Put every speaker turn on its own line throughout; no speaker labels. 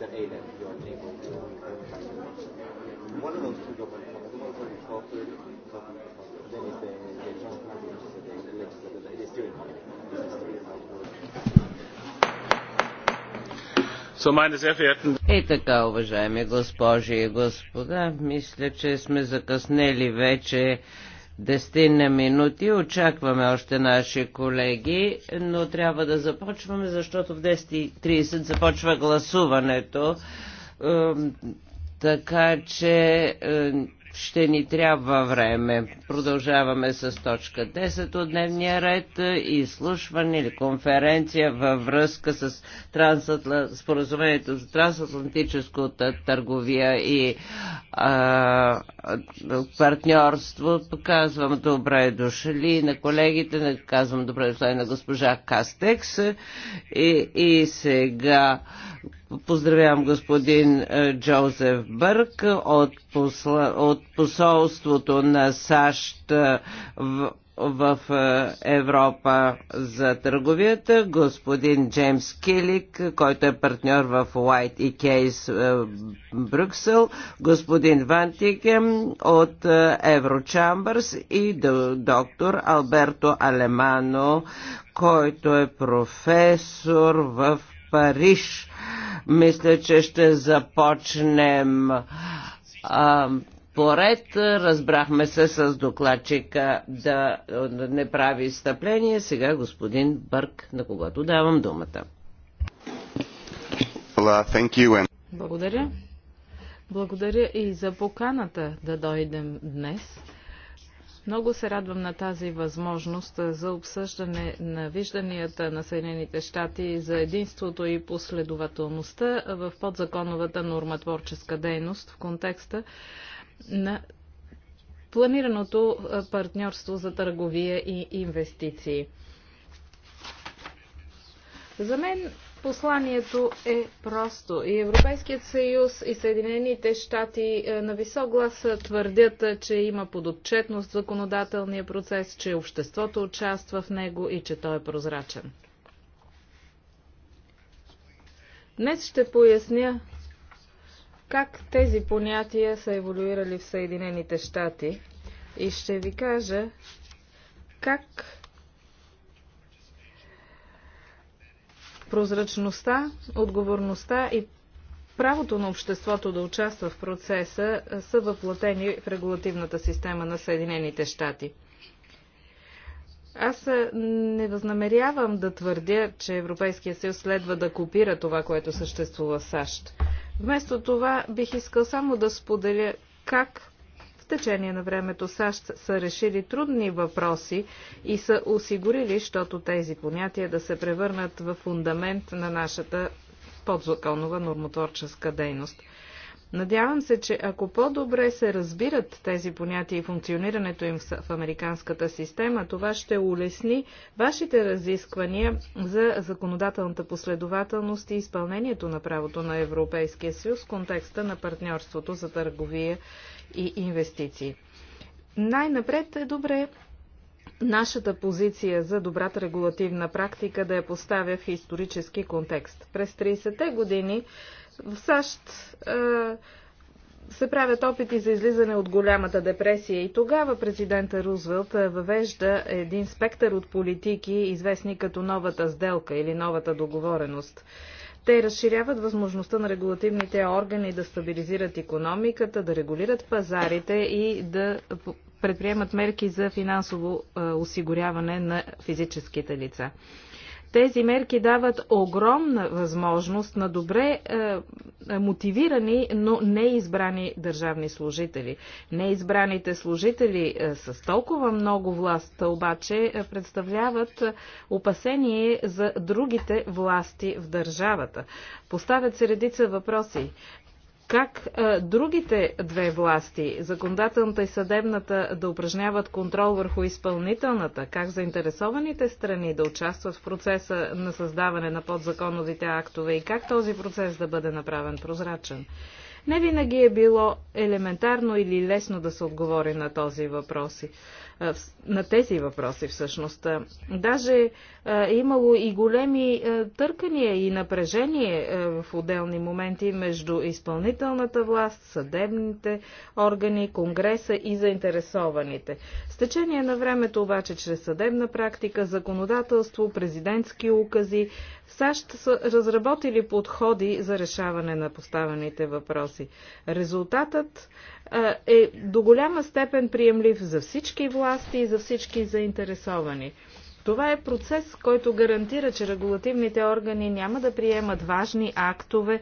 that Ada, if you are able to try to mention. One of those two government forms, the one for the 1230, then is the, the John Carter, which is the legislative,
it is still in И така, уважаеми госпожи и господа, мисля, че сме закъснели вече на минути. Очакваме още наши колеги, но трябва да започваме, защото в 10.30 започва гласуването. Така че е, ще ни трябва време. Продължаваме с точка 10 от дневния ред изслушване или конференция във връзка с трансатла... споразумението за трансатлантическата търговия и а, партньорство. Показвам добре дошли на колегите, казвам добре дошли на госпожа Кастекс и, и сега Поздравявам господин е, Джозеф Бърк от, посла, от посолството на САЩ е, в в е, Европа за търговията, господин Джеймс Килик, който е партньор в White и Кейс Брюксел, господин Ван Тикем от Еврочамбърс и доктор Алберто Алемано, който е професор в Париж. Мисля, че ще започнем а, поред. Разбрахме се с докладчика да не прави изстъпление. Сега господин Бърк, на когото давам думата. Uh,
Благодаря. Благодаря и за поканата да дойдем днес. Много се радвам на тази възможност за обсъждане на вижданията на Съединените щати за единството и последователността в подзаконовата нормотворческа дейност в контекста на планираното партньорство за търговия и инвестиции. За мен Посланието е просто. И Европейският съюз и Съединените щати е, на висок глас е, твърдят, е, че има подотчетност законодателния процес, че обществото участва в него и че той е прозрачен. Днес ще поясня как тези понятия са еволюирали в Съединените щати и ще ви кажа как Прозрачността, отговорността и правото на обществото да участва в процеса са въплатени в регулативната система на Съединените щати. Аз не възнамерявам да твърдя, че Европейския съюз следва да копира това, което съществува в САЩ. Вместо това бих искал само да споделя как течение на времето САЩ са решили трудни въпроси и са осигурили, защото тези понятия да се превърнат в фундамент на нашата подзаконова нормотворческа дейност. Надявам се, че ако по-добре се разбират тези понятия и функционирането им в американската система, това ще улесни вашите разисквания за законодателната последователност и изпълнението на правото на Европейския съюз в контекста на партньорството за търговия и инвестиции. Най-напред е добре нашата позиция за добрата регулативна практика да я поставя в исторически контекст. През 30-те години в САЩ е, се правят опити за излизане от голямата депресия и тогава президента Рузвелт е, въвежда един спектър от политики, известни като новата сделка или новата договореност. Те разширяват възможността на регулативните органи да стабилизират економиката, да регулират пазарите и да предприемат мерки за финансово е, осигуряване на физическите лица. Тези мерки дават огромна възможност на добре е, е, мотивирани, но неизбрани държавни служители. Неизбраните служители е, с толкова много власт обаче е, представляват опасение за другите власти в държавата. Поставят се редица въпроси как а, другите две власти, законодателната и съдебната, да упражняват контрол върху изпълнителната, как заинтересованите страни да участват в процеса на създаване на подзаконовите актове и как този процес да бъде направен прозрачен. Не винаги е било елементарно или лесно да се отговори на този въпроси на тези въпроси всъщност. Даже е имало и големи търкания и напрежение в отделни моменти между изпълнителната власт, съдебните органи, Конгреса и заинтересованите. С течение на времето обаче, чрез съдебна практика, законодателство, президентски укази, САЩ са разработили подходи за решаване на поставените въпроси. Резултатът е до голяма степен приемлив за всички власти и за всички заинтересовани. Това е процес, който гарантира, че регулативните органи няма да приемат важни актове,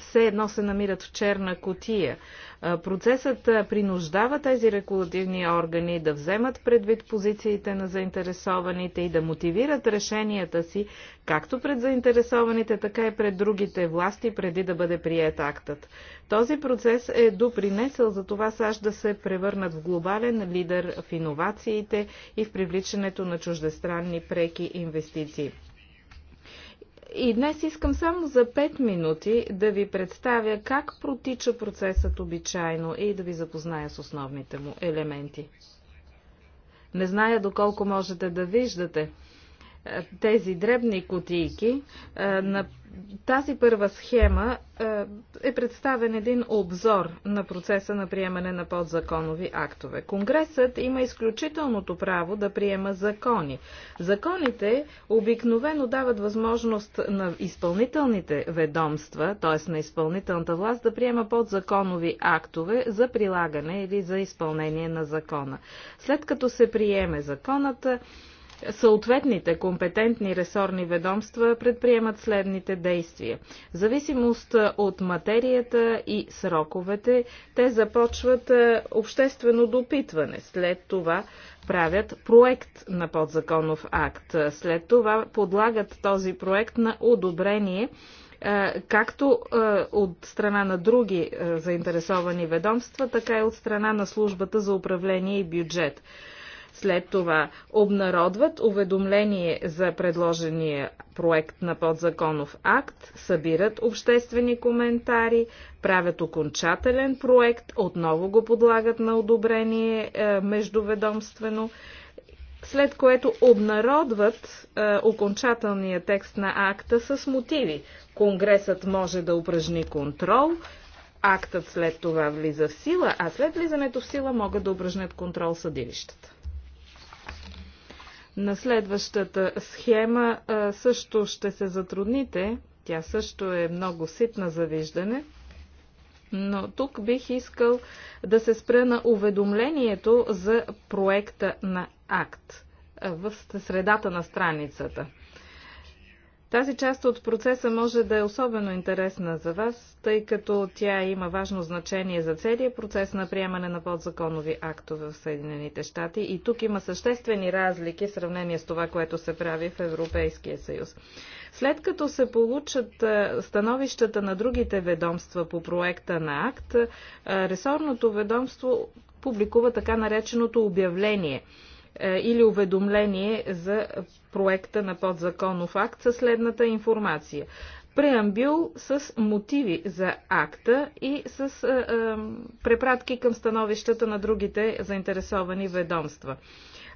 все едно се намират в черна котия. Процесът принуждава тези регулативни органи да вземат предвид позициите на заинтересованите и да мотивират решенията си както пред заинтересованите, така и пред другите власти, преди да бъде прият актът. Този процес е допринесъл за това САЩ да се превърнат в глобален лидер в иновациите и в привличането на чуждестранни преки инвестиции. И днес искам само за 5 минути да ви представя как протича процесът обичайно и да ви запозная с основните му елементи. Не зная доколко можете да виждате е, тези дребни кутийки е, на тази първа схема е, е представен един обзор на процеса на приемане на подзаконови актове. Конгресът има изключителното право да приема закони. Законите обикновено дават възможност на изпълнителните ведомства, т.е. на изпълнителната власт, да приема подзаконови актове за прилагане или за изпълнение на закона. След като се приеме законата, Съответните компетентни ресорни ведомства предприемат следните действия. В зависимост от материята и сроковете, те започват обществено допитване. След това правят проект на подзаконов акт. След това подлагат този проект на одобрение както от страна на други заинтересовани ведомства, така и от страна на службата за управление и бюджет. След това обнародват уведомление за предложения проект на подзаконов акт, събират обществени коментари, правят окончателен проект, отново го подлагат на одобрение е, междуведомствено след което обнародват е, окончателния текст на акта с мотиви. Конгресът може да упражни контрол, актът след това влиза в сила, а след влизането в сила могат да упражнят контрол съдилищата. На следващата схема също ще се затрудните. Тя също е много ситна за виждане. Но тук бих искал да се спра на уведомлението за проекта на акт в средата на страницата. Тази част от процеса може да е особено интересна за вас, тъй като тя има важно значение за целия процес на приемане на подзаконови актове в Съединените щати и тук има съществени разлики в сравнение с това, което се прави в Европейския съюз. След като се получат становищата на другите ведомства по проекта на акт, ресорното ведомство публикува така нареченото обявление – е, или уведомление за проекта на подзаконов акт със следната информация. Преамбюл с мотиви за акта и с е, е, препратки към становищата на другите заинтересовани ведомства.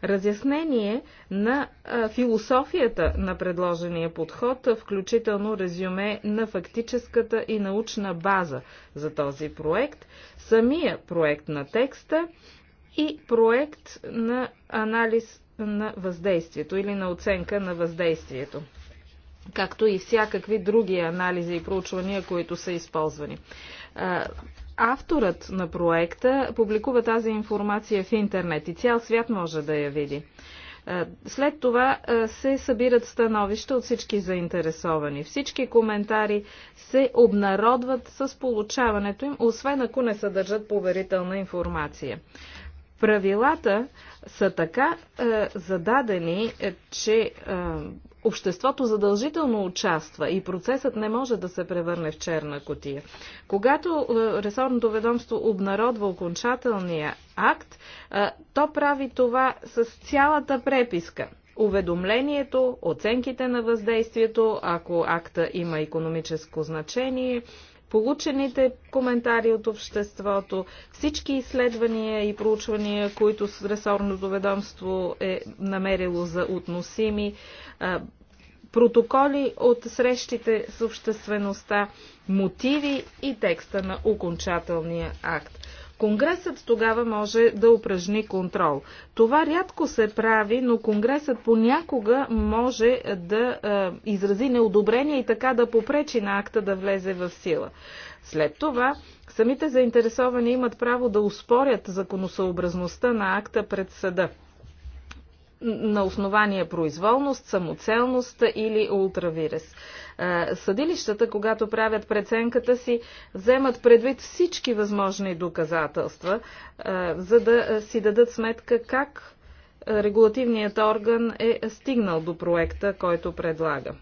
Разяснение на е, философията на предложения подход, включително резюме на фактическата и научна база за този проект, самия проект на текста, и проект на анализ на въздействието или на оценка на въздействието, както и всякакви други анализи и проучвания, които са използвани. Авторът на проекта публикува тази информация в интернет и цял свят може да я види. След това се събират становища от всички заинтересовани. Всички коментари се обнародват с получаването им, освен ако не съдържат поверителна информация. Правилата са така е, зададени, е, че е, обществото задължително участва и процесът не може да се превърне в черна котия. Когато е, ресорното ведомство обнародва окончателния акт, е, то прави това с цялата преписка уведомлението, оценките на въздействието, ако акта има економическо значение, получените коментари от обществото, всички изследвания и проучвания, които ресорното ведомство е намерило за относими, протоколи от срещите с обществеността, мотиви и текста на окончателния акт. Конгресът тогава може да упражни контрол. Това рядко се прави, но Конгресът понякога може да е, изрази неодобрение и така да попречи на акта да влезе в сила. След това самите заинтересовани имат право да успорят законосъобразността на акта пред съда на основание произволност, самоцелност или ултравирес. Е, съдилищата, когато правят преценката си, вземат предвид всички възможни доказателства, е, за да си дадат сметка как регулативният орган е стигнал до проекта, който предлага.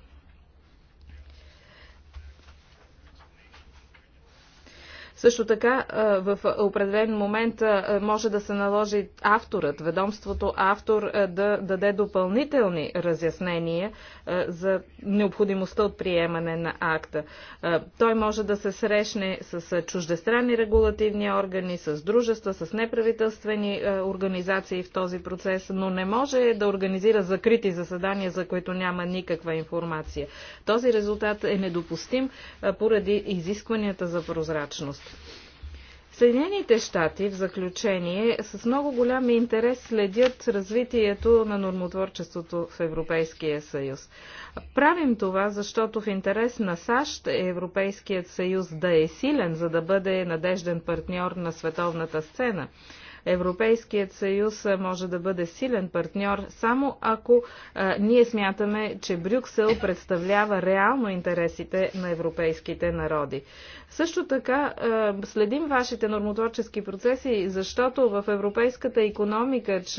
Също така в определен момент може да се наложи авторът, ведомството автор да даде допълнителни разяснения за необходимостта от приемане на акта. Той може да се срещне с чуждестранни регулативни органи, с дружества, с неправителствени организации в този процес, но не може да организира закрити заседания, за които няма никаква информация. Този резултат е недопустим поради изискванията за прозрачност. Съединените щати, в заключение, с много голям интерес следят развитието на нормотворчеството в Европейския съюз. Правим това, защото в интерес на САЩ е Европейският съюз да е силен, за да бъде надежден партньор на световната сцена. Европейският съюз може да бъде силен партньор само ако а, ние смятаме, че Брюксел представлява реално интересите на европейските народи. Също така а, следим вашите нормотворчески процеси, защото в европейската економика,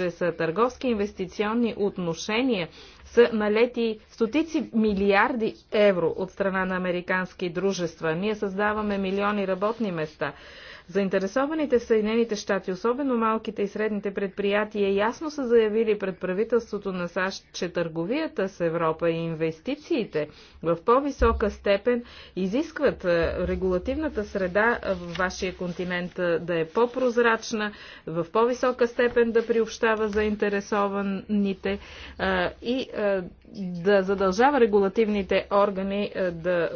са търговски инвестиционни отношения, са налети стотици милиарди евро от страна на американски дружества. Ние създаваме милиони работни места. Заинтересованите в Съединените щати, особено малките и средните предприятия, ясно са заявили пред правителството на САЩ, че търговията с Европа и инвестициите в по-висока степен изискват е, регулативната среда в вашия континент е, да е по-прозрачна, в по-висока степен да приобщава заинтересованите е, и да задължава регулативните органи да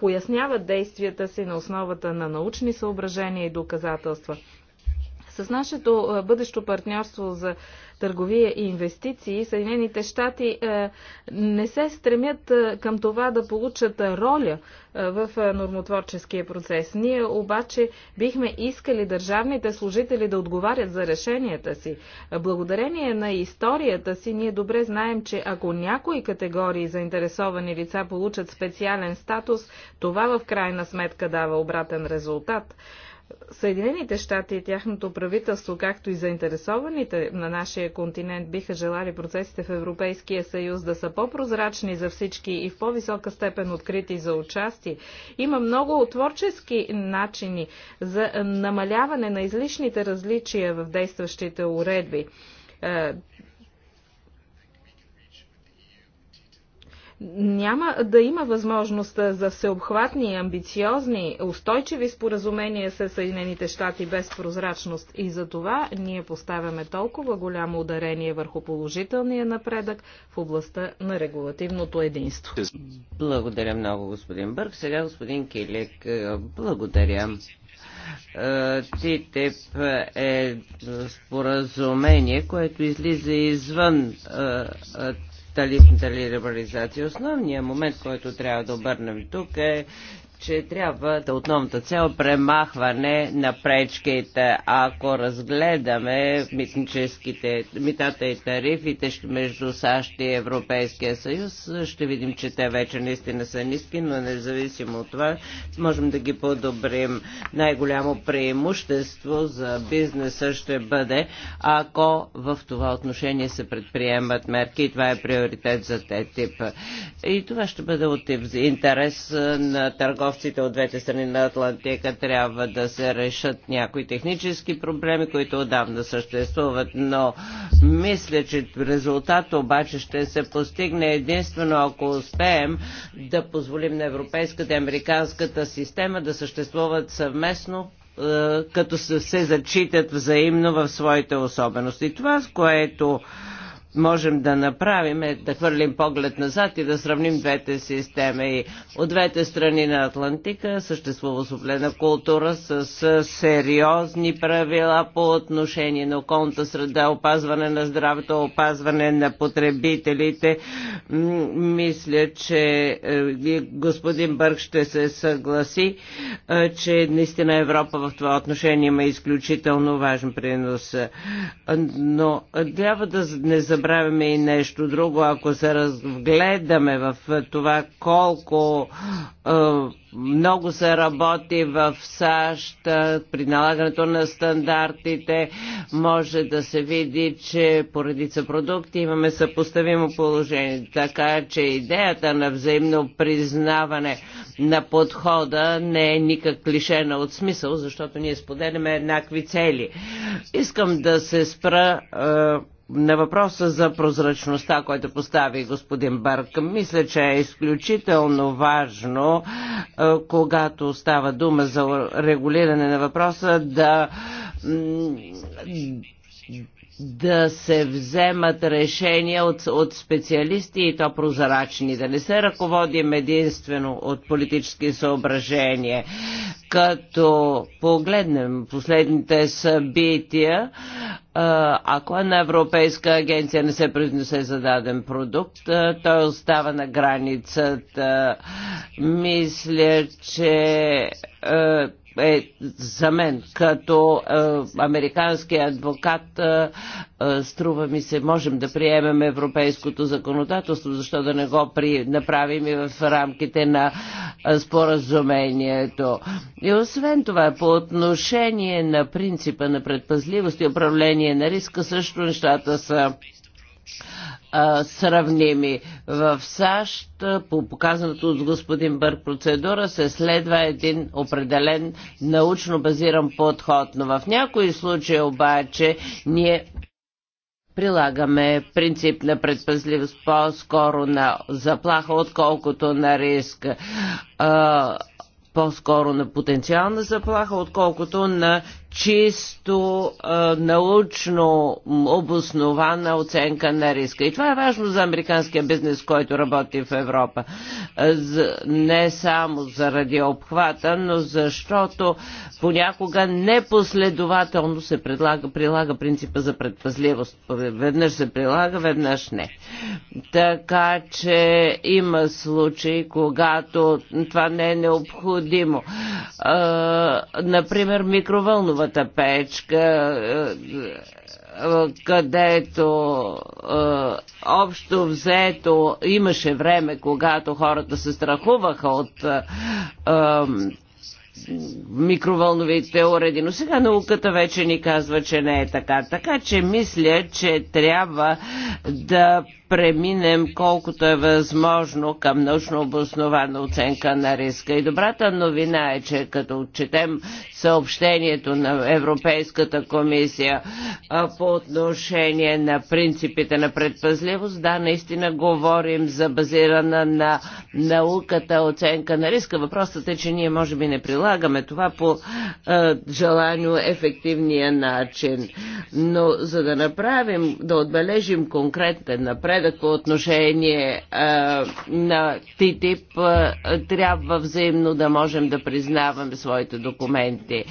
поясняват действията си на основата на научни съображения и доказателства. С нашето бъдещо партньорство за търговия и инвестиции, Съединените щати е, не се стремят е, към това да получат роля е, в нормотворческия процес. Ние обаче бихме искали държавните служители да отговарят за решенията си. Благодарение на историята си ние добре знаем, че ако някои категории заинтересовани лица получат специален статус, това в крайна сметка дава обратен резултат. Съединените щати и тяхното правителство, както и заинтересованите на нашия континент, биха желали процесите в Европейския съюз да са по-прозрачни за всички и в по-висока степен открити за участие. Има много творчески начини за намаляване на излишните различия в действащите уредби е, няма да има възможност за всеобхватни, амбициозни, устойчиви споразумения с Съединените щати без прозрачност. И за това ние поставяме толкова голямо ударение върху положителния напредък в областта на
регулативното единство. Благодаря много, господин Бърг. Сега господин Килек, е, благодаря. Е, ТИТЕП е споразумение, което излиза извън е, тарифната либерализация. Основният момент, който трябва да обърнем тук е, че трябва да основната цел премахване на пречките. Ако разгледаме митническите, митата и тарифите между САЩ и Европейския съюз, ще видим, че те вече наистина са ниски, но независимо от това можем да ги подобрим. Най-голямо преимущество за бизнеса ще бъде, ако в това отношение се предприемат мерки и това е приоритет за те тип. И това ще бъде от интерес на търговските търговците от двете страни на Атлантика трябва да се решат някои технически проблеми, които отдавна съществуват, но мисля, че резултат обаче ще се постигне единствено ако успеем да позволим на европейската и американската система да съществуват съвместно е, като се зачитат взаимно в своите особености. Това, с което можем да направим е да хвърлим поглед назад и да сравним двете системи. От двете страни на Атлантика съществува суплена култура с, с сериозни правила по отношение на околната среда, опазване на здравето, опазване на потребителите. Мисля, че е, господин Бърг ще се съгласи, е, че наистина Европа в това отношение има изключително важен принос. Е, но трябва да не забравяме забравяме и нещо друго. Ако се разгледаме в това колко е, много се работи в САЩ е, при налагането на стандартите, може да се види, че поредица продукти имаме съпоставимо положение. Така че идеята на взаимно признаване на подхода не е никак лишена от смисъл, защото ние споделяме еднакви цели. Искам да се спра. Е, на въпроса за прозрачността, който постави господин Бърк, мисля, че е изключително важно, е, когато става дума за регулиране на въпроса, да да се вземат решения от, от специалисти и то прозрачни, да не се ръководим единствено от политически съображения. Като погледнем последните събития, ако една европейска агенция не се произнесе за даден продукт, той остава на границата. Мисля, че е за мен като е, американски адвокат е, е, струва ми се, можем да приемем европейското законодателство, защо да не го при, направим и в рамките на е, споразумението. И освен това, по отношение на принципа на предпазливост и управление на риска, също нещата са а, сравними. В САЩ, по показаното от господин Бърг процедура, се следва един определен научно базиран подход, но в някои случаи обаче ние прилагаме принцип на предпазливост по-скоро на заплаха, отколкото на риск. А, по-скоро на потенциална заплаха, отколкото на чисто а, научно обоснована оценка на риска. И това е важно за американския бизнес, който работи в Европа. Не само заради обхвата, но защото понякога непоследователно се предлага, прилага принципа за предпазливост. Веднъж се прилага, веднъж не. Така че има случаи, когато това не е необходимо. А, например, микровълнова неговата печка, е, е, където е, общо взето имаше време, когато хората се страхуваха от микровълновите уреди. Но сега науката вече ни казва, че не е така. Така че мисля, че трябва да преминем колкото е възможно към научно обоснована оценка на риска. И добрата новина е, че като четем съобщението на Европейската комисия по отношение на принципите на предпазливост, да, наистина говорим за базирана на науката оценка на риска. Въпросът е, че ние може би не прилагаме прилагаме това по а, желанию ефективния начин. Но за да направим, да отбележим конкретен напредък по отношение а, на ТИТИП, а, трябва взаимно да можем да признаваме своите документи.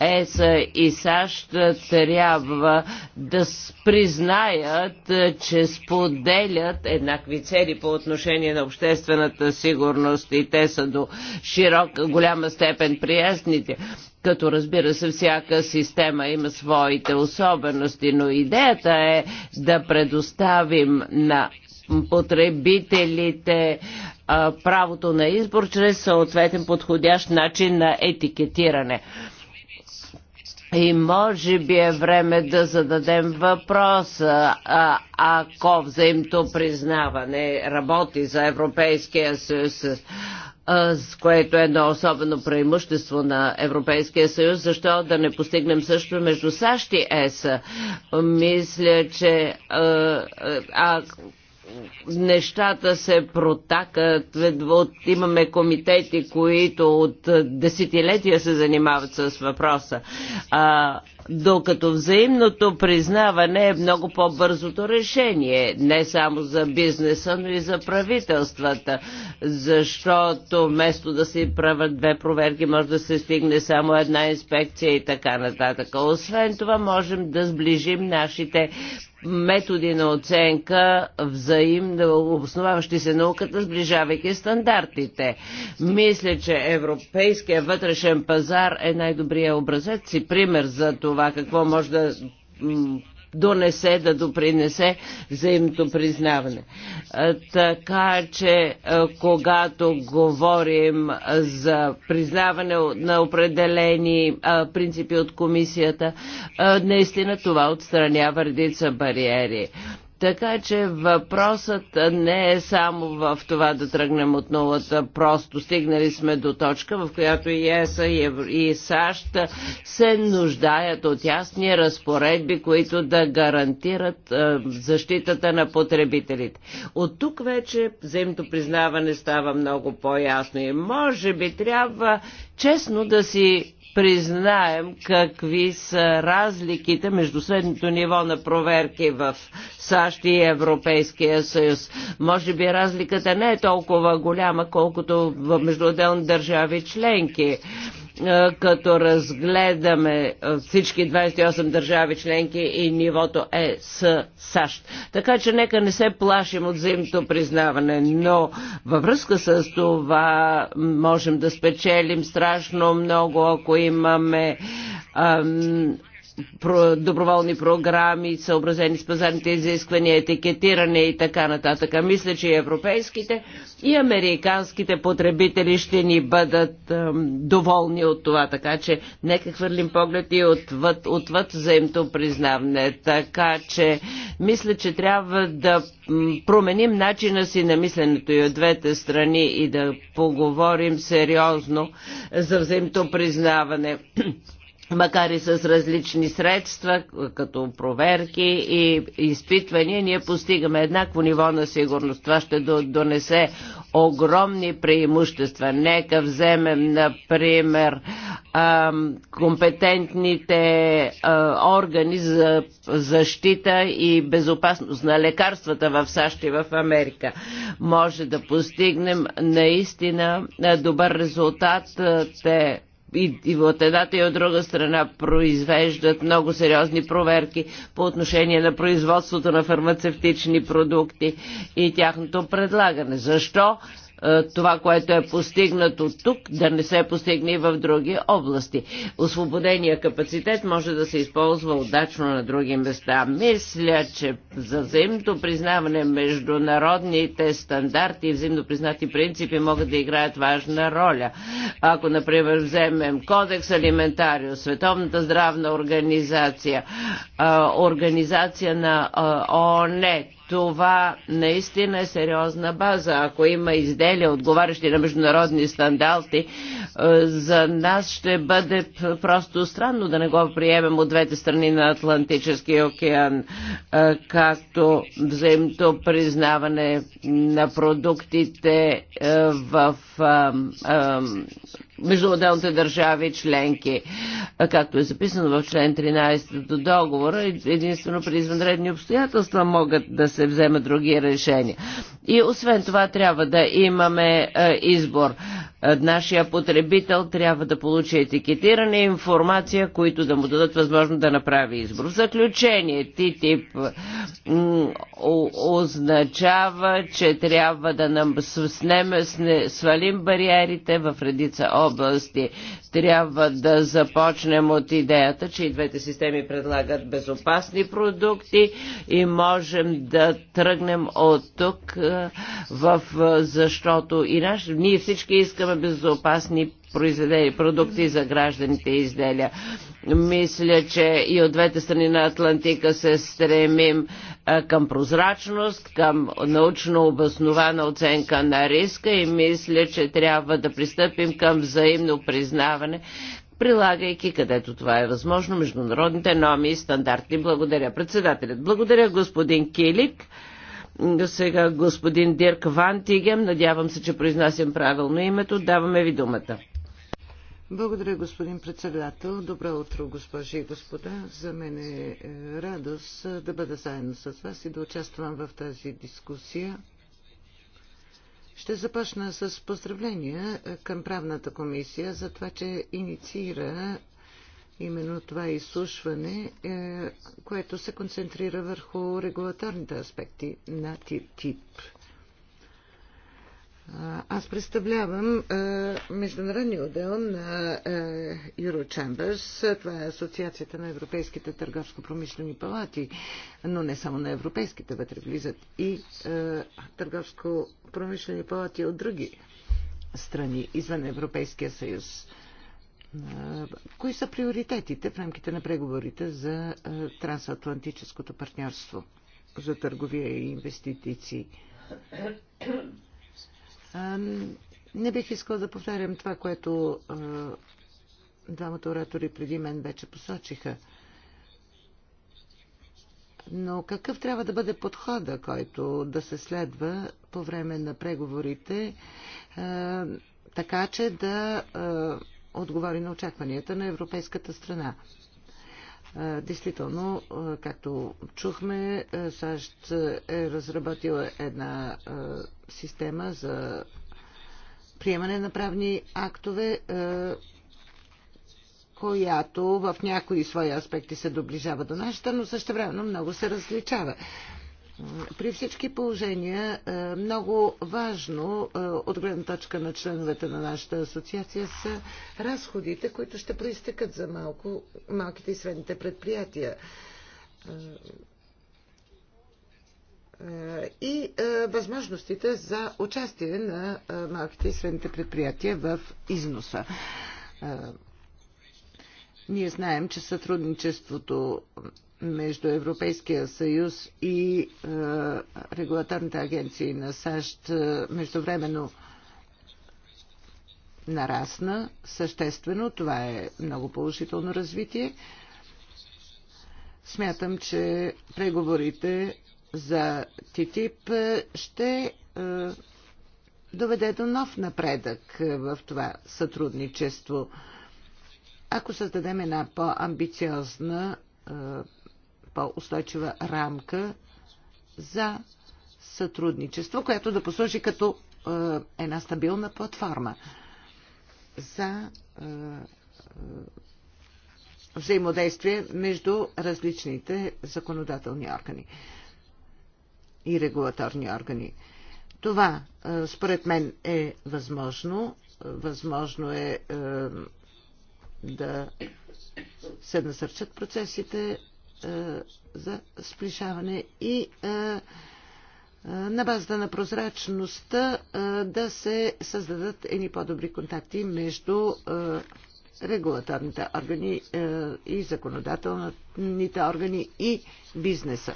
ЕС и САЩ трябва да признаят, е, че споделят еднакви цели по отношение на обществената сигурност и те са до широк, голяма степен приясните като разбира се всяка система има своите особености, но идеята е да предоставим на потребителите правото на избор чрез съответен подходящ начин на етикетиране. И може би е време да зададем въпроса, а, ако взаимто признаване работи за Европейския съюз, с което е едно особено преимущество на Европейския съюз, защо да не постигнем също между САЩ и ЕС. Мисля, че а, а, нещата се протакат. От, имаме комитети, които от десетилетия се занимават с въпроса. А, докато взаимното признаване е много по-бързото решение, не само за бизнеса, но и за правителствата, защото вместо да се правят две проверки, може да се стигне само една инспекция и така нататък. Освен това, можем да сближим нашите методи на оценка, взаимно обосноваващи се науката, сближавайки стандартите. Мисля, че европейския вътрешен пазар е най-добрият образец и пример за това това какво може да донесе, да допринесе взаимното признаване. Така че, когато говорим за признаване на определени принципи от комисията, наистина това отстранява редица бариери. Така че въпросът не е само в това да тръгнем от нулата. Просто стигнали сме до точка, в която и ЕСА и, Евро... и САЩ се нуждаят от ясни разпоредби, които да гарантират е, защитата на потребителите. От тук вече взаимното признаване става много по-ясно и може би трябва честно да си признаем какви са разликите между средното ниво на проверки в САЩ и Европейския съюз. Може би разликата не е толкова голяма, колкото между отделни държави членки. Е, като разгледаме е, всички 28 държави членки и нивото е с САЩ. Така че нека не се плашим от взаимното признаване, но във връзка с това можем да спечелим страшно много, ако имаме ам, доброволни програми, съобразени с пазарните изисквания, етикетиране и така нататък. Мисля, че и европейските и американските потребители ще ни бъдат ем, доволни от това, така че нека хвърлим поглед и отвъд, отвъд взаимто признаване. Така че мисля, че трябва да променим начина си на мисленето и от двете страни и да поговорим сериозно за взаимто признаване макар и с различни средства, като проверки и изпитвания, ние постигаме еднакво ниво на сигурност. Това ще донесе огромни преимущества. Нека вземем, например, компетентните органи за защита и безопасност на лекарствата в САЩ и в Америка. Може да постигнем наистина добър резултат. Те и, и от едната и от друга страна произвеждат много сериозни проверки по отношение на производството на фармацевтични продукти и тяхното предлагане. Защо? Е, това, което е постигнато тук, да не се постигне и в други области. Освободения капацитет може да се използва удачно на други места. Мисля, че за взаимното признаване международните стандарти и взаимно признати принципи могат да играят важна роля. Ако, например, вземем Кодекс Алиментарио, Световната здравна организация, е, организация на е, ООН, това наистина е сериозна база. Ако има изделия, отговарящи на международни стандарти, е, за нас ще бъде просто странно да не го приемем от двете страни на Атлантическия океан, е, както взаимното признаване на продуктите е, в между отделните държави членки. Както е записано в член 13 до договора, единствено при извънредни обстоятелства могат да се вземат други решения. И освен това трябва да имаме е, избор. Е, нашия потребител трябва да получи етикетиране и информация, които да му дадат възможност да направи избор. В заключение, ТИТИП означава, че трябва да нам снеме, свалим бариерите в редица области. Трябва да започнем от идеята, че и двете системи предлагат безопасни продукти и можем да тръгнем от тук, е, в, е, защото и наш, ние всички искаме безопасни произведени продукти за гражданите и изделия. Мисля, че и от двете страни на Атлантика се стремим към прозрачност, към научно обоснована оценка на риска и мисля, че трябва да пристъпим към взаимно признаване, прилагайки където това е възможно международните номи и стандарти. Благодаря председателят. Благодаря господин Килик. Сега господин Дирк Вантигем, надявам се, че произнасям правилно името, даваме ви думата.
Благодаря, господин председател. Добро утро, госпожи и господа. За мен е, е радост е, да бъда заедно с вас и да участвам в тази дискусия. Ще започна с поздравления е, към правната комисия за това, че инициира именно това изслушване, което се концентрира върху регулаторните аспекти на ТИП. Аз представлявам е, международния отдел на е, Eurochambers. Това е Асоциацията на европейските търговско-промишлени палати, но не само на европейските, вътре влизат и търговско-промишлени палати от други страни извън Европейския съюз. кои са приоритетите в рамките на преговорите за трансатлантическото партньорство за търговия и инвестиции? Не бих искал да повтарям това, което двамата оратори преди мен вече посочиха. Но какъв трябва да бъде подхода, който да се следва по време на преговорите, така че да отговори на очакванията на европейската страна? Действително, както чухме, САЩ е разработила една система за приемане на правни актове, е, която в някои свои аспекти се доближава до нашата, но също времено много се различава. При всички положения е, много важно е, от гледна точка на членовете на нашата асоциация са разходите, които ще проистекат за малко, малките и средните предприятия и възможностите за участие на малките и средните предприятия в износа. Ние знаем, че сътрудничеството между Европейския съюз и регулаторните агенции на САЩ междувременно нарасна съществено. Това е много положително развитие. Смятам, че преговорите за ТТИП е, ще е, доведе до нов напредък е, в това сътрудничество. Ако създадем една по-амбициозна, по-устойчива рамка за сътрудничество, което да послужи като една стабилна платформа за взаимодействие между различните законодателни органи и регулаторни органи. Това, е, според мен, е възможно. Възможно е, е да се насърчат процесите е, за сплишаване и на базата на прозрачността да се създадат едни по-добри контакти между регулаторните органи и законодателните органи и бизнеса.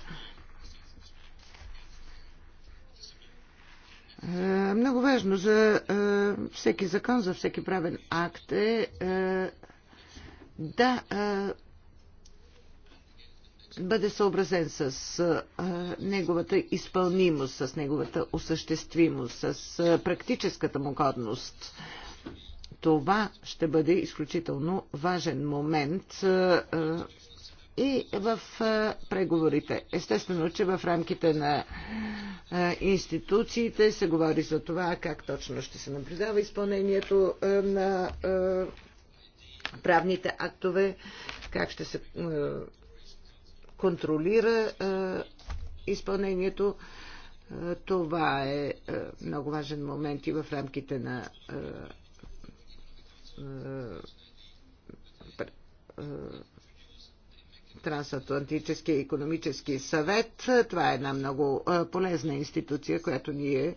Е, много важно за е, всеки закон, за всеки правен акт е, е да бъде съобразен с неговата изпълнимост, с неговата осъществимост, с практическата му годност. Това ще бъде изключително важен момент и в преговорите. Естествено, че в рамките на институциите се говори за това как точно ще се наблюдава изпълнението на правните актове, как ще се контролира изпълнението. Това е много важен момент и в рамките на Трансатлантическия економически съвет. Това е една много полезна институция, която ние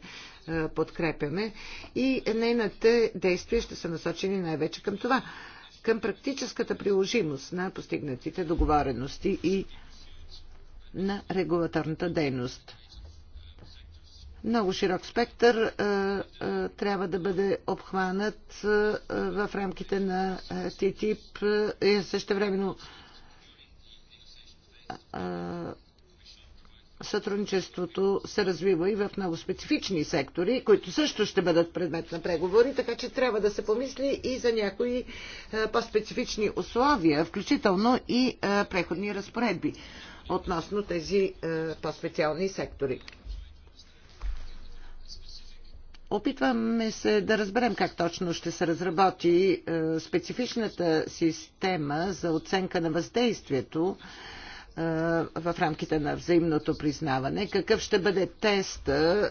подкрепяме и нейните действия ще са насочени най-вече към това, към практическата приложимост на постигнатите договорености и на регулаторната дейност. Много широк спектър а, а, трябва да бъде обхванат а, в рамките на ТТИП. Същевременно времено сътрудничеството се развива и в много специфични сектори, които също ще бъдат предмет на преговори, така че трябва да се помисли и за някои по-специфични условия, включително и преходни разпоредби относно тези по-специални сектори. Опитваме се да разберем как точно ще се разработи специфичната система за оценка на въздействието е, в рамките на взаимното признаване, какъв ще бъде тест е,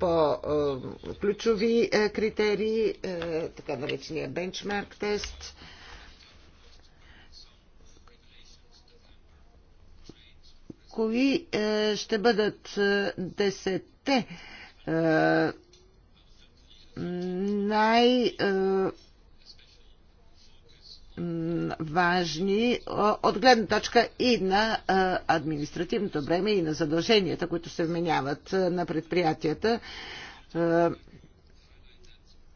по е, ключови критерии, така наречения бенчмарк тест. Кои ще бъдат десетте най- важни от гледна точка и на административното бреме и на задълженията, които се вменяват на предприятията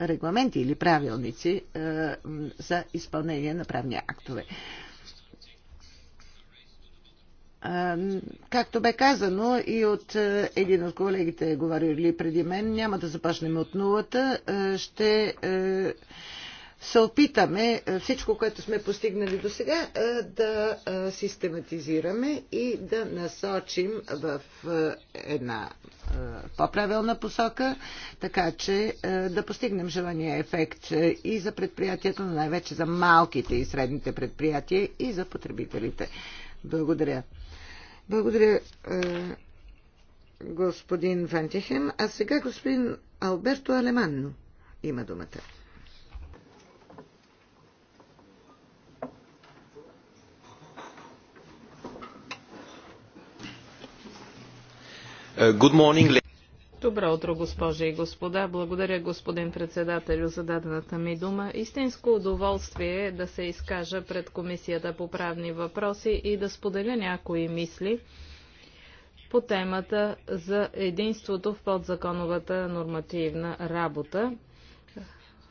регламенти или правилници за изпълнение на правни актове. Както бе казано и от един от колегите, говорили преди мен, няма да започнем от нулата. Ще се опитаме е, всичко, което сме постигнали до сега, е, да е, систематизираме и да насочим в една по-правилна посока, така че да постигнем желания ефект и за предприятието, но най-вече за малките и средните предприятия и за потребителите. Благодаря. Благодаря, господин Вантихем. А сега господин Алберто Алеманно има думата.
Е,
Добро утро, госпожи и господа. Благодаря, господин председателю, за дадената ми дума. Истинско удоволствие е да се изкажа пред Комисията по правни въпроси и да споделя някои мисли по темата за единството в подзаконовата нормативна работа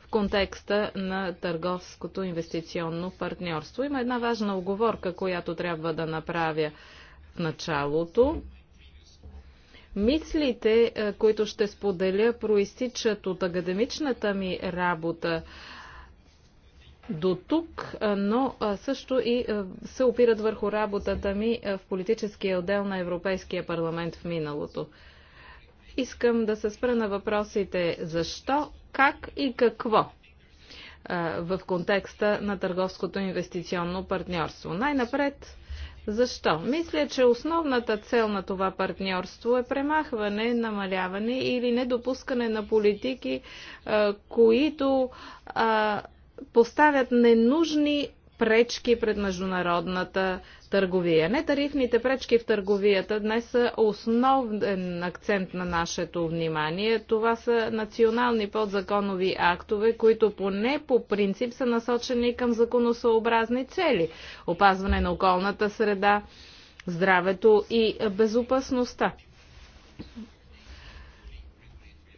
в контекста на търговското инвестиционно партньорство. Има една важна оговорка, която трябва да направя в началото. Мислите, е, които ще споделя, проистичат от академичната ми работа до тук, е, но е, също и се опират върху работата ми в политическия отдел на Европейския парламент в миналото. Искам да се спра на въпросите защо, как и какво в контекста на търговското инвестиционно партньорство. Най-напред защо? Мисля, че основната цел на това партньорство е премахване, намаляване или недопускане на политики, които поставят ненужни пречки пред международната търговия. Не тарифните пречки в търговията днес са основен акцент на нашето внимание. Това са национални подзаконови актове, които поне по принцип са насочени към законосъобразни цели. Опазване на околната среда, здравето и безопасността.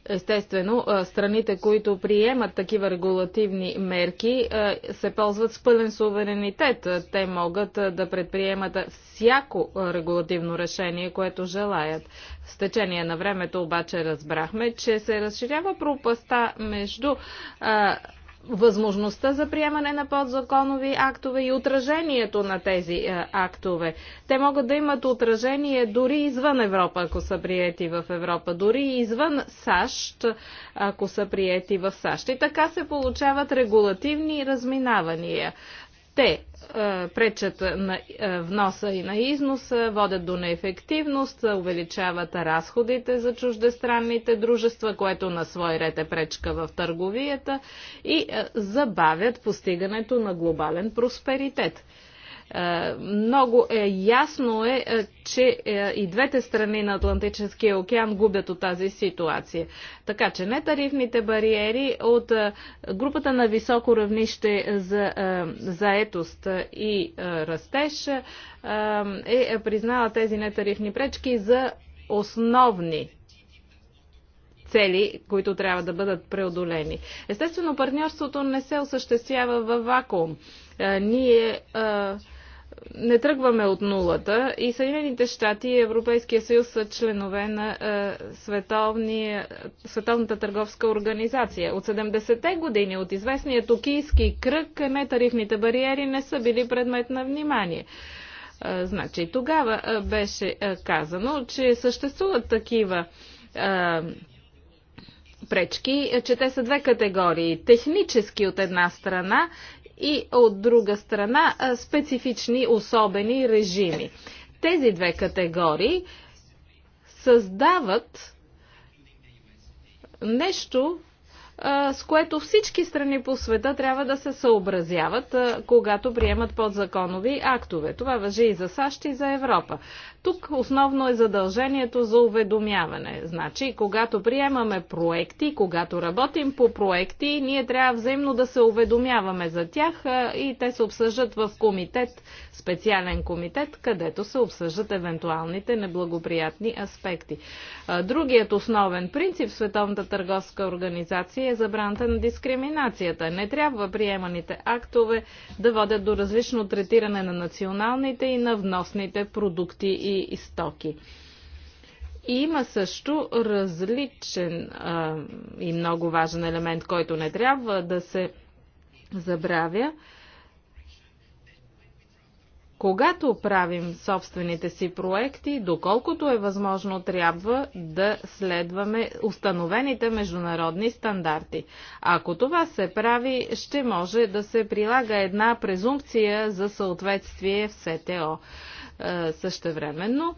Естествено, страните, които приемат такива регулативни мерки, се ползват с пълен суверенитет. Те могат да предприемат всяко регулативно решение, което желаят. С течение на времето обаче разбрахме, че се разширява пропаста между а, възможността за приемане на подзаконови актове и отражението на тези е, актове. Те могат да имат отражение дори извън Европа, ако са приети в Европа, дори извън САЩ, ако са приети в САЩ. И така се получават регулативни разминавания. Те е, пречат на е, вноса и на износа, е, водят до неефективност, увеличават разходите за чуждестранните дружества, което на свой ред е пречка в търговията и забавят постигането на глобален просперитет. Е, много е, ясно е, е че е, и двете страни на Атлантическия океан губят от тази ситуация. Така че нетарифните бариери от групата на високо равнище за заетост и растеж е признала тези нетарифни пречки за основни цели, които трябва да бъдат преодолени. Естествено, партньорството не се осъществява във вакуум. Ние не тръгваме от нулата и Съединените щати и Европейския съюз са членове на е, е Световната търговска организация. От 70-те години от известния токийски кръг е, нетарифните бариери не са били предмет на внимание. Е, значи, тогава е, беше е, казано, че съществуват такива е, пречки, е, че те са две категории. Технически от една страна и от друга страна специфични особени режими. Тези две категории създават нещо, с което всички страни по света трябва да се съобразяват, когато приемат подзаконови актове. Това въжи и за САЩ и за Европа. Тук основно е задължението за уведомяване. Значи, когато приемаме проекти, когато работим по проекти, ние трябва взаимно да се уведомяваме за тях и те се обсъждат в комитет, специален комитет, където се обсъждат евентуалните неблагоприятни аспекти. Другият основен принцип в Световната търговска организация е забраната на дискриминацията. Не трябва приеманите актове да водят до различно третиране на националните и на вносните продукти и и стоки. И има също различен а, и много важен елемент, който не трябва да се забравя. Когато правим собствените си проекти, доколкото е възможно, трябва да следваме установените международни стандарти. Ако това се прави, ще може да се прилага една презумпция за съответствие в СТО. Е, същевременно,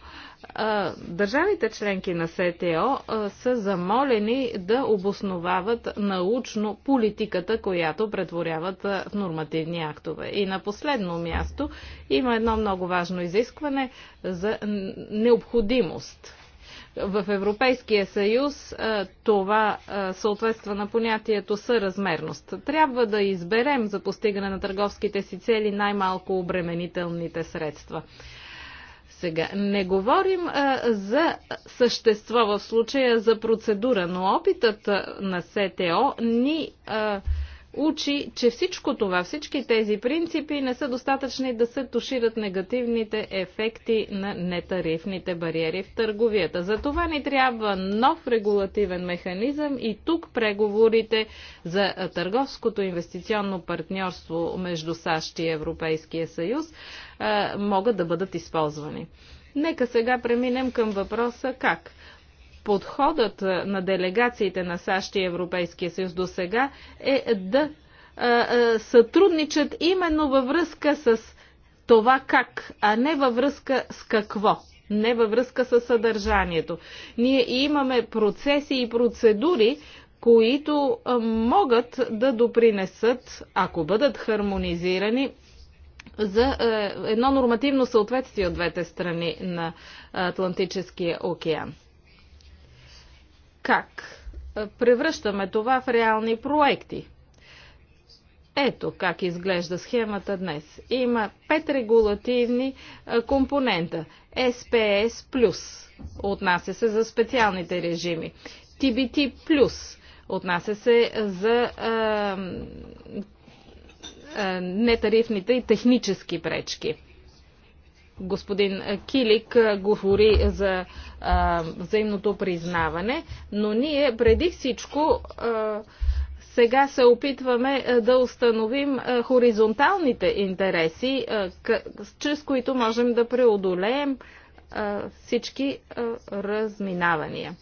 е, държавите членки на СТО е, са замолени да обосновават научно политиката, която претворяват в нормативни актове. И на последно място има едно много важно изискване за необходимост в Европейския съюз това съответства на понятието съразмерност. Трябва да изберем за постигане на търговските си цели най-малко обременителните средства. Сега, не говорим а, за същество в случая, за процедура, но опитът на СТО ни а, учи, че всичко това, всички тези принципи не са достатъчни да се тушират негативните ефекти на нетарифните бариери в търговията. За това ни трябва нов регулативен механизъм и тук преговорите за търговското инвестиционно партньорство между САЩ и Европейския съюз могат да бъдат използвани. Нека сега преминем към въпроса как. Подходът на делегациите на САЩ и Европейския съюз до сега е да сътрудничат именно във връзка с това как, а не във връзка с какво не във връзка с съдържанието. Ние имаме процеси и процедури, които могат да допринесат, ако бъдат хармонизирани, за е, едно нормативно съответствие от двете страни на Атлантическия океан. Как е, превръщаме това в реални проекти? Ето как изглежда схемата днес. Има пет регулативни е, компонента. SPS плюс отнася се за специалните режими. TBT плюс отнася се за е, нетарифните и технически пречки. Господин Килик е, говори за е, взаимното признаване, но ние преди всичко сега се опитваме да установим хоризонталните интереси, чрез които можем да преодолеем всички разминавания.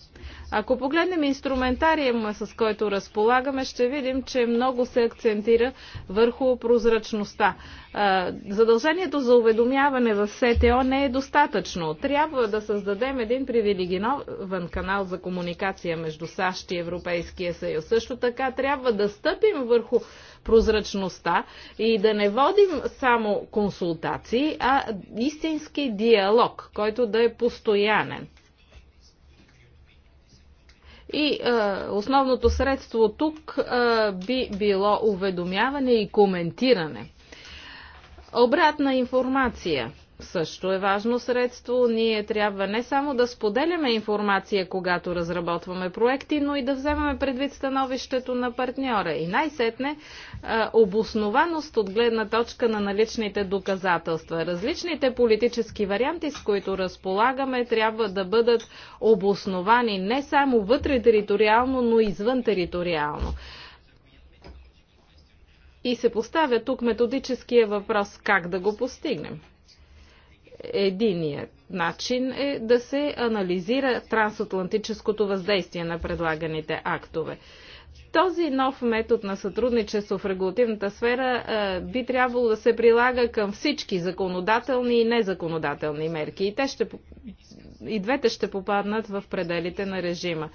Ако погледнем инструментариума, с който разполагаме, ще видим, че много се акцентира върху прозрачността. Задължението за уведомяване в СТО не е достатъчно. Трябва да създадем един привилегинован канал за комуникация между САЩ и Европейския съюз. Също така трябва да стъпим върху прозрачността и да не водим само консултации, а истински диалог, който да е постоянен. И е, основното средство тук е, би било уведомяване и коментиране. Обратна информация – също е важно средство. Ние трябва не само да споделяме информация, когато разработваме проекти, но и да вземаме предвид становището на партньора. И най-сетне обоснованост от гледна точка на наличните доказателства. Различните политически варианти, с които разполагаме, трябва да бъдат обосновани не само вътре териториално, но и извън териториално. И се поставя тук методическия въпрос как да го постигнем. Единият начин е да се анализира трансатлантическото въздействие на предлаганите актове. Този нов метод на сътрудничество в регулативната сфера е, би трябвало да се прилага към всички законодателни и незаконодателни мерки и, те ще, и двете ще попаднат в пределите на режима.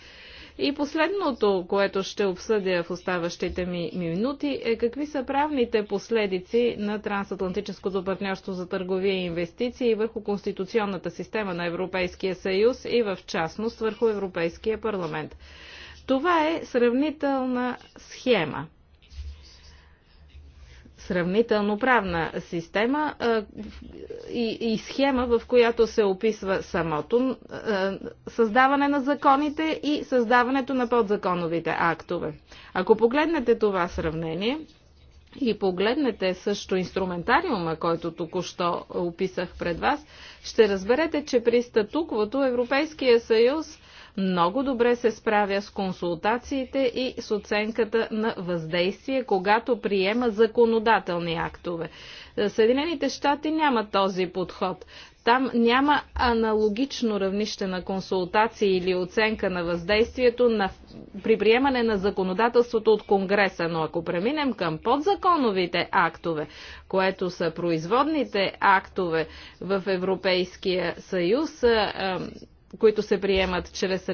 И последното, което ще обсъдя в оставащите ми минути е какви са правните последици на трансатлантическото партньорство за търговия и инвестиции върху конституционната система на Европейския съюз и в частност върху Европейския парламент. Това е сравнителна схема сравнително правна система и, и схема, в която се описва самото създаване на законите и създаването на подзаконовите актове. Ако погледнете това сравнение, и погледнете също инструментариума, който току-що описах пред вас, ще разберете, че при статуквото Европейския съюз много добре се справя с консултациите и с оценката на въздействие, когато приема законодателни актове. Е, Съединените щати няма този подход. Там няма аналогично равнище на консултации или оценка на въздействието на, при приемане на законодателството от Конгреса. Но ако преминем към подзаконовите актове, което са производните актове в Европейския съюз, е, които се приемат чрез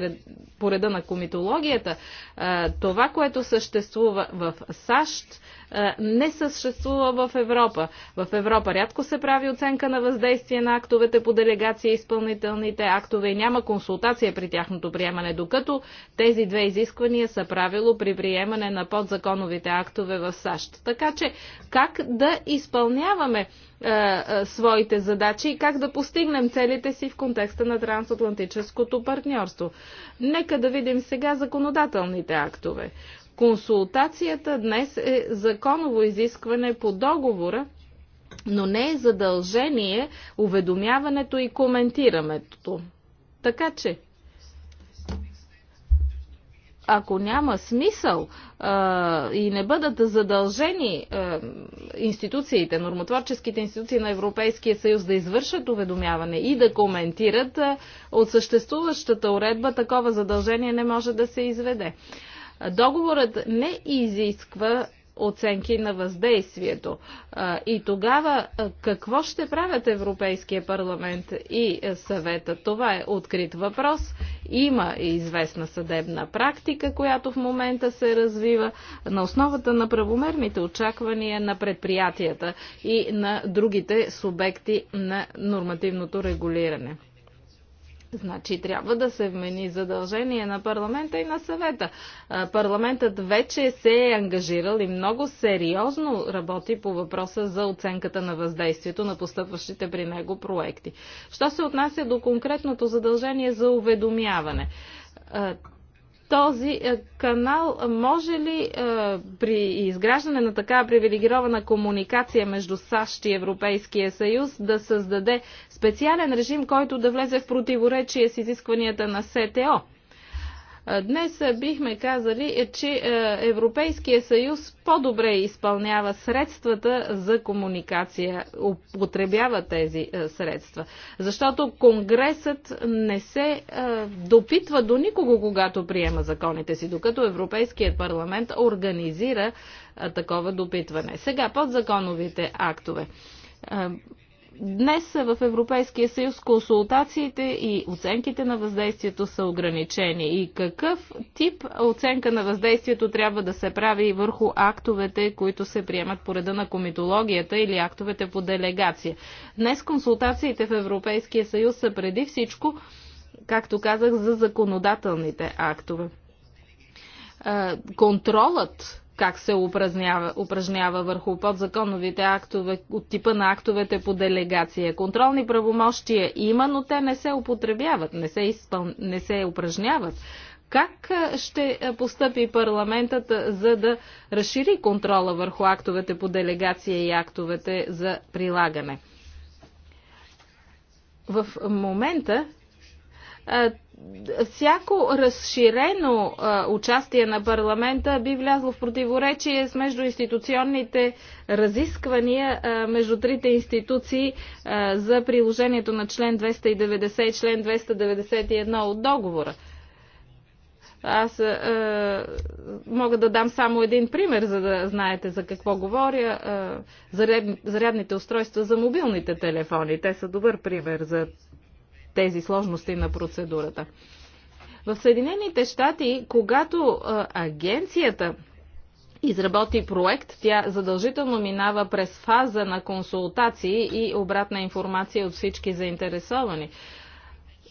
пореда на комитологията, това, което съществува в САЩ, е, не съществува в Европа. В Европа рядко се прави оценка на въздействие на актовете по делегация и изпълнителните актове и няма консултация при тяхното приемане, докато тези две изисквания са правило при приемане на подзаконовите актове в САЩ. Така че как да изпълняваме е, е, своите задачи и как да постигнем целите си в контекста на трансатлантическото партньорство. Нека да видим сега законодателните актове. Консултацията днес е законово изискване по договора, но не е задължение уведомяването и коментирането. Така че, ако няма смисъл а, и не бъдат задължени а, институциите, нормотворческите институции на Европейския съюз да извършат уведомяване и да коментират, а, от съществуващата уредба такова задължение не може да се изведе. Договорът не изисква оценки на въздействието. И тогава какво ще правят Европейския парламент и съвета? Това е открит въпрос. Има известна съдебна практика, която в момента се развива на основата на правомерните очаквания на предприятията и на другите субекти на нормативното регулиране. Значи трябва да се вмени задължение на парламента и на съвета. Парламентът вече се е ангажирал и много сериозно работи по въпроса за оценката на въздействието на постъпващите при него проекти. Що се отнася до конкретното задължение за уведомяване? този е, канал може ли е, при изграждане на така привилегирована комуникация между САЩ и Европейския съюз да създаде специален режим, който да влезе в противоречие с изискванията на СТО? Днес бихме казали, е, че е, Европейския съюз по-добре изпълнява средствата за комуникация, употребява тези е, средства. Защото Конгресът не се допитва до никого, когато приема законите си, докато Европейският парламент организира такова допитване. Сега подзаконовите актове Днес в Европейския съюз консултациите и оценките на въздействието са ограничени. И какъв тип оценка на въздействието трябва да се прави върху актовете, които се приемат по реда на комитологията или актовете по делегация? Днес консултациите в Европейския съюз са преди всичко, както казах, за законодателните актове. Контролът как се упражнява, упражнява върху подзаконовите актове от типа на актовете по делегация. Контролни правомощия има, но те не се употребяват, не се, изпъл... не се упражняват. Как ще постъпи парламентът за да разшири контрола върху актовете по делегация и актовете за прилагане? В момента всяко разширено а, участие на парламента би влязло в противоречие с междуинституционните разисквания а, между трите институции а, за приложението на член 290 и член 291 от договора. Аз а, мога да дам само един пример, за да знаете за какво говоря. А, заряд, зарядните устройства за мобилните телефони. Те са добър пример за тези сложности на процедурата. В Съединените щати, когато агенцията изработи проект, тя задължително минава през фаза на консултации и обратна информация от всички заинтересовани.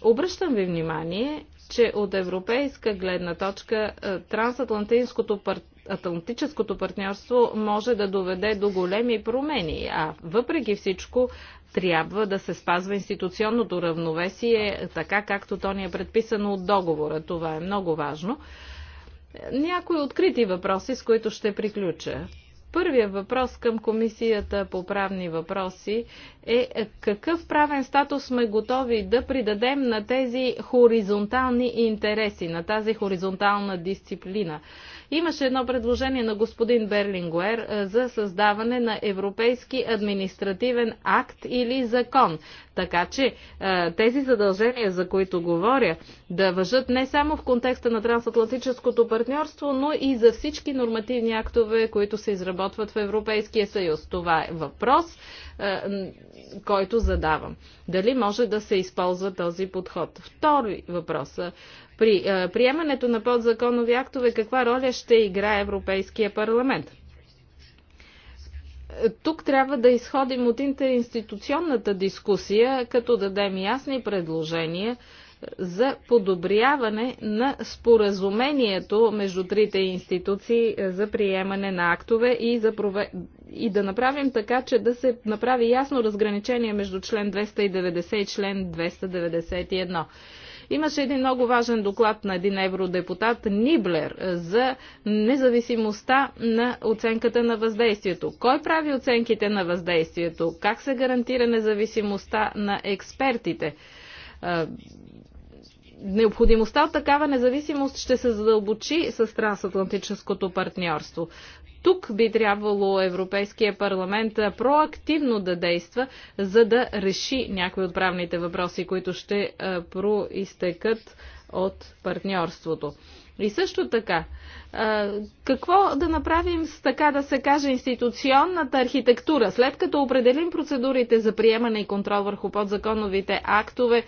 Обръщам ви внимание, че от европейска гледна точка трансатлантинското партнерство Атлантическото партньорство може да доведе до големи промени, а въпреки всичко трябва да се спазва институционното равновесие, така както то ни е предписано от договора. Това е много важно. Някои открити въпроси, с които ще приключа. Първият въпрос към Комисията по правни въпроси е какъв правен статус сме готови да придадем на тези хоризонтални интереси, на тази хоризонтална дисциплина. Имаше едно предложение на господин Берлингуер е, за създаване на европейски административен акт или закон. Така че е, тези задължения, за които говоря, да въжат не само в контекста на трансатлантическото партньорство, но и за всички нормативни актове, които се изработват в Европейския съюз. Това е въпрос, е, който задавам. Дали може да се използва този подход? Втори въпрос при е, приемането на подзаконови актове каква роля ще играе Европейския парламент. Е, тук трябва да изходим от интеринституционната дискусия, като дадем ясни предложения е, за подобряване на споразумението между трите институции за приемане на актове и, за прове... и да направим така, че да се направи ясно разграничение между член 290 и член 291. Имаше един много важен доклад на един евродепутат Ниблер е, за независимостта на оценката на въздействието. Кой прави оценките на въздействието? Как се гарантира независимостта на експертите? Е, необходимостта от такава независимост ще се задълбочи с трансатлантическото партньорство тук би трябвало Европейския парламент проактивно да действа, за да реши някои от правните въпроси, които ще проистекат от партньорството. И също така, какво да направим с така да се каже институционната архитектура? След като определим процедурите за приемане и контрол върху подзаконовите актове,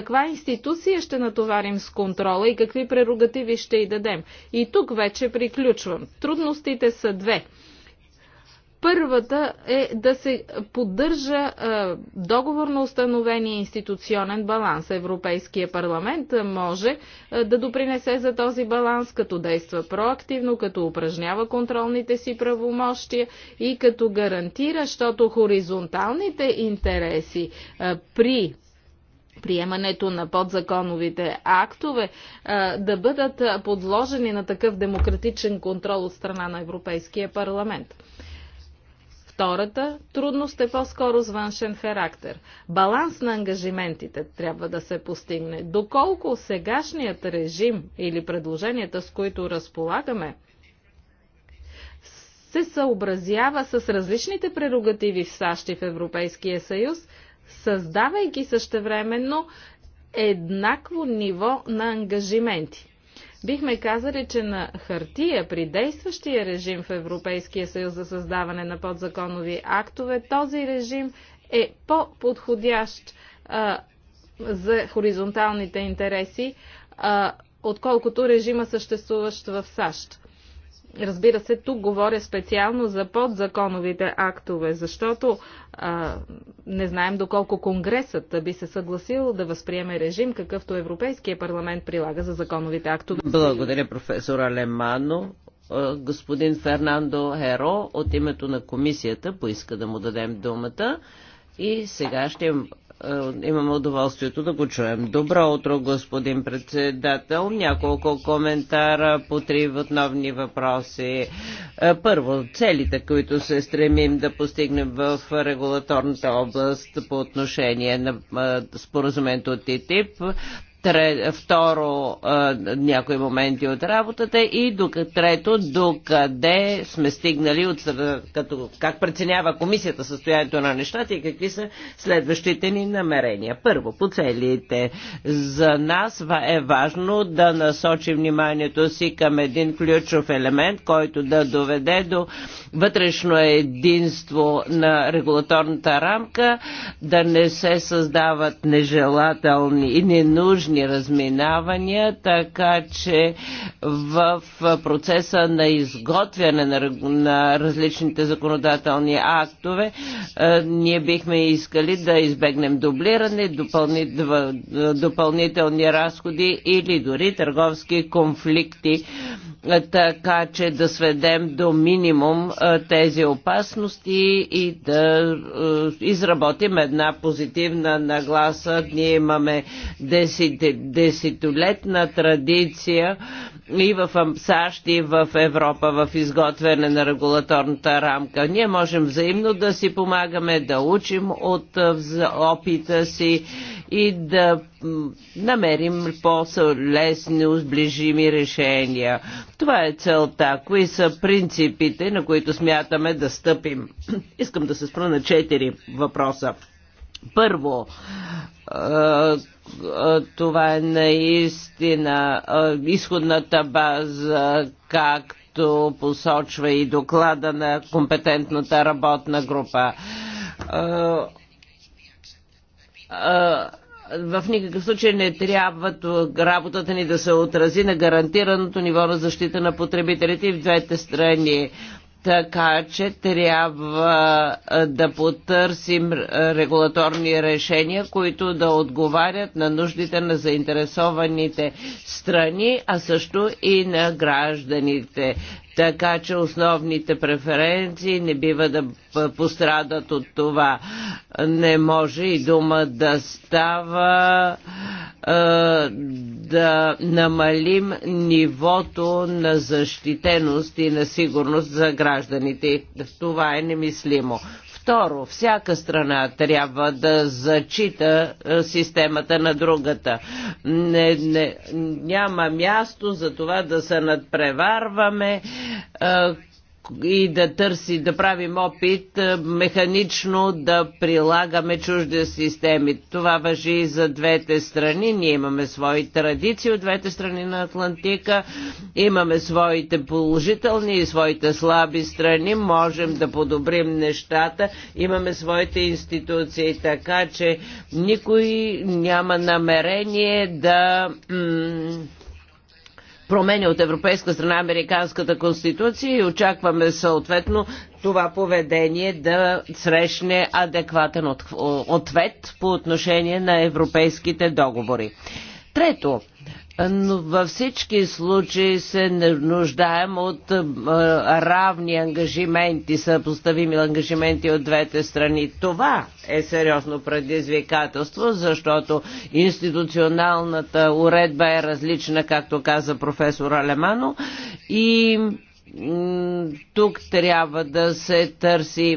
каква институция ще натоварим с контрола и какви прерогативи ще й дадем. И тук вече приключвам. Трудностите са две. Първата е да се поддържа договорно установения институционен баланс. Европейския парламент може да допринесе за този баланс, като действа проактивно, като упражнява контролните си правомощия и като гарантира, защото хоризонталните интереси при приемането на подзаконовите актове да бъдат подложени на такъв демократичен контрол от страна на Европейския парламент. Втората трудност е по-скоро с външен характер. Баланс на ангажиментите трябва да се постигне. Доколко сегашният режим или предложенията, с които разполагаме, се съобразява с различните прерогативи в САЩ и в Европейския съюз – създавайки същевременно еднакво ниво на ангажименти. Бихме казали, че на хартия при действащия режим в Европейския съюз за създаване на подзаконови актове, този режим е по-подходящ за хоризонталните интереси, а, отколкото режима съществуващ в САЩ. Разбира се, тук говоря специално за подзаконовите актове, защото а, не знаем доколко Конгресът би се съгласил да възприеме режим, какъвто Европейския парламент прилага за законовите актове. Благодаря,
професор Алемано. Господин Фернандо Херо от името на комисията поиска да му дадем думата. И сега ще е, имаме удоволствието да го чуем. Добро утро, господин председател. Няколко коментара по три основни въпроси. Е, първо, целите, които се стремим да постигнем в регулаторната област по отношение на е, споразумението от ТИТИП, тре, второ а, някои моменти от работата и до трето докъде сме стигнали от, като, как преценява комисията състоянието на нещата и какви са следващите ни намерения. Първо, по целите. За нас е важно да насочи вниманието си към един ключов елемент, който да доведе до вътрешно единство на регулаторната рамка, да не се създават нежелателни и ненужни сериозни разминавания, така че в процеса на изготвяне на, на различните законодателни актове е, ние бихме искали да избегнем дублиране, допълни, допълнителни разходи или дори търговски конфликти е, така че да сведем до минимум е, тези опасности и да изработим една позитивна нагласа. Ние имаме десетилетна традиция и в САЩ, и в Европа в изготвяне на регулаторната рамка. Ние можем взаимно да си помагаме, да учим от опита си и да намерим по-лесни, сближими решения. Това е целта. Кои са принципите, на които смятаме да стъпим? Искам да се спра на четири въпроса. Първо, това е наистина изходната база, както посочва и доклада на компетентната работна група в никакъв случай не трябва работата ни да се отрази на гарантираното ниво на защита на потребителите и в двете страни. Така че трябва да потърсим регулаторни решения, които да отговарят на нуждите на заинтересованите страни, а също и на гражданите. Така че основните преференции не бива да пострадат от това. Не може и дума да става да намалим нивото на защитеност и на сигурност за гражданите. Това е немислимо. Второ, всяка страна трябва да зачита е, системата на другата. Не, не, няма място за това да се надпреварваме е, и да търси, да правим опит е, механично да прилагаме чужди системи. Това въжи и за двете страни. Ние имаме свои традиции от двете страни на Атлантика, имаме своите положителни и своите слаби страни, можем да подобрим нещата, имаме своите институции, така че никой няма намерение да промени от европейска страна Американската конституция и очакваме съответно това поведение да срещне адекватен ответ по отношение на европейските договори. Трето, но във всички случаи се нуждаем от равни ангажименти, съпоставими ангажименти от двете страни. Това е сериозно предизвикателство, защото институционалната уредба е различна, както каза професор Алемано, и тук трябва да се търси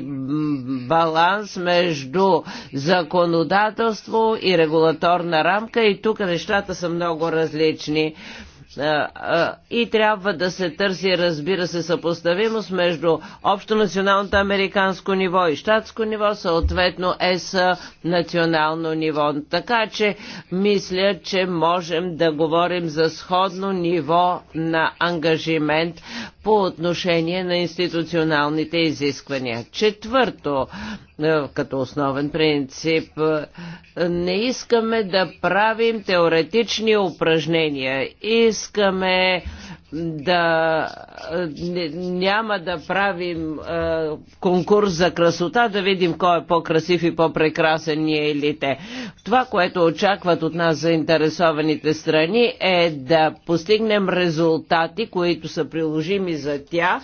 баланс между законодателство и регулаторна рамка и тук нещата са много различни и трябва да се търси, разбира се, съпоставимост между Общо националното американско ниво и щатско ниво, съответно е с национално ниво. Така че мисля, че можем да говорим за сходно ниво на ангажимент по отношение на институционалните изисквания. Четвърто, като основен принцип, не искаме да правим теоретични упражнения и искаме да няма да правим а, конкурс за красота, да видим кой е по-красив и по-прекрасен ние или те. Това, което очакват от нас заинтересованите страни е да постигнем резултати, които са приложими за тях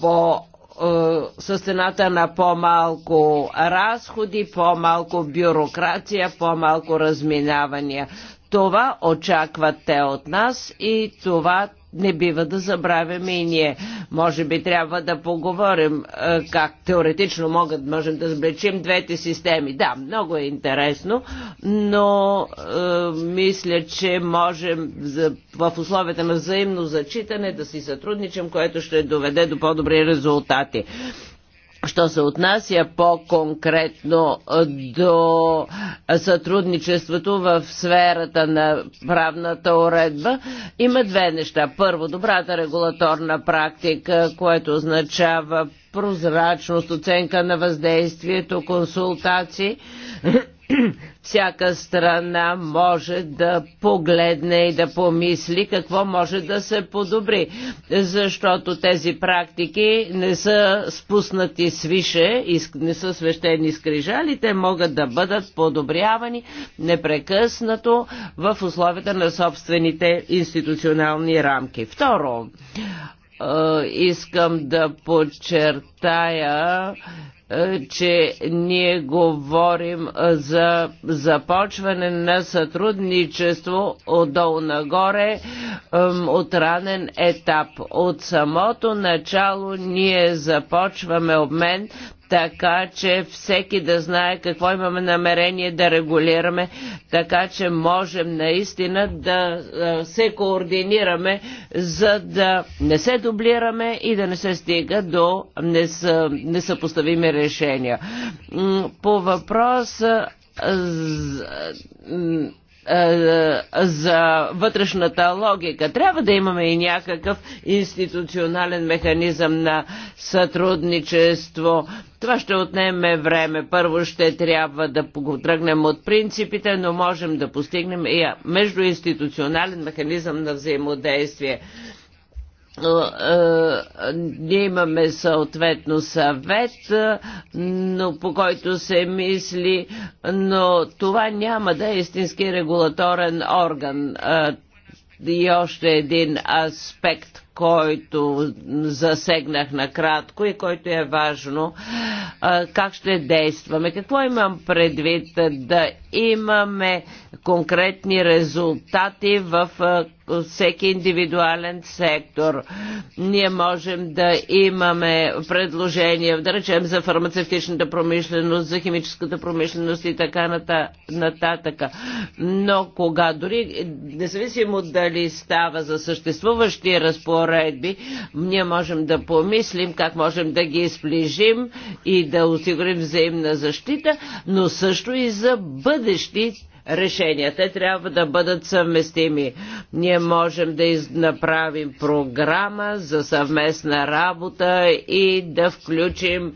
по е, с цената на по-малко разходи, по-малко бюрокрация, по-малко разминавания. Това очакват те от нас и това не бива да забравяме и ние. Може би трябва да поговорим е, как теоретично могат, можем да сблечим двете системи. Да, много е интересно, но е, мисля, че можем за, в условията на взаимно зачитане да си сътрудничим, което ще доведе до по-добри резултати. Що се отнася по-конкретно до сътрудничеството в сферата на правната уредба, има две неща. Първо, добрата регулаторна практика, което означава прозрачност, оценка на въздействието, консултации всяка страна може да погледне и да помисли какво може да се подобри, защото тези практики не са спуснати свише, не са свещени скрижали, те могат да бъдат подобрявани непрекъснато в условията на собствените институционални рамки. Второ, е, искам да подчертая е, че ние говорим е, за започване на сътрудничество отдолу нагоре от ранен етап. От самото начало ние започваме обмен така че всеки да знае какво имаме намерение да регулираме, така че можем наистина да се координираме, за да не се дублираме и да не се стига до несъпоставими решения. По въпрос е, за вътрешната логика. Трябва да имаме и някакъв институционален механизъм на сътрудничество. Това ще отнеме време. Първо ще трябва да тръгнем от принципите, но можем да постигнем и междуинституционален механизъм на взаимодействие. Е, е, ние имаме съответно съвет, е, но по който се мисли, но това няма да е истински регулаторен орган. И още един аспект, който засегнах накратко и който е важно, как ще действаме. Какво имам предвид? Да имаме конкретни резултати в всеки индивидуален сектор. Ние можем да имаме предложения, да речем, за фармацевтичната промишленост, за химическата промишленост и така нататък. Но кога дори, независимо дали става за съществуващи разпоредби, ние можем да помислим как можем да ги сближим и да осигурим взаимна защита, но също и за бъдещи решения. Те трябва да бъдат съвместими. Ние можем да направим програма за съвместна работа и да включим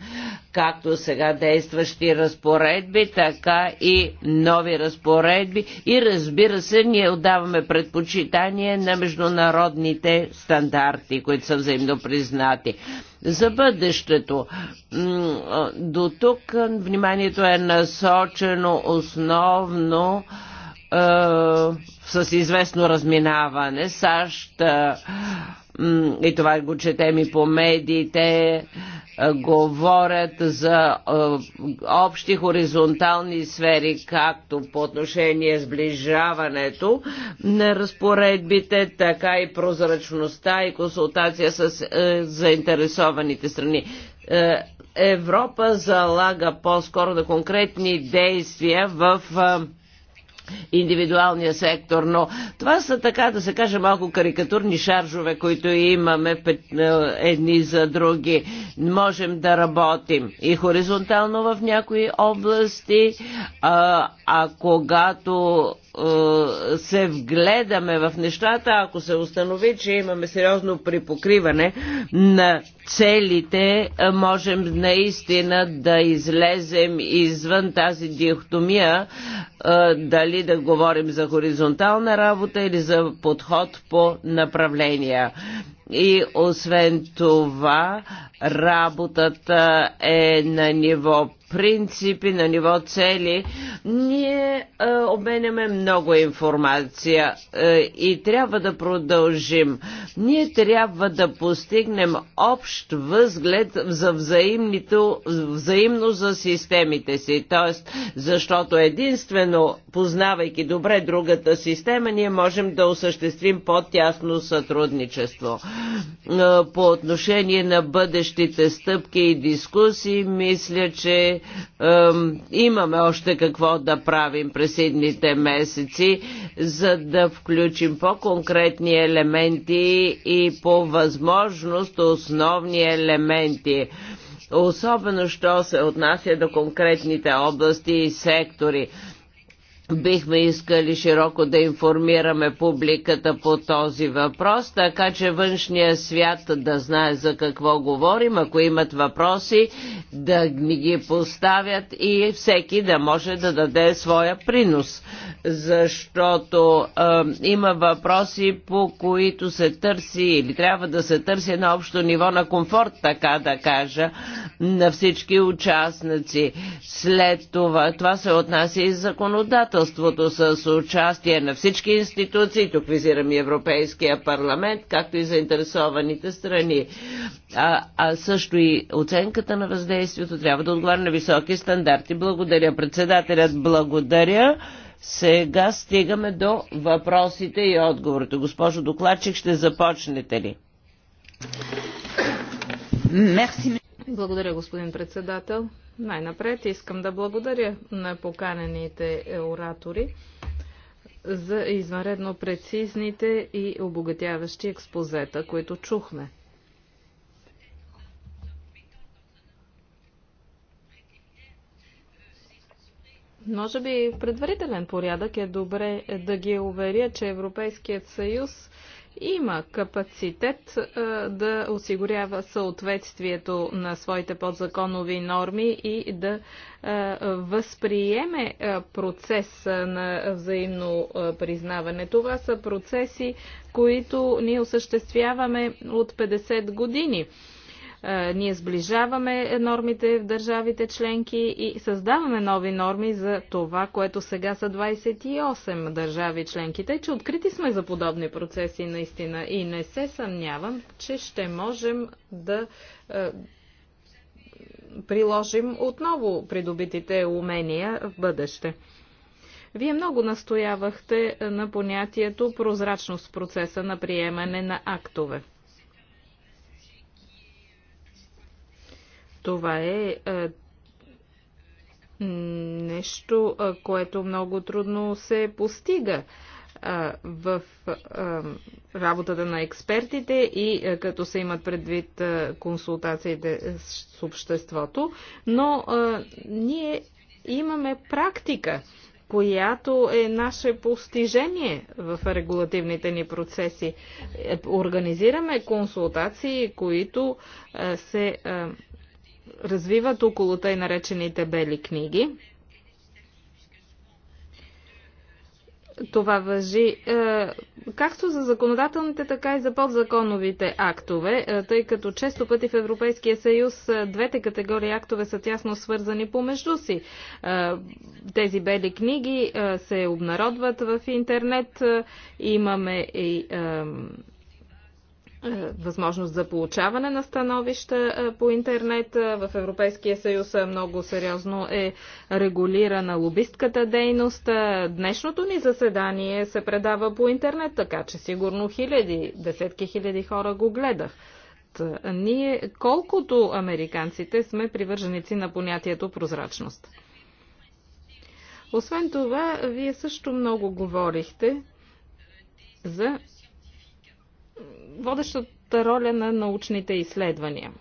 както сега действащи разпоредби, така и нови разпоредби и разбира се, ние отдаваме предпочитание на международните стандарти, които са взаимно признати. За бъдещето. До тук вниманието е насочено основно е, с известно разминаване. САЩ, е, и това го четем и по медиите, е, говорят за е, общи хоризонтални сфери, както по отношение сближаването на разпоредбите, така и прозрачността и консултация с е, заинтересованите страни. Европа залага по-скоро на конкретни действия в индивидуалния сектор, но това са така, да се каже, малко карикатурни шаржове, които имаме е, едни за други. Можем да работим и хоризонтално в някои области, а, а когато е, се вгледаме в нещата, ако се установи, че имаме сериозно припокриване на целите, е, можем наистина да излезем извън тази дихотомия, е, дали да говорим за хоризонтална работа или за подход по направления. И освен това, работата е на ниво принципи, на ниво цели. Ние е, обменяме много информация е, и трябва да продължим. Ние трябва да постигнем общ възглед за взаимнито, взаимно за системите си. Тоест, защото единствено, познавайки добре другата система, ние можем да осъществим по-тясно сътрудничество. По отношение на бъдещите стъпки и дискусии, мисля, че имаме още какво да правим през едните месеци, за да включим по-конкретни елементи и по възможност основни елементи особено що се отнася до конкретните области и сектори. Бихме искали широко да информираме публиката по този въпрос, така че външния свят да знае за какво говорим, ако имат въпроси, да ни ги поставят и всеки да може да даде своя принос. Защото е, има въпроси, по които се търси или трябва да се търси на общо ниво на комфорт, така да кажа, на всички участници. След това, това се отнася и законодател правителството с участие на всички институции, тук визирам и Европейския парламент, както и заинтересованите страни. А, а също и оценката на въздействието трябва да отговаря на високи стандарти. Благодаря, председателят, благодаря. Сега стигаме до въпросите и отговорите. Госпожо докладчик, ще започнете ли?
Благодаря, господин председател. Най-напред искам да благодаря на поканените оратори за извънредно прецизните и обогатяващи експозета, които чухме. Може би предварителен порядък е добре да ги уверя, че Европейският съюз има капацитет а, е, да осигурява съответствието на своите подзаконови норми и да а, е, възприеме процеса процес е, на взаимно признаване. Това са процеси, които ние осъществяваме от 50 години. Е, ние сближаваме нормите в държавите членки и създаваме нови норми за това, което сега са 28 държави членки. Тъй, че открити сме за подобни процеси наистина и не се съмнявам, че ще можем да е, приложим отново придобитите умения в бъдеще. Вие много настоявахте на понятието прозрачност в процеса на приемане на актове. Това е, е нещо, е, което много трудно се постига е, в работата на експертите и като се имат предвид консултациите с обществото, но ние имаме практика, която е наше постижение в регулативните ни процеси. Организираме консултации, които се развиват около тъй наречените бели книги. Това въжи е, както за законодателните, така и за подзаконовите актове, е, тъй като често пъти в Европейския съюз е, двете категории актове са тясно свързани помежду си. Е, тези бели книги е, се обнародват в интернет, е, имаме и е, е, възможност за получаване на становища е, по интернет. Е, в Европейския съюз много сериозно е регулирана лобистката дейност. Днешното ни заседание се предава по интернет, така че сигурно хиляди, десетки хиляди хора го гледах. Ние, колкото американците, сме привърженици на понятието прозрачност. Освен това, вие също много говорихте за водещата роля на научните изследвания.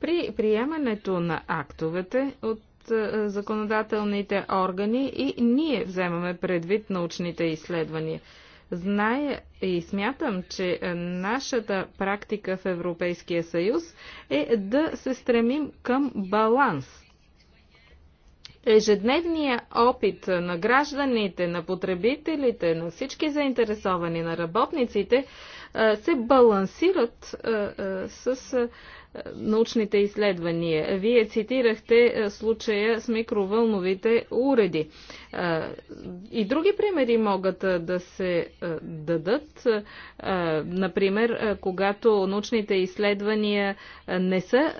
При приемането на актовете от е, законодателните органи и ние вземаме предвид научните изследвания. Зная и смятам, че нашата практика в Европейския съюз е да се стремим към баланс Ежедневният опит на гражданите, на потребителите, на всички заинтересовани, на работниците се балансират с научните изследвания. Вие цитирахте е, случая с микровълновите уреди. Е, и други примери могат е, да се дадат. Например, когато научните изследвания не са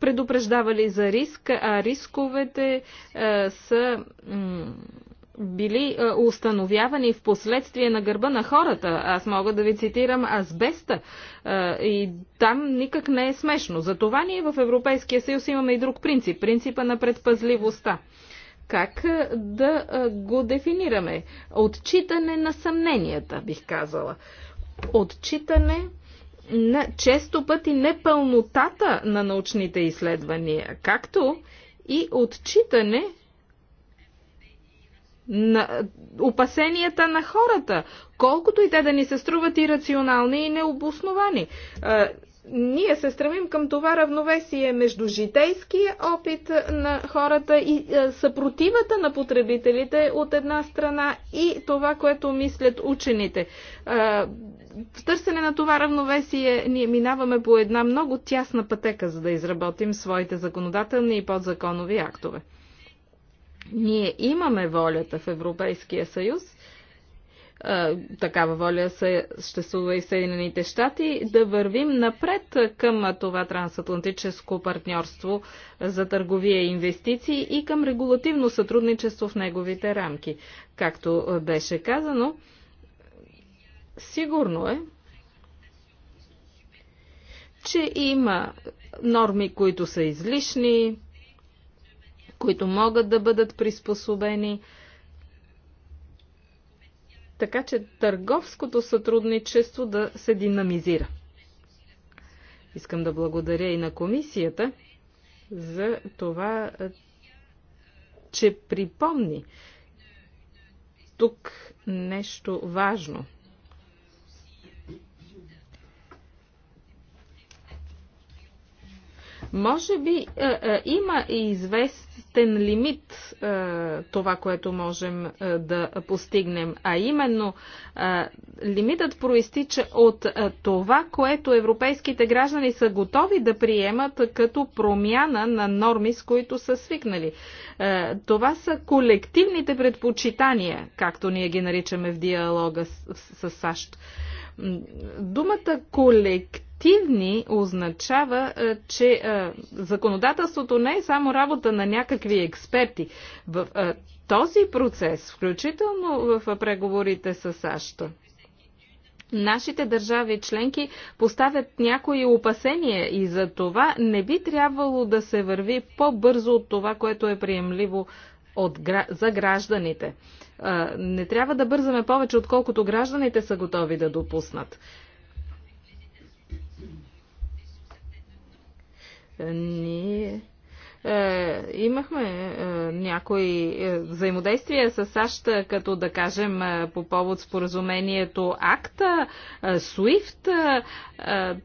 предупреждавали за риск, а рисковете са били е, установявани в последствие на гърба на хората. Аз мога да ви цитирам азбеста е, и там никак не е смешно. Затова ние в Европейския съюз имаме и друг принцип, принципа на предпазливостта. Как е, да го дефинираме? Отчитане на съмненията, бих казала. Отчитане на често пъти непълнотата на научните изследвания, както и отчитане на опасенията на хората, колкото и те да ни се струват ирационални и необосновани. Е, ние се стремим към това равновесие между житейския опит на хората и е, съпротивата на потребителите от една страна и това, което мислят учените. Е, в търсене на това равновесие ние минаваме по една много тясна пътека, за да изработим своите законодателни и подзаконови актове. Ние имаме волята в Европейския съюз, такава воля съществува и в Съединените щати, да вървим напред към това трансатлантическо партньорство за търговия и инвестиции и към регулативно сътрудничество в неговите рамки. Както беше казано, сигурно е, че има норми, които са излишни, които могат да бъдат приспособени. Така че търговското сътрудничество да се динамизира. Искам да благодаря и на комисията за това, че припомни тук нещо важно – Може би е, е, има и известен лимит е, това, което можем е, да постигнем, а именно е, лимитът проистича от е, това, което европейските граждани са готови да приемат като промяна на норми, с които са свикнали. Е, това са колективните предпочитания, както ние ги наричаме в диалога с, с, с САЩ. Думата колективни означава, е, че е, законодателството не е само работа на някакви експерти. В е, този процес, включително в преговорите с САЩ, нашите държави членки поставят някои опасения и за това не би трябвало да се върви по-бързо от това, което е приемливо от, за гражданите. Не трябва да бързаме повече, отколкото гражданите са готови да допуснат. Ние е, имахме е, някои е, взаимодействия с САЩ, като да кажем е, по повод споразумението АКТА, е, СУИФТ. Е,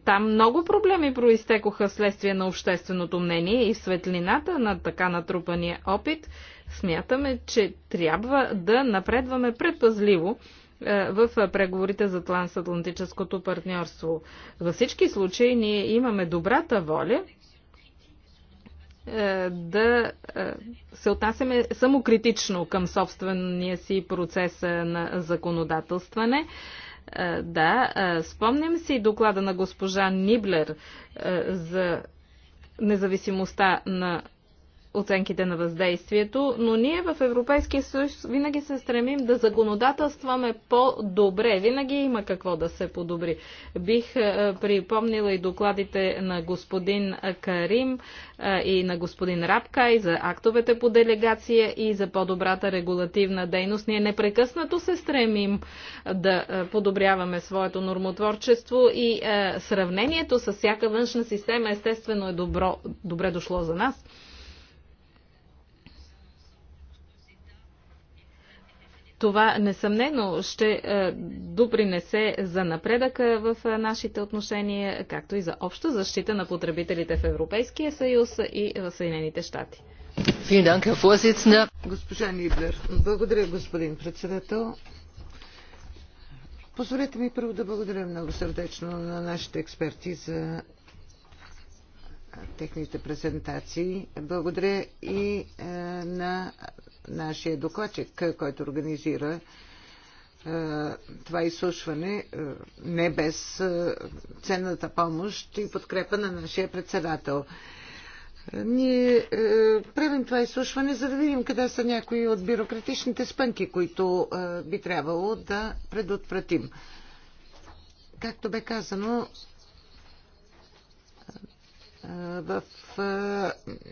там много проблеми проистекоха вследствие на общественото мнение и светлината на така натрупания опит. Е, Смятаме, че трябва да напредваме предпазливо е, в преговорите за трансатлантическото партньорство. Във всички случаи ние имаме добрата воля е, да е, се отнасяме самокритично към собствения си процес на законодателстване. Да, спомням си доклада на госпожа Ниблер за независимостта на оценките на въздействието, но ние в Европейския съюз винаги се стремим да законодателстваме по-добре. Винаги има какво да се подобри. Бих е, припомнила и докладите на господин Карим е, и на господин и за актовете по делегация и за по-добрата регулативна дейност. Ние непрекъснато се стремим да е, подобряваме своето нормотворчество и сравнението с всяка външна система естествено е добро, добре дошло за нас. Това несъмнено ще е, допринесе за напредъка в е, нашите отношения, както и за обща защита на потребителите в Европейския съюз и в Съединените
щати. Госпожа Нидлер, благодаря господин председател. Позволете ми първо да благодаря много сърдечно на нашите експерти за техните презентации. Благодаря и е, на нашия докладчик, който организира е, това изслушване, е, не без е, ценната помощ и подкрепа на нашия председател. Ние е, правим това изслушване, за да видим къде са някои от бюрократичните спънки, които е, би трябвало да предотвратим. Както бе казано, в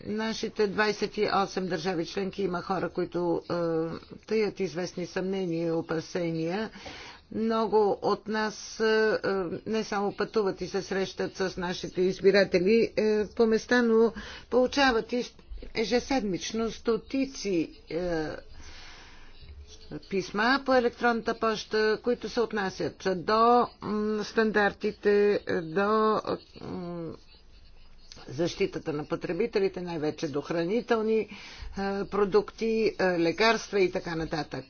нашите 28 държави членки има хора, които таят известни съмнения и опасения. Много от нас не само пътуват и се срещат с нашите избиратели по места, но получават и ежеседмично стотици писма по електронната поща, които се отнасят до стандартите, до защитата на потребителите, най-вече до хранителни е, продукти, е, лекарства и така нататък.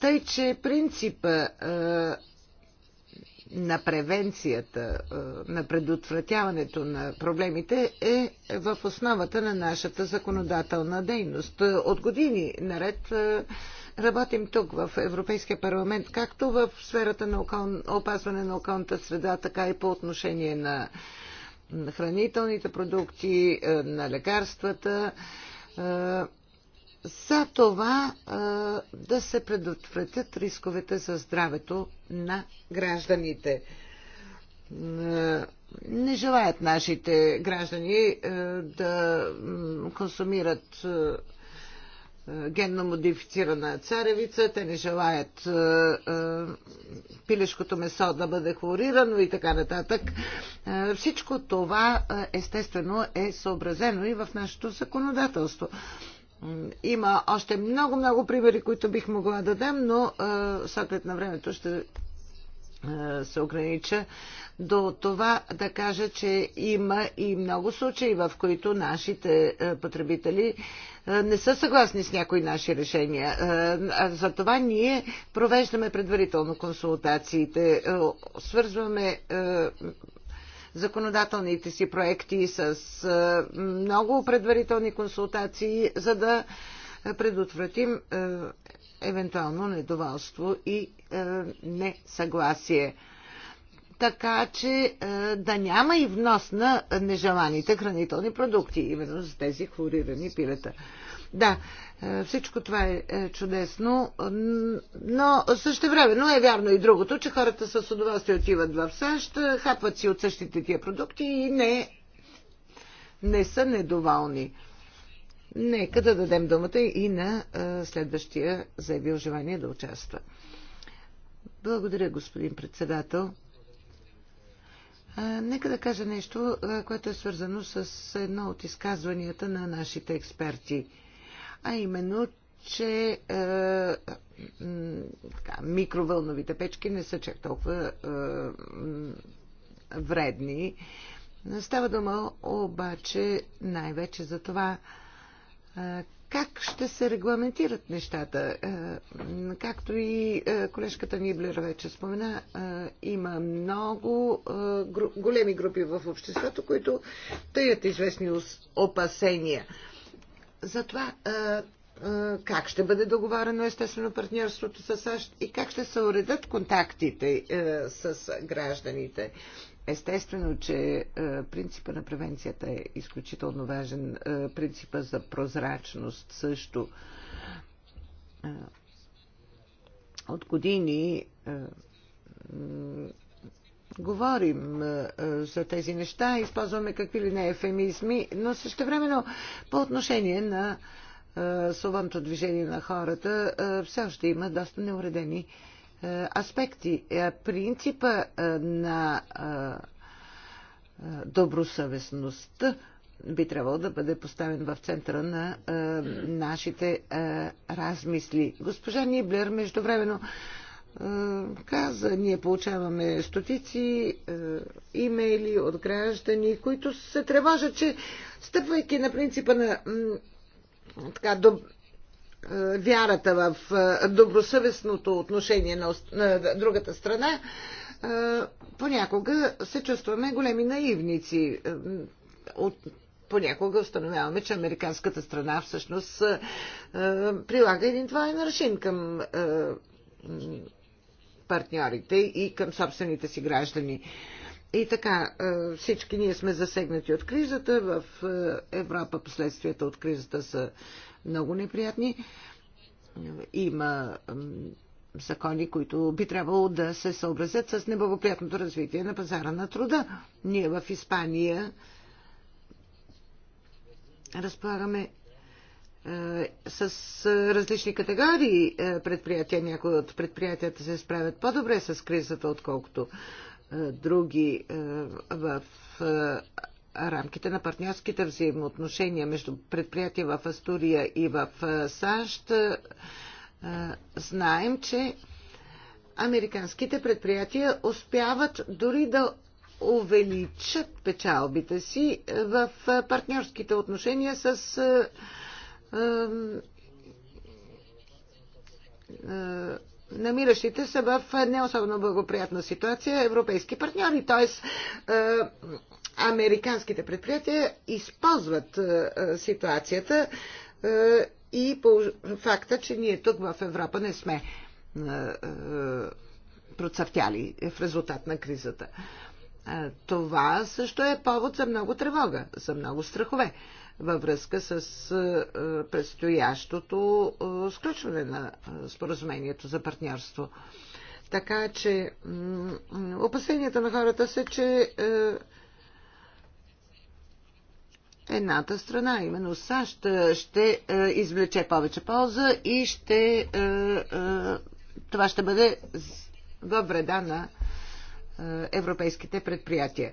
Тъй, че принципа е, на превенцията, на предотвратяването на проблемите е в основата на нашата законодателна дейност. От години наред работим тук в Европейския парламент, както в сферата на опазване на околната среда, така и по отношение на на хранителните продукти, е, на лекарствата, е, за това е, да се предотвратят рисковете за здравето на гражданите. Не желаят нашите граждани да консумират е, генно модифицирана царевица, те не желаят е, е, пилешкото месо да бъде хлорирано и така нататък. Всичко това естествено е съобразено и в нашето законодателство. Има още много-много примери, които бих могла да дам, но с оглед на времето ще е, се огранича до това да кажа, че има и много случаи, в които нашите е, потребители е, не са съгласни с някои наши решения. Затова ние провеждаме предварително консултациите, свързваме законодателните си проекти с много предварителни консултации, за да предотвратим евентуално недоволство и е, несъгласие. Така че е, да няма и внос на нежеланите хранителни продукти, именно за тези хлорирани пилета. Да, е, всичко това е чудесно, но също време, но е вярно и другото, че хората с удоволствие отиват в САЩ, хапват си от същите тия продукти и не, не са недоволни. Нека да дадем думата и на следващия заявил желание да участва. Благодаря, господин председател. Нека да кажа нещо, което е свързано с едно от изказванията на нашите експерти, а именно, че е, така, микровълновите печки не са чак толкова е, вредни. Става дума обаче най-вече за това е, как ще се регламентират нещата. Е, както и е, колежката Ниблер вече спомена, е, има много големи групи в обществото, които таят известни опасения. Затова как ще бъде договарено естествено партньорството с САЩ и как ще се уредат контактите с гражданите. Естествено, че е, принципа на превенцията е изключително важен. Е, принципа за прозрачност също. Е, от години говорим за тези неща, използваме какви ли не ефемизми, но същевременно по отношение на свободното движение на хората все още има доста неуредени е, аспекти. Е, принципа е, на добросъвестността би трябвало да бъде поставен в центъра на нашите размисли. Госпожа Ниблер, междувременно, а, каза, ние получаваме стотици е, имейли от граждани, които се тревожат, че стъпвайки на принципа на м, така, доб е, вярата в е, добросъвестното отношение на другата страна, е, понякога се чувстваме големи наивници. От, понякога установяваме, че американската страна всъщност прилага един двоен аршин към партньорите и към собствените си граждани. И така, всички ние сме засегнати от кризата. В Европа последствията от кризата са много неприятни. Има закони, които би трябвало да се съобразят с неблагоприятното развитие на пазара на труда. Ние в Испания разполагаме е, с е, различни категории е, предприятия. Някои от предприятията се справят по-добре с кризата, отколкото други в рамките на партньорските взаимоотношения между предприятия в Астурия и в САЩ, знаем, че американските предприятия успяват дори да увеличат печалбите си в партньорските отношения с намиращите се в не особено благоприятна ситуация европейски партньори. Тоест, американските предприятия използват е, е, ситуацията е, и по факта, че ние тук в Европа не сме процъфтяли в резултат на кризата. Това също е повод за много тревога, за много страхове във връзка с предстоящото сключване на споразумението за партньорство. Така че опасенията на хората са, че едната страна, именно САЩ, ще извлече повече полза и ще, това ще бъде във вреда на европейските предприятия.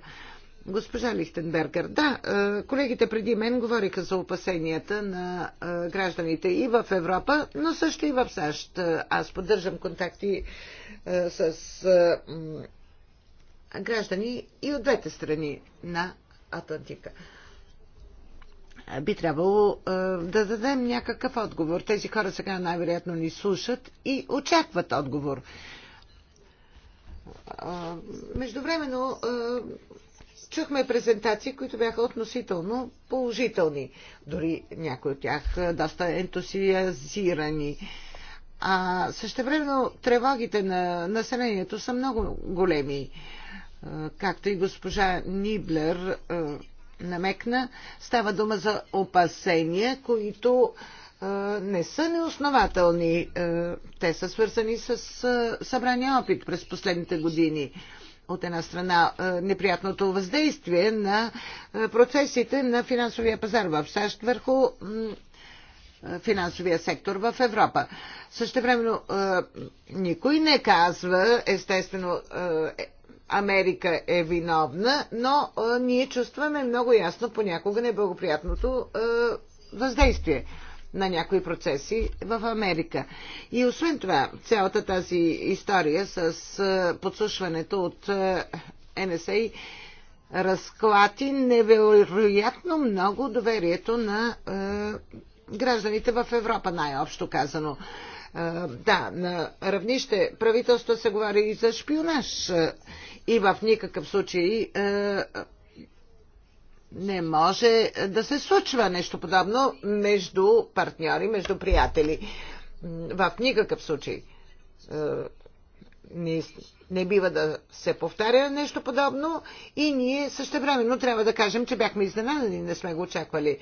Госпожа Лихтенбергер, да, колегите преди мен говориха за опасенията на гражданите и в Европа, но също и в САЩ. Аз поддържам контакти с граждани и от двете страни на Атлантика би трябвало е, да дадем някакъв отговор. Тези хора сега най-вероятно ни слушат и очакват отговор. Е, междувременно е, чухме презентации, които бяха относително положителни. Дори някои от тях доста ентусиазирани. А времено тревогите на населението са много големи. Както и госпожа Ниблер намекна, става дума за опасения, които не са неоснователни. Те са свързани с събрания опит през последните години. От една страна неприятното въздействие на процесите на финансовия пазар в САЩ върху финансовия сектор в Европа. Също времено никой не казва, естествено, Америка е виновна, но а, ние чувстваме много ясно понякога неблагоприятното а, въздействие на някои процеси в Америка. И освен това, цялата тази история с а, подслушването от а, НСА разклати невероятно много доверието на а, гражданите в Европа, най-общо казано. Да, на равнище правителства се говори и за шпионаж. И в никакъв случай не може да се случва нещо подобно между партньори, между приятели. В никакъв случай не, не бива да се повтаря нещо подобно и ние също но трябва да кажем, че бяхме изненадани, не сме го очаквали.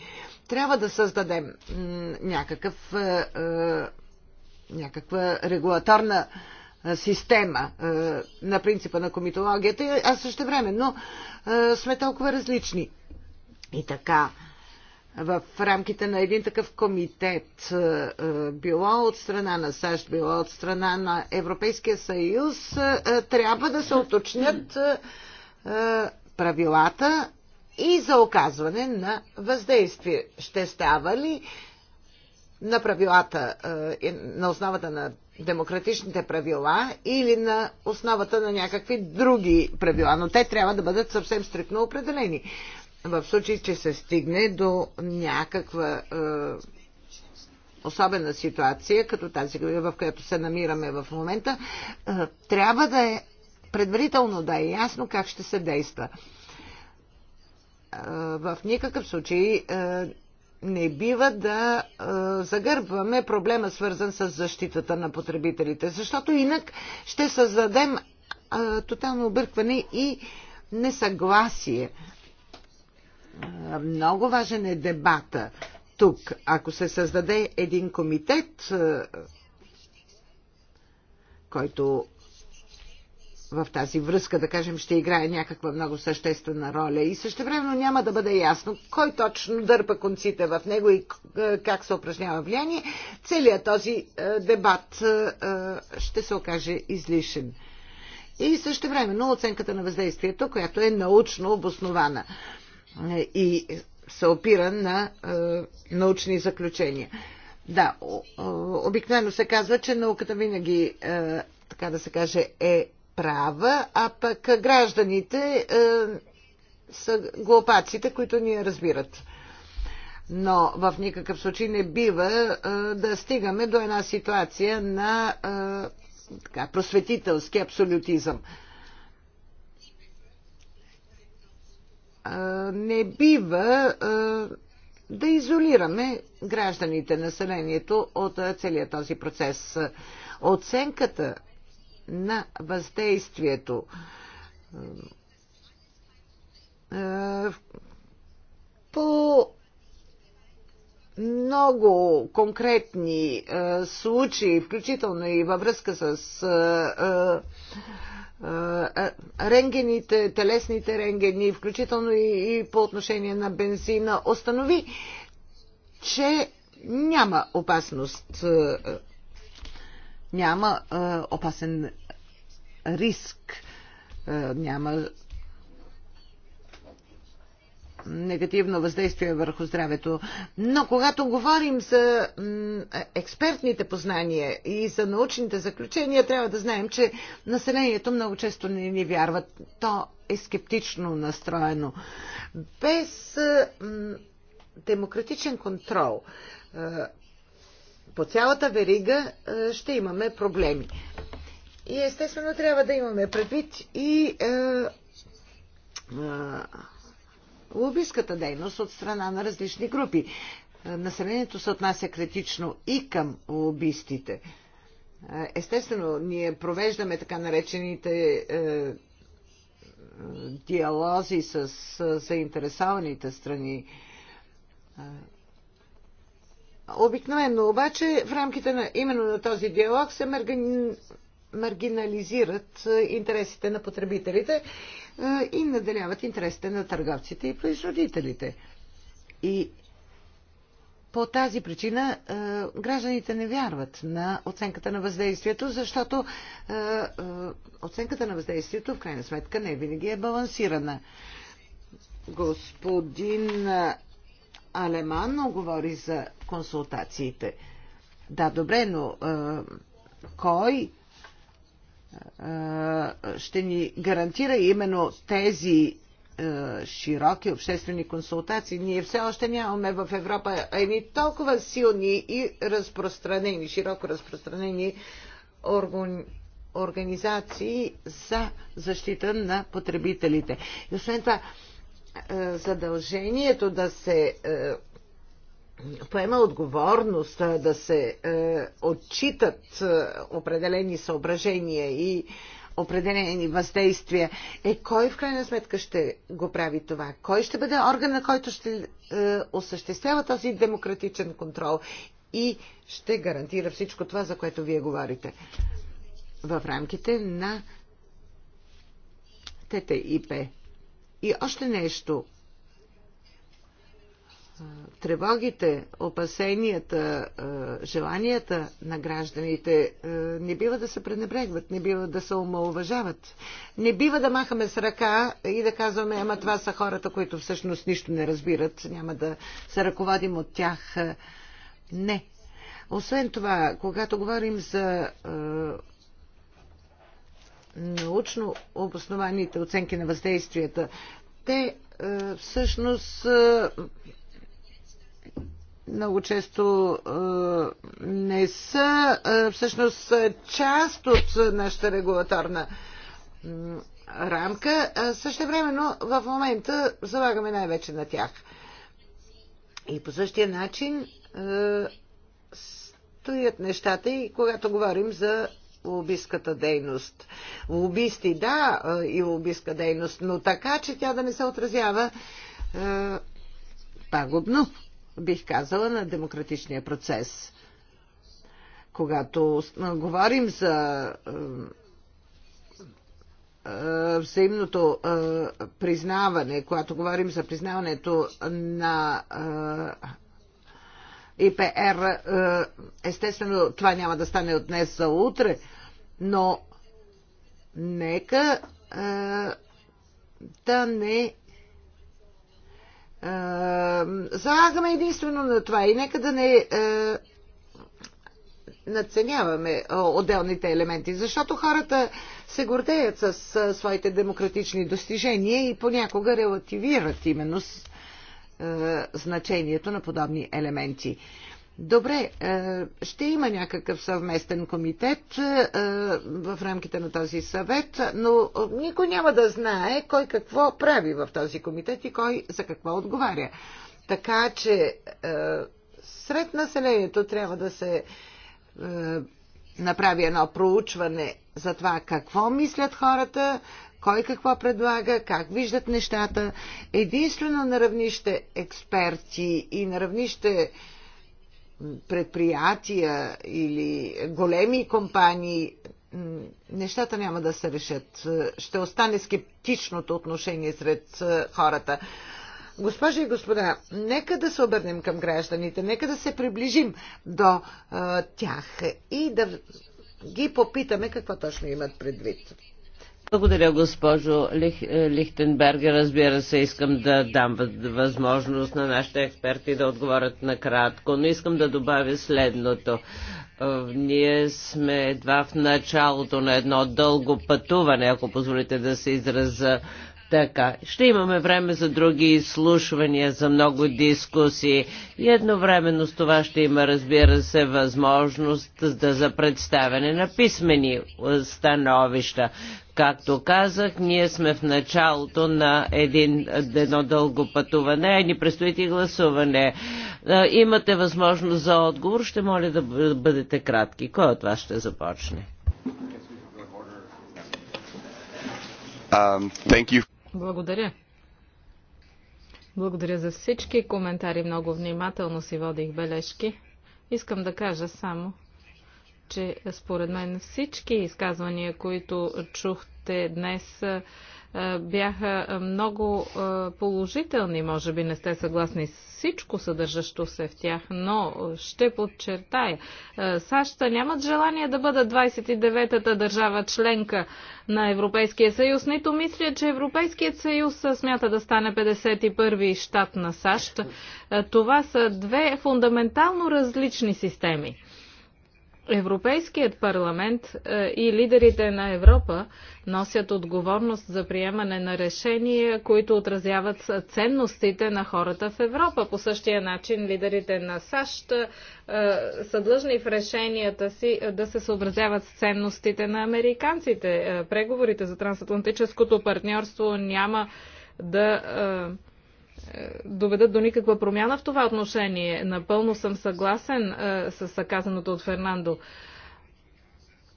Трябва да създадем някакъв някаква регулаторна система на принципа на комитологията, а също време, но сме толкова различни. И така, в рамките на един такъв комитет, било от страна на САЩ, било от страна на Европейския съюз, трябва да се уточнят правилата и за оказване на въздействие. Ще става ли на правилата, е, на основата на демократичните правила или на основата на някакви други правила, но те трябва да бъдат съвсем стрикно определени. В случай, че се стигне до някаква е, особена ситуация, като тази, в която се намираме в момента, е, трябва да е предварително да е ясно как ще се действа е, в никакъв случай е, не бива да а, загърбваме проблема, свързан с защитата на потребителите, защото инак ще създадем а, тотално объркване и несъгласие. А, много важен е дебата тук. Ако се създаде един комитет, а, който в тази връзка, да кажем, ще играе някаква много съществена роля и също времено няма да бъде ясно кой точно дърпа конците в него и е, как се упражнява влияние. Целият този е, дебат е, ще се окаже излишен. И също времено оценката на въздействието, която е научно обоснована и се опира на научни заключения. Да, обикновено се казва, че науката винаги, така да се каже, е права, а пък гражданите е, са глупаците, които ни разбират. Но в никакъв случай не бива е, да стигаме до една ситуация на е, така, просветителски абсолютизъм. Е, не бива е, да изолираме гражданите, населението от е, целия този процес. Оценката на въздействието. Е, по много конкретни е, случаи, включително и във връзка с е, ренгените, телесните ренгени, включително и, и по отношение на бензина, установи, че няма опасност няма а, е, опасен риск, а, е, няма негативно въздействие върху здравето. Но когато говорим за експертните познания и за научните заключения, трябва да знаем, че населението много често не ни вярва. То е скептично настроено. Без демократичен контрол е, по цялата верига е, ще имаме проблеми. И естествено трябва да имаме предвид и е, е, лобистката дейност от страна на различни групи. Е, населението се отнася критично и към лобистите. Е, естествено, ние провеждаме така наречените е, диалози с заинтересованите страни. Обикновено обаче в рамките на именно на този диалог се маргинализират е, интересите на потребителите е, и наделяват интересите на търговците и производителите. И по тази причина е, гражданите не вярват на оценката на въздействието, защото оценката на въздействието в крайна сметка не винаги е балансирана. Господин Алеман говори за консултациите. Да, добре, но а, кой а, ще ни гарантира именно тези а, широки обществени консултации? Ние все още нямаме в Европа едни толкова силни и разпространени, широко разпространени органи организации за защита на потребителите. И освен това, задължението да се е, поема отговорност, е, да се е, отчитат определени съображения и определени въздействия. Е, кой в крайна сметка ще го прави това? Кой ще бъде органа, който ще осъществява този демократичен контрол и ще гарантира всичко това, за което вие говорите? В рамките на ТТИП. И още нещо. Тревогите, опасенията, желанията на гражданите не бива да се пренебрегват, не бива да се омалуважават. Не бива да махаме с ръка и да казваме, ама това са хората, които всъщност нищо не разбират, няма да се ръководим от тях. Не. Освен това, когато говорим за научно обоснованите оценки на въздействията, те е, всъщност е, много често е, не са всъщност част от нашата регулаторна рамка. Също но в момента залагаме най-вече на тях. И по същия начин стоят нещата и когато говорим за лобистката дейност. Лобисти, да, и лобистка дейност, но така, че тя да не се отразява е, пагубно, бих казала, на демократичния процес. Когато говорим за е, взаимното е, признаване, когато говорим за признаването на е, ИПР. Е, естествено, това няма да стане от днес за утре, но нека е, да не е, залагаме единствено на това и нека да не надценяваме отделните елементи, защото хората се гордеят с своите демократични достижения и понякога релативират именно с е, значението на подобни елементи. Добре, е, ще има някакъв съвместен комитет е, в рамките на този съвет, но никой няма да знае кой какво прави в този комитет и кой за какво отговаря. Така че сред населението трябва да се направи едно проучване за това какво мислят хората, кой какво предлага, как виждат нещата. Единствено на равнище експерти и на равнище предприятия или големи компании нещата няма да се решат. Ще остане скептичното отношение сред хората. Госпожи и господа, нека да се обърнем към гражданите, нека да се приближим до е, тях и да ги попитаме какво точно имат предвид.
Благодаря, госпожо Лих, е, Лихтенбергер. Разбира се, искам да дам възможност на нашите експерти да отговорят накратко, но искам да добавя следното. Е, ние сме едва в началото на едно дълго пътуване, ако позволите да се израза така, ще имаме време за други изслушвания, за много дискусии и едновременно с това ще има, разбира се, възможност да за представяне на писмени е, становища. Както казах, ние сме в началото на един, едно дълго пътуване, а е, ни предстои и гласуване. Е, имате възможност за отговор, ще моля да бъдете кратки. Кой от вас ще започне? Um, thank you.
Благодаря. Благодаря за всички коментари. Много внимателно си водих бележки. Искам да кажа само, че според мен всички изказвания, които чухте днес, бяха много положителни. Може би не сте съгласни с всичко съдържащо се в тях, но ще подчертая, САЩ нямат желание да бъдат 29-та държава членка на Европейския съюз, нито мисля, че Европейският съюз смята да стане 51-и щат на САЩ. Това са две фундаментално различни системи. Европейският парламент е, и лидерите на Европа носят отговорност за приемане на решения, които отразяват ценностите на хората в Европа. По същия начин лидерите на САЩ е, са длъжни в решенията си е, да се съобразяват с ценностите на американците. Преговорите за трансатлантическото партньорство няма да доведат до никаква промяна в това отношение. Напълно съм съгласен е, с казаното от Фернандо.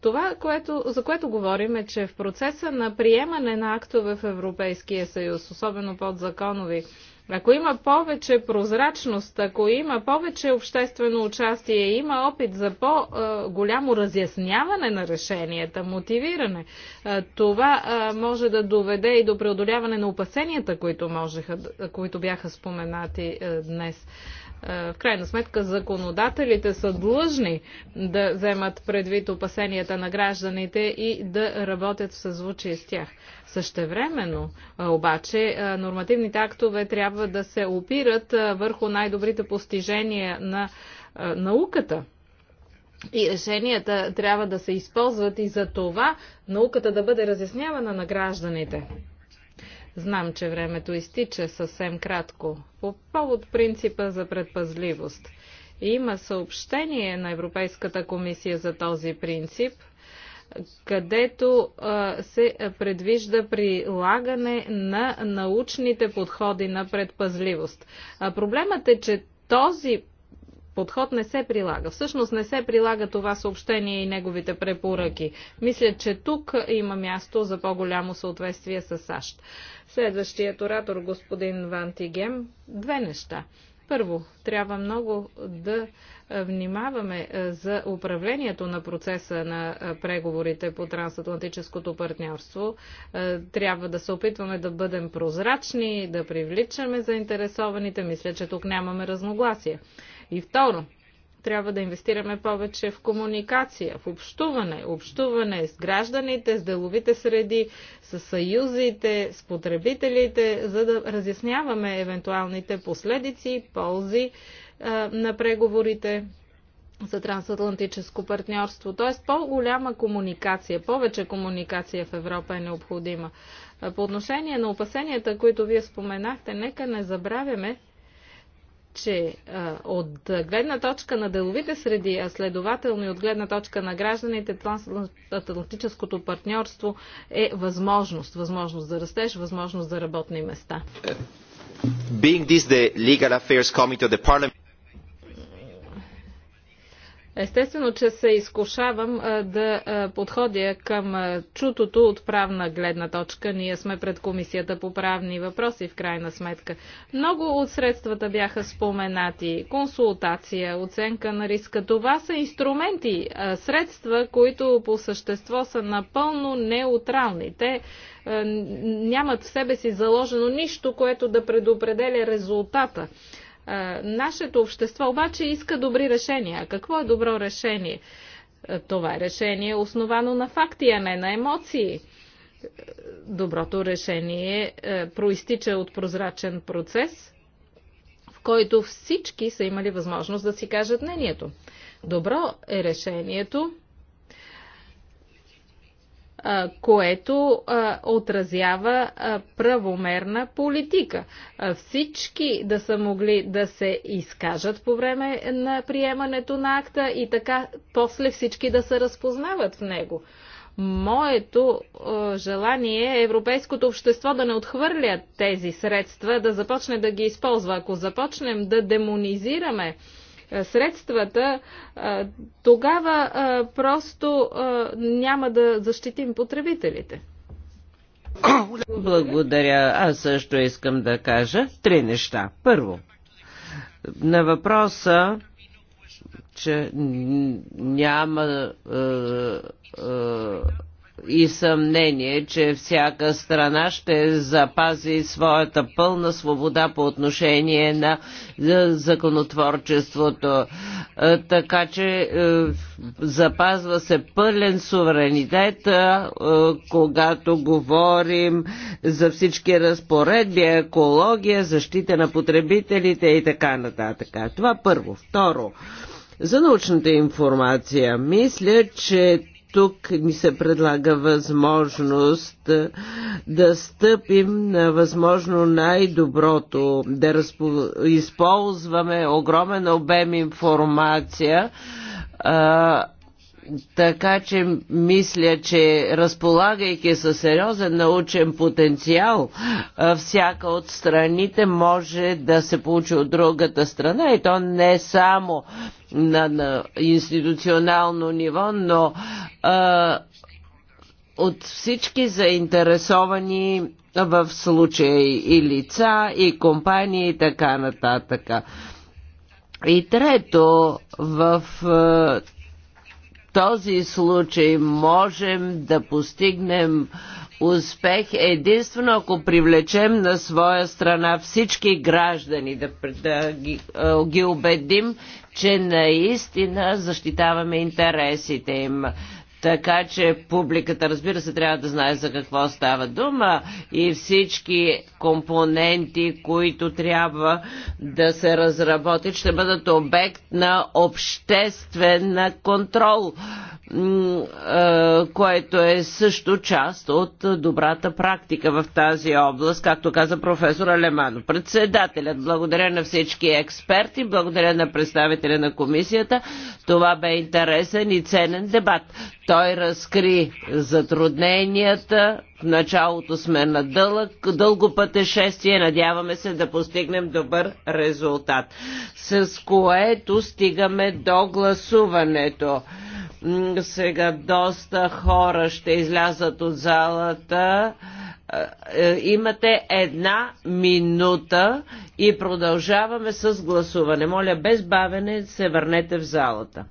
Това, което, за което говорим е, че в процеса на приемане на актове в Европейския съюз, особено подзаконови ако има повече прозрачност, ако има повече обществено участие, има опит за по-голямо разясняване на решенията, мотивиране, това може да доведе и до преодоляване на опасенията, които, можеха, които бяха споменати днес. Е, в крайна сметка законодателите са длъжни да вземат предвид опасенията на гражданите и да работят в съзвучие с тях. Същевременно, е, обаче, е, нормативните актове трябва да се опират върху най-добрите постижения на науката. И решенията трябва да се използват и за това науката да бъде разяснявана на гражданите. Знам, че времето изтича съвсем кратко. По повод принципа за предпазливост. Има съобщение на Европейската комисия за този принцип, където се предвижда прилагане на научните подходи на предпазливост. Проблемът е, че този подход не се прилага. Всъщност не се прилага това съобщение и неговите препоръки. Мисля, че тук има място за по-голямо съответствие с САЩ. Следващият оратор, господин Вантигем, две неща. Първо, трябва много да внимаваме за управлението на процеса на преговорите по трансатлантическото партньорство. Трябва да се опитваме да бъдем прозрачни, да привличаме заинтересованите. Мисля, че тук нямаме разногласия. И второ, трябва да инвестираме повече в комуникация, в общуване, общуване с гражданите, с деловите среди, с съюзите, с потребителите, за да разясняваме евентуалните последици, ползи а, на преговорите за трансатлантическо партньорство. Т.е. по-голяма комуникация, повече комуникация в Европа е необходима. По отношение на опасенията, които вие споменахте, нека не забравяме, че а, от гледна точка на деловите среди, а следователно и от гледна точка на гражданите, трансатлантическото партньорство е възможност. Възможност за растеж, възможност за работни места. Being this the Legal Affairs Committee of the Parliament, Естествено, че се изкушавам да подходя към чутото от правна гледна точка. Ние сме пред Комисията по правни въпроси, в крайна сметка. Много от средствата бяха споменати. Консултация, оценка на риска. Това са инструменти, средства, които по същество са напълно неутрални. Те нямат в себе си заложено нищо, което да предопределя резултата Нашето общество обаче иска добри решения. Какво е добро решение? Това е решение основано на факти, а не на емоции. Доброто решение е, проистича от прозрачен процес, в който всички са имали възможност да си кажат мнението. Добро е решението, което отразява правомерна политика. Всички да са могли да се изкажат по време на приемането на акта и така после всички да се разпознават в него. Моето желание е европейското общество да не отхвърля тези средства, да започне да ги използва. Ако започнем да демонизираме средствата, тогава просто няма да защитим потребителите.
Благодаря. Аз също искам да кажа три неща. Първо, на въпроса, че няма е, е, и съмнение, че всяка страна ще запази своята пълна свобода по отношение на законотворчеството. Така че запазва се пълен суверенитет, когато говорим за всички разпоредби, екология, защита на потребителите и така нататък. Това първо. Второ, за научната информация. Мисля, че тук ми се предлага възможност да стъпим на възможно най-доброто, да разпо... използваме огромен обем информация, а, така че мисля, че разполагайки със сериозен научен потенциал, всяка от страните може да се получи от другата страна и то не само на, на институционално ниво, но а, от всички заинтересовани в случая и лица, и компании и така нататък. И трето, в този случай можем да постигнем успех единствено ако привлечем на своя страна всички граждани, да, да ги, ги убедим, че наистина защитаваме интересите им. Така че публиката, разбира се, трябва да знае за какво става дума и всички компоненти, които трябва да се разработят, ще бъдат обект на обществен контрол е, което е също част от добрата практика в тази област, както каза професор Алемано. Председателят, благодаря на всички експерти, благодаря на представителя на комисията. Това бе интересен и ценен дебат. Той разкри затрудненията. В началото сме на дълъг, дълго пътешествие. Надяваме се да постигнем добър резултат. С което стигаме до гласуването. Сега доста хора ще излязат от залата. Е, е, имате една минута и продължаваме с гласуване. Моля, без бавене се върнете в залата.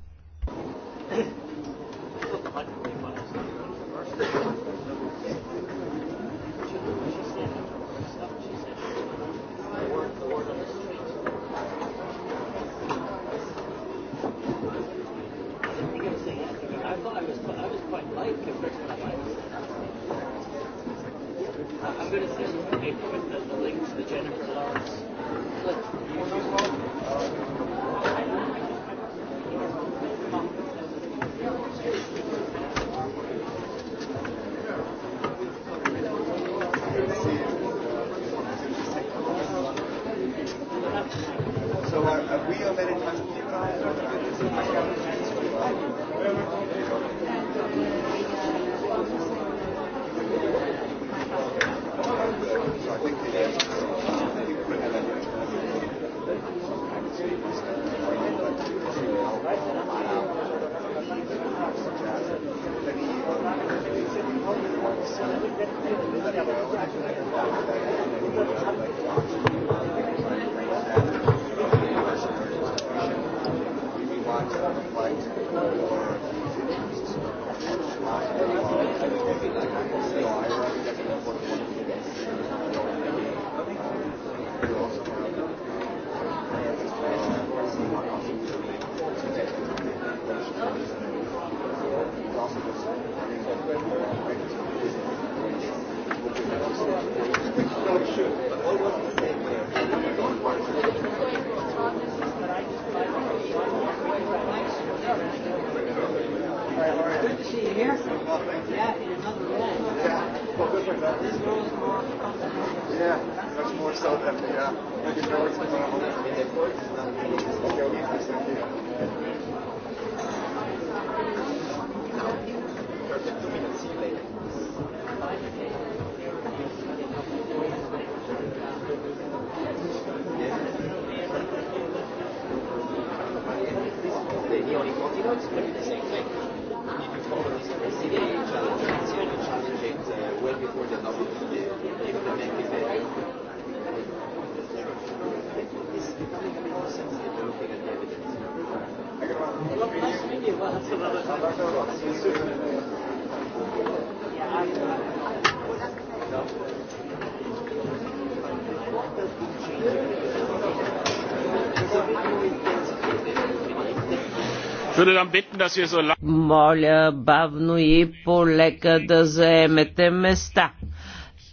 Моля бавно и полека да заемете места,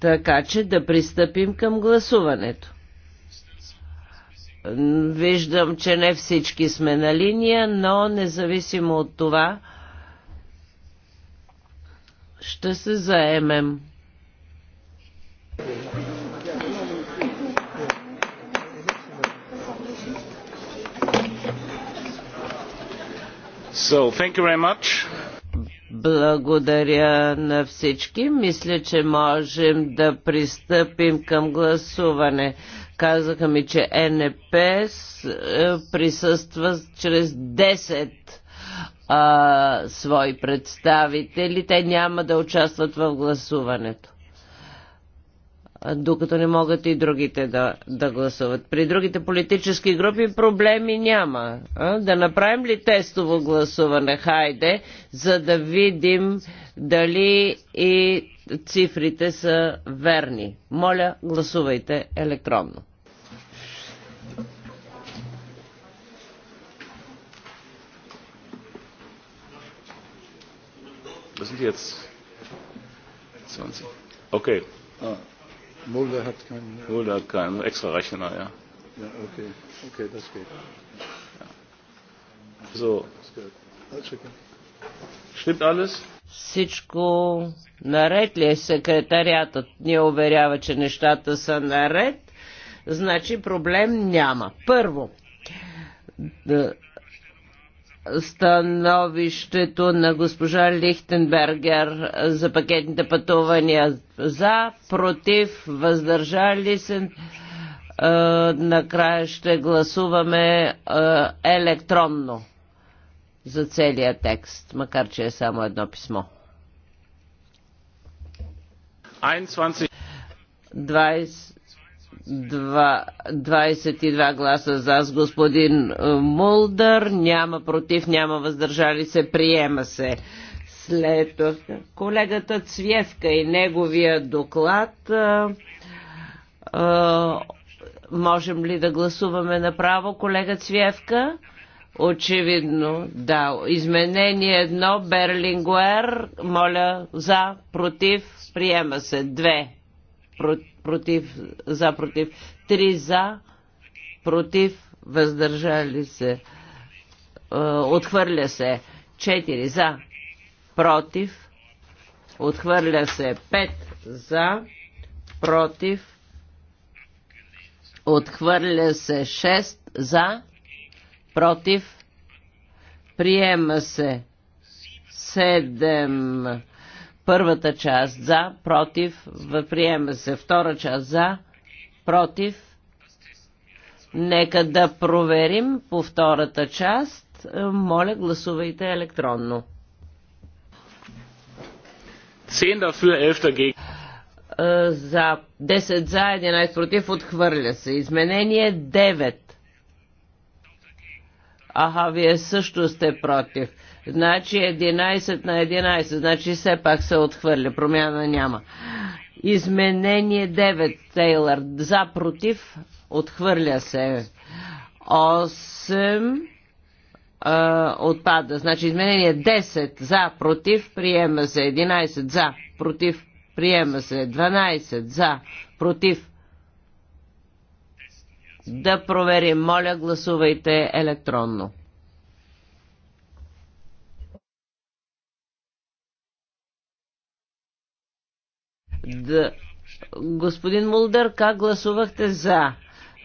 така че да пристъпим към гласуването. Виждам, че не всички сме на линия, но независимо от това ще се заемем. So, thank you very much. Благодаря на всички. Мисля, че можем да пристъпим към гласуване. Казаха ми, че НП е, присъства чрез 10 а, свои представители. Те няма да участват в гласуването докато не могат и другите да, да гласуват. При другите политически групи проблеми няма. А? Да направим ли тестово гласуване, хайде, за да видим дали и цифрите са верни. Моля, гласувайте електронно.
Was sind jetzt 20? Okay. Ah. Mulder hat keinen. Ja. Äh, Mulder hat keinen extra Rechner, ja. Ja, okay, okay, das geht. Ja. So. Das
Стимт алес? Всичко наред ли е? Секретариатът ни уверява, че нещата са наред. Значи проблем няма. Първо, становището на госпожа Лихтенбергер за пакетните пътувания за, против, въздържали се. Е, накрая ще гласуваме е, електронно за целия текст, макар че е само едно писмо. 20 22 гласа за с господин е, Мулдър, няма против, няма въздържали се, приема се. След е, колегата Цвевка и неговия доклад а, е, а, можем ли да гласуваме направо, колега Цвевка? Очевидно, да. Изменение едно, Берлингуер, моля за, против, приема се. Две, против против, за против, 3 за, против, въздържали се, е, отхвърля се, 4 за, против, отхвърля се, 5 за, против, отхвърля се, 6 за, против, приема се, 7 Първата част за, против, приема се. Втора част за, против. Нека да проверим по втората част. Е, моля, гласувайте електронно. 10 dafür, 11 е, за 10 за, 11 против, отхвърля се. Изменение 9. Аха, вие също сте против. Значи 11 на 11, значи все пак се отхвърля, промяна няма. Изменение 9, Тейлър, за, против, отхвърля се. 8 а, отпада. Значи изменение 10 за, против, приема се. 11 за, против, приема се. 12 за, против. Да проверим. Моля, гласувайте електронно. Да. Господин Мулдър, как гласувахте за?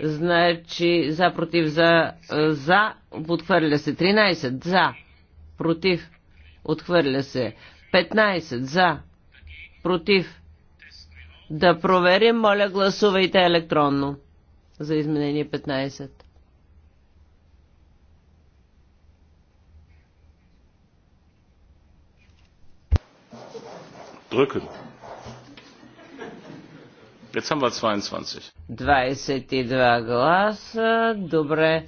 Значи за против за за подхвърля се 13 за против отхвърля се 15 за против да проверим, моля гласувайте електронно за изменение 15.
Drücken. Jetzt haben wir 22.
22 гласа. Добре.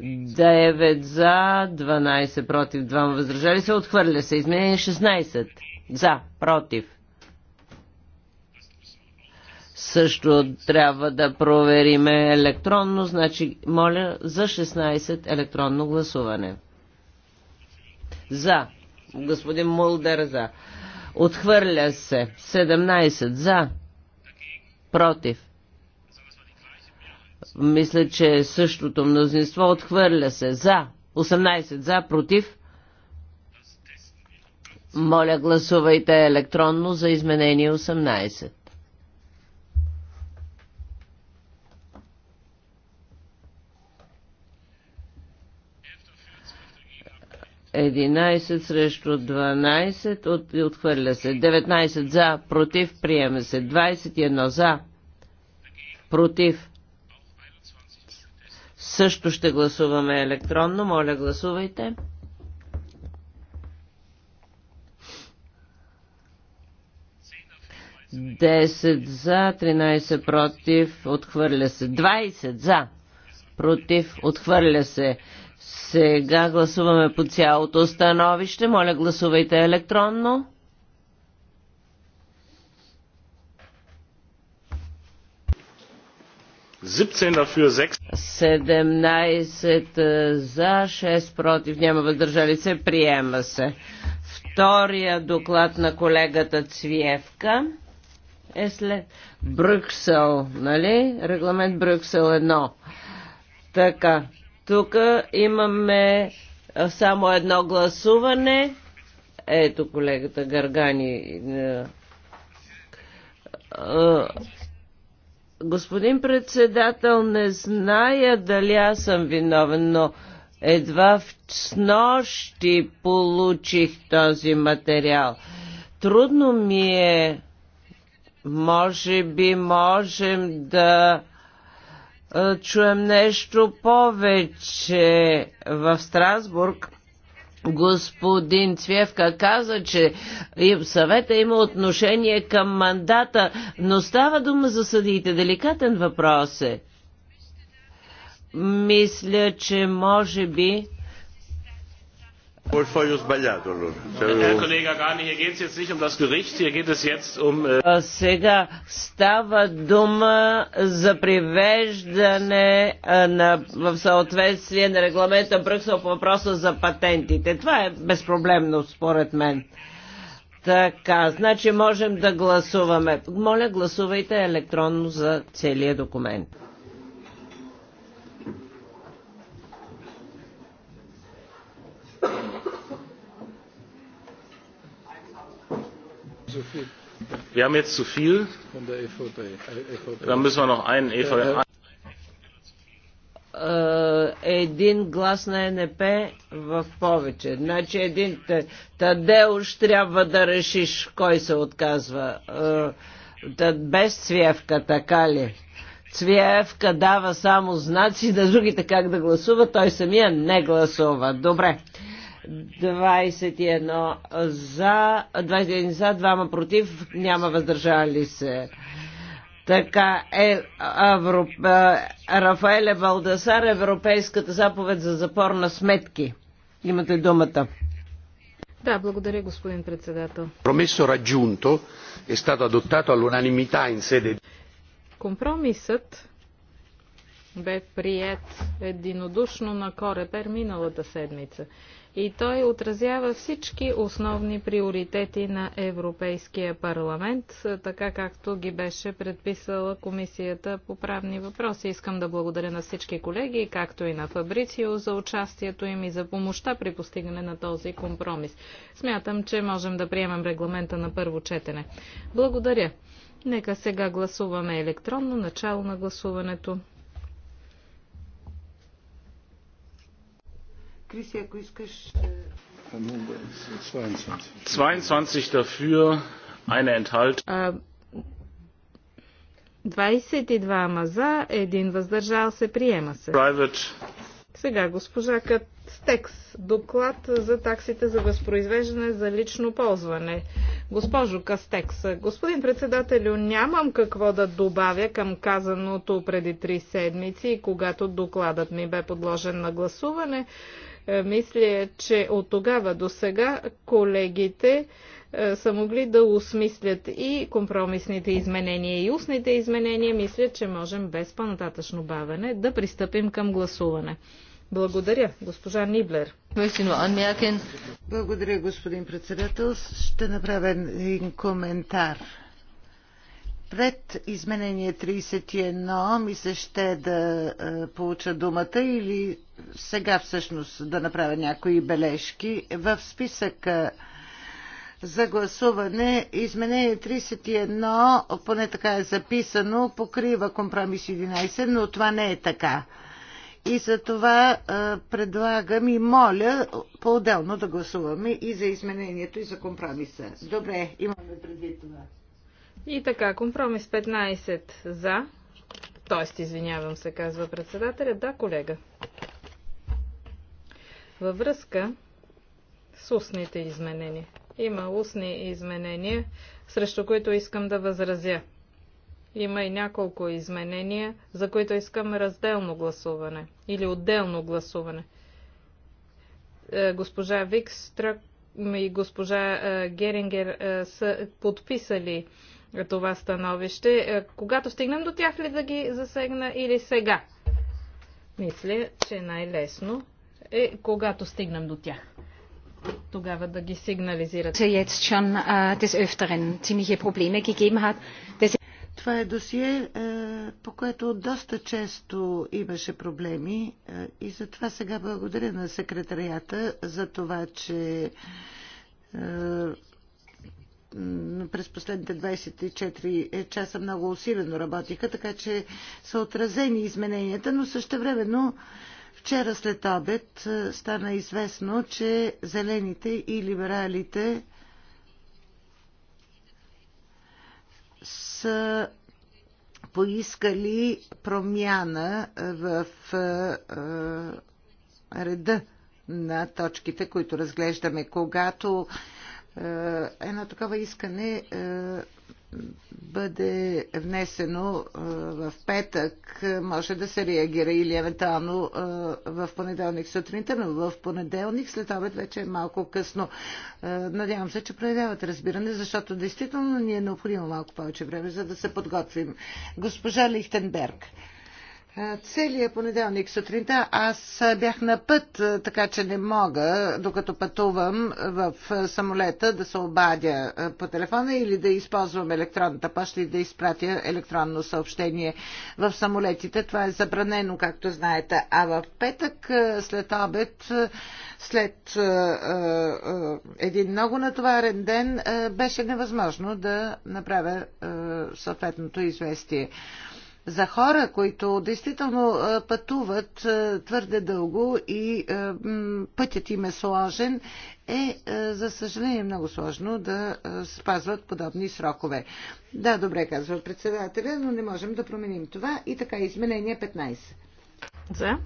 9 за, 12 против, 2 въздържали се. Отхвърля се. Изменение 16. За, против. Също трябва да провериме електронно, значи моля за 16 електронно гласуване. За. Господин Мулдер за. Отхвърля се. 17 за против. Мисля, че същото мнозинство отхвърля се. За. 18 за, против. Моля, гласувайте електронно за изменение 18. 11 срещу 12 от, отхвърля се. 19 за, против, приема се. 21 за, против. Също ще гласуваме електронно. Моля, гласувайте. Десет за, 13 против, отхвърля се. 20 за, против, отхвърля се. Сега гласуваме по цялото становище. Моля, гласувайте електронно. Дафюр, 17 е, за, 6 против, няма въздържали се, приема се. Втория доклад на колегата Цвиевка е след Брюксел, нали? Регламент Брюксел 1. Така, тук имаме само едно гласуване. Ето колегата Гаргани. Е, господин председател, не зная дали аз съм виновен, но едва в снощи получих този материал. Трудно ми е. Може би можем да е, чуем нещо повече в Страсбург. Господин Цвевка каза, че съвета има отношение към мандата, но става дума за съдиите. Деликатен въпрос е. Мисля, че може би сега става дума за привеждане в съответствие на регламента Брюксел по въпроса за патентите. Това е безпроблемно според мен. Така, значи можем да гласуваме. Моля, гласувайте електронно за целият документ.
Wir haben jetzt zu viel. Dann müssen wir noch einen EVP.
Е, един глас на НП в повече. Значи един Тадеуш трябва да решиш кой се отказва. Е, без цвявка, така ли? Цвявка дава само знаци на другите как да гласува, той самия не гласува. Добре. 21 за, 21 за, двама против, няма въздържали се. Така е Европ... Е, Рафаеле Балдасар, Европейската заповед за запор на сметки. Имате думата.
Да, благодаря, господин председател.
Промесо раджунто е стато адоптато all'unanimità in sede.
Компромисът бе прият единодушно на Корепер миналата седмица и той отразява всички основни приоритети на Европейския парламент, така както ги беше предписала Комисията по правни въпроси. Искам да благодаря на всички колеги, както и на Фабрицио за участието им и за помощта при постигане на този компромис. Смятам, че можем да приемем регламента на първо четене. Благодаря. Нека сега гласуваме електронно начало на гласуването.
22
е, dafür, eine enthaltung.
22 за, един въздържал се, приема се. Private. Сега госпожа Кастекс, доклад за таксите за възпроизвеждане за лично ползване. Госпожо Кастекс, господин председателю, нямам какво да добавя към казаното преди три седмици, когато докладът ми бе подложен на гласуване. Мисля, че от тогава до сега колегите е, са могли да осмислят и компромисните изменения и устните изменения. Мисля, че можем без по-нататъчно бавене да пристъпим към гласуване. Благодаря, госпожа Ниблер.
Благодаря, господин председател. Ще направя един коментар пред изменение 31 ми се ще да е, получа думата или сега всъщност да направя някои бележки. В списъка за гласуване изменение 31, поне така е записано, покрива компромис 11, но това не е така. И за това е, предлагам и моля по-отделно да гласуваме и за изменението, и за компромиса. Добре, имаме предвид това.
И така, компромис 15 за. Тоест, извинявам се, казва председателя. Да, колега. Във връзка с устните изменения. Има устни изменения, срещу които искам да възразя. Има и няколко изменения, за които искам разделно гласуване или отделно гласуване. Е, госпожа Викстрък и госпожа е, Герингер е, са подписали това становище. Е, когато стигнем до тях ли да ги засегна или сега? Мисля, че най-лесно е когато стигнем до тях. Тогава да ги сигнализират. Е е
това е досие, по което доста често имаше проблеми и затова сега благодаря на секретарията за това, че през последните 24 е, часа много усилено работиха, така че са отразени измененията, но също времено вчера след обед е, стана известно, че зелените и либералите са поискали промяна в е, реда на точките, които разглеждаме. Когато е, едно такова искане е, бъде внесено е, в петък, може да се реагира или евентуално в понеделник сутринта, но в понеделник след обед вече е малко късно. Надявам се, че проявяват разбиране, защото действително ни е необходимо малко повече време, за да се подготвим. Госпожа Лихтенберг. Целият понеделник сутринта аз бях на път, така че не мога, докато пътувам в самолета, да се обадя по телефона или да използвам електронната почта и да изпратя електронно съобщение в самолетите. Това е забранено, както знаете. А в петък след обед, след един много натоварен ден, беше невъзможно да направя съответното известие за хора, които действително пътуват твърде дълго и пътят им е сложен, е, за съжаление, много сложно да спазват подобни срокове. Да, добре, казва председателя, но не можем да променим това. И така, изменение 15. За,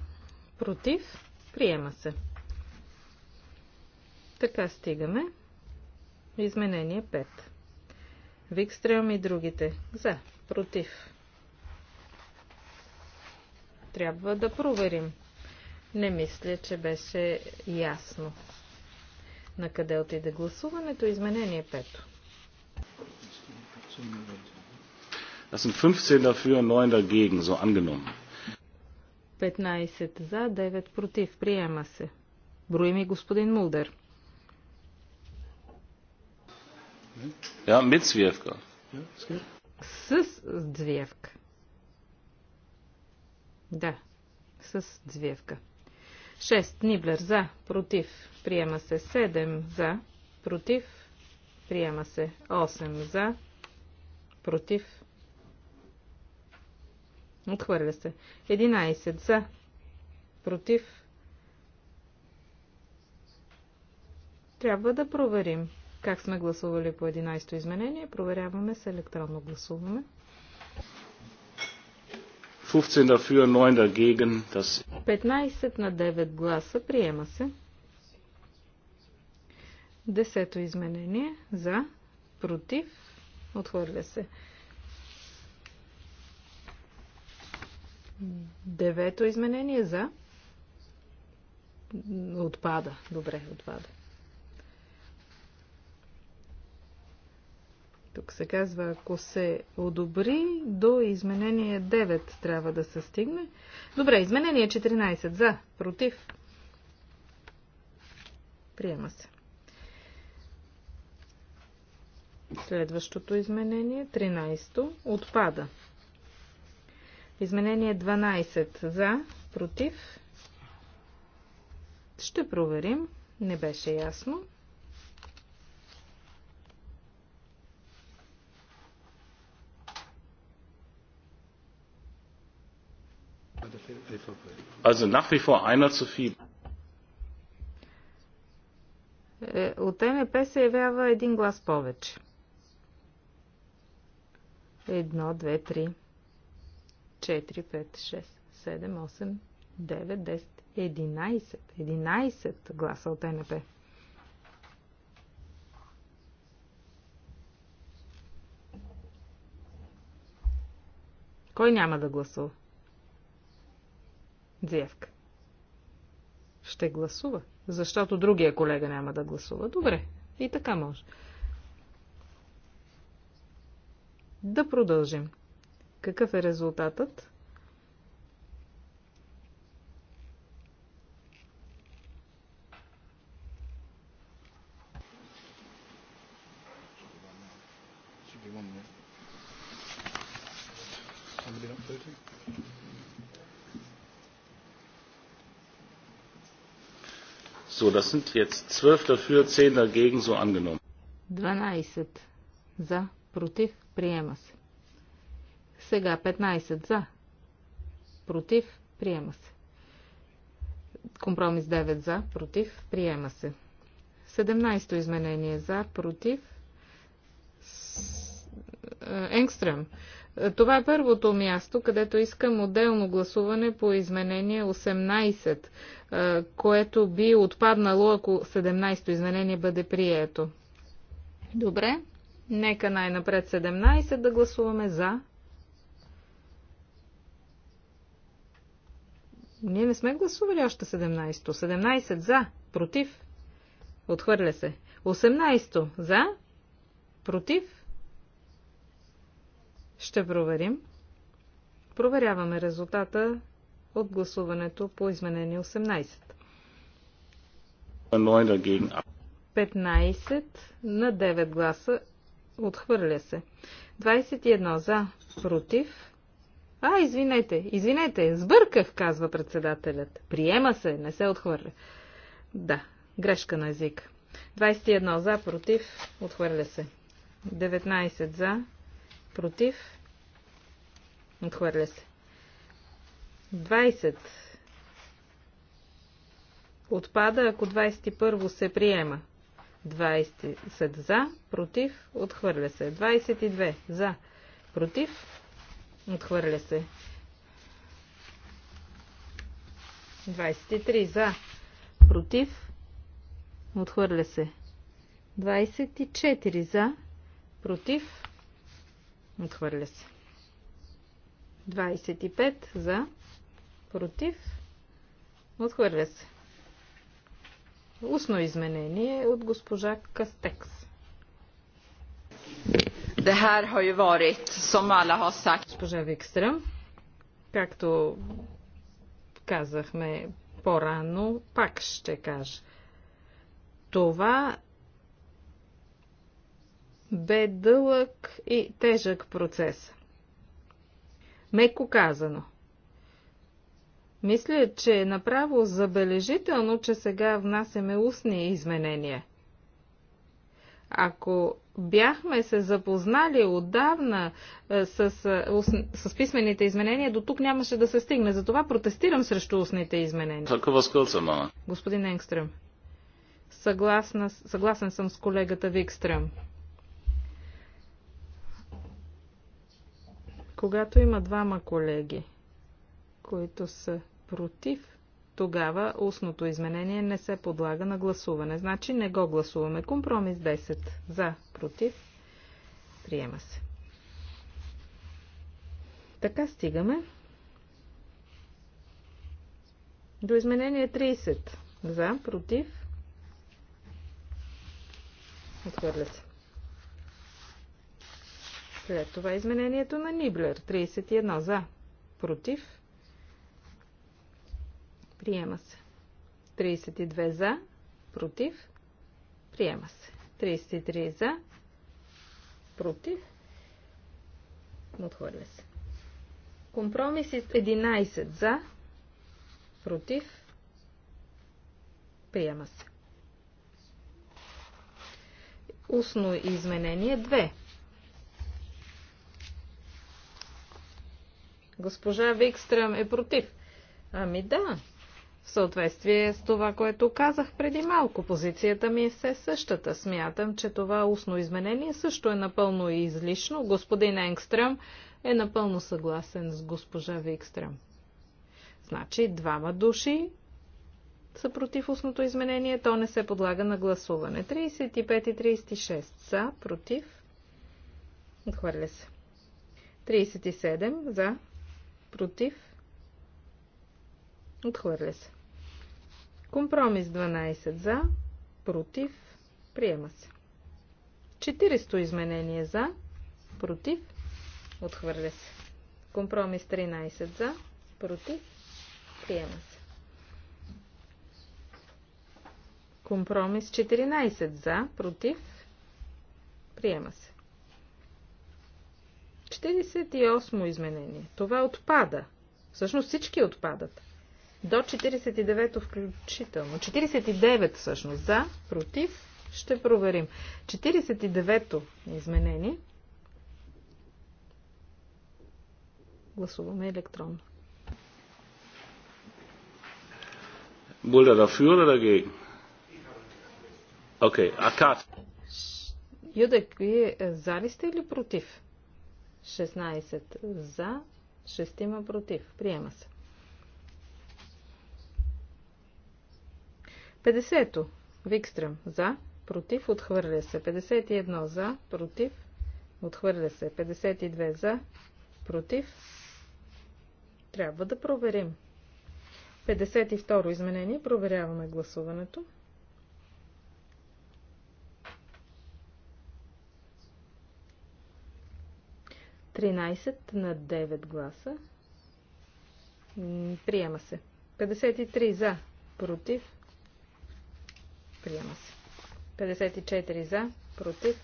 против, приема се.
Така стигаме. Изменение 5. Викстрем и другите. За, против, трябва да проверим. Не мисля, че беше ясно. На къде отиде гласуването? Изменение пето.
Das sind 15 dafür, 9 dagegen, so angenommen.
15 за, 9 против. Приема се. Брои ми господин Мулдер.
Ja, mit Zwiefka.
С Звиевка. Да, с звивка. 6. Ниблер за, против, приема се 7 за, против, приема се 8 за, против, отхвърля се 11 за, против. Трябва да проверим как сме гласували по 11-то изменение. Проверяваме с електронно гласуване. 11.
15 9
15 на 9 гласа приема се. Десето изменение за, против, отхвърля се. Девето изменение за отпада. Добре, отпада. Тук се казва, ако се одобри, до изменение 9 трябва да се стигне. Добре, изменение 14. За, против. Приема се. Следващото изменение, 13, отпада. Изменение 12 за, против. Ще проверим. Не беше ясно.
Also nach wie vor einer zu viel.
Е, от МП се явява един глас повече. Едно, две, три, четири, пет, шест, седем, осем, девет, десет, единайсет. Единайсет гласа от МП. Кой няма да гласува? Дзявка. Ще гласува, защото другия колега няма да гласува. Добре, и така може. Да продължим. Какъв е резултатът?
das sind jetzt 12 dafür, 10 dagegen, so angenommen.
12 за, против, приема се. Сега 15 за, против, приема се. Компромис 9 за, против, приема се. 17-то изменение за, против. Е, Енгстрем. Uh, това е първото място, където искам отделно гласуване по изменение 18, което би отпаднало, ако 17-то изменение бъде прието. Добре, нека най-напред 17 да гласуваме за. Ние не сме гласували още 17-то. 17 за, против, отхвърля се. 18 за, против, ще проверим. Проверяваме резултата от гласуването по изменение 18. 15 на 9 гласа отхвърля се. 21 за, против. А, извинете, извинете, сбърках, казва председателят. Приема се, не се отхвърля. Да, грешка на език. 21 за, против, отхвърля се. 19 за, Против. Отхвърля се. 20. Отпада, ако 21 се приема. 20 за, против, отхвърля се. 22 за, против, отхвърля се. 23 за, против, отхвърля се. 24 за, против, Отхвърля се. 25 за. Против. Отхвърля се. Устно изменение от госпожа Кастекс. Det här har ju varit, som alla har sagt... Госпожа Викстрем, както казахме по-рано, пак ще кажа. Това бе дълъг и тежък процес. Меко казано. Мисля, че е направо забележително, че сега внасяме устни изменения. Ако бяхме се запознали отдавна е, с, е, с, с писмените изменения, до тук нямаше да се стигне. Затова протестирам срещу устните изменения. Такова скълца, мама. Господин Енгстрем, съгласна, съгласен съм с колегата Викстрем. Когато има двама колеги, които са против, тогава устното изменение не се подлага на гласуване. Значи не го гласуваме. Компромис 10. За, против. Приема се. Така стигаме до изменение 30. За, против. Отхвърля се. След това изменението на Ниблер. 31 за. Против. Приема се. 32 за. Против. Приема се. 33 за. Против. Отхвърля се. Компромис 11 е за. Против. Приема се. Устно изменение 2 Госпожа Викстрам е против. Ами да, в съответствие с това, което казах преди малко, позицията ми е все същата. Смятам, че това устно изменение също е напълно излишно. Господин Енгстрам е напълно съгласен с госпожа Викстрам. Значи двама души са против устното изменение, то не се подлага на гласуване. 35 и 36 са против. Отхвърля се. 37 за, против, отхвърля се. Компромис 12 за, против, приема се. 400 изменение за, против, отхвърля се. Компромис 13 за, против, приема се. Компромис 14 за, против, приема се. 48 изменение. Това отпада. Всъщност всички отпадат. До 49 включително. 49 всъщност. За, против, ще проверим. 49-то изменение. Гласуваме електронно.
да фюра да ги... Окей, как?
Юдек, вие за ли сте или против? 16 за, 6 има против. Приема се. 50-то. Викстрем за, против, отхвърля се. 51 за, против, отхвърля се. 52 за, против. Трябва да проверим. 52 изменение. Проверяваме гласуването. 52. 13 на 9 гласа. Приема се. 53 за, против. Приема се. 54 за, против.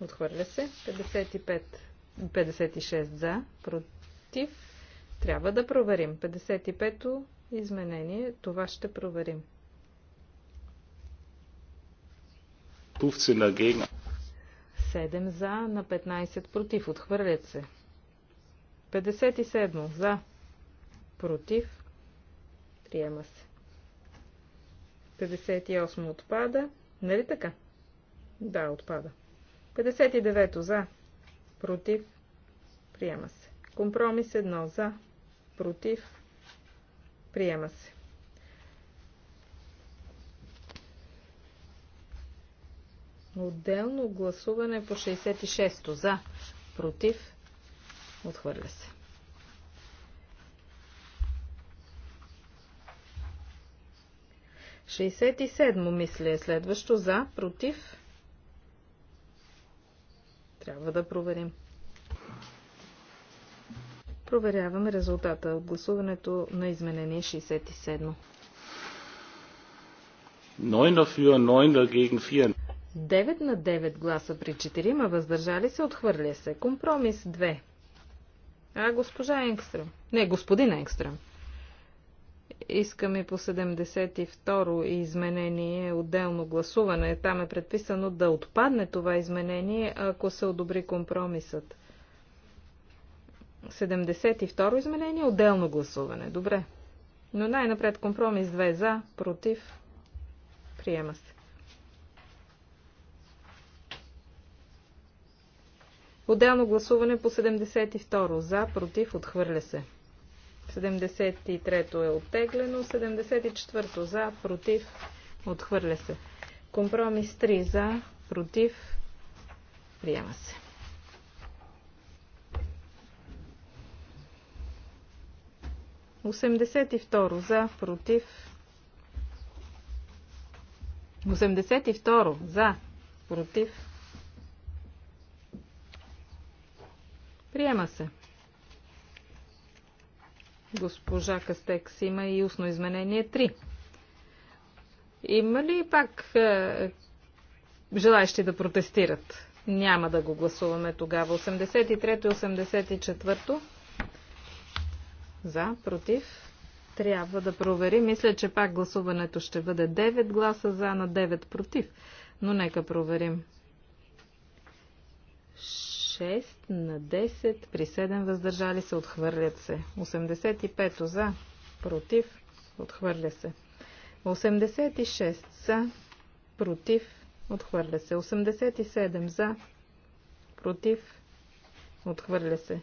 Отхвърля се. 55, 56 за, против. Трябва да проверим. 55-то изменение. Това ще проверим.
15 гейна.
7 за на 15 против. Отхвърлят се. 57 за против. Приема се. 58 отпада. Нали така? Да, отпада. 59 за против. Приема се. Компромис 1 за против. Приема се. Отделно гласуване по 66-то. За. Против. Отхвърля се. Шестдесет и седмо, мисля, е следващо за, против. Трябва да проверим. Проверяваме резултата от гласуването на изменение 67.
9 dafür, 9 dagegen, 4.
9 на 9 гласа при 4 ма въздържали се, отхвърля се. Компромис 2. А, госпожа Енгстрем. Не, господин Енгстрем. Искаме по 72-ро изменение отделно гласуване. Там е предписано да отпадне това изменение, ако се одобри компромисът. 72-ро изменение отделно гласуване. Добре. Но най-напред компромис 2 за, против, приема се. Отделно гласуване по 72. За, против, отхвърля се. 73-то е оттеглено. 74-то за, против, отхвърля се. Компромис 3 за, против, приема се. Осемдесет и второ за, против. Осемдесет и второ за, против. Приема се. Госпожа Кастекс има и устно изменение 3. Има ли пак е, желаящи да протестират? Няма да го гласуваме тогава. 83 и 84 за, против. Трябва да проверим. Мисля, че пак гласуването ще бъде 9 гласа за на 9 против. Но нека проверим. 6 на 10, при 7 въздържали се, отхвърлят се. 85 за, против, отхвърля се. 86 за, против, отхвърля се. 87 за, против, отхвърля се.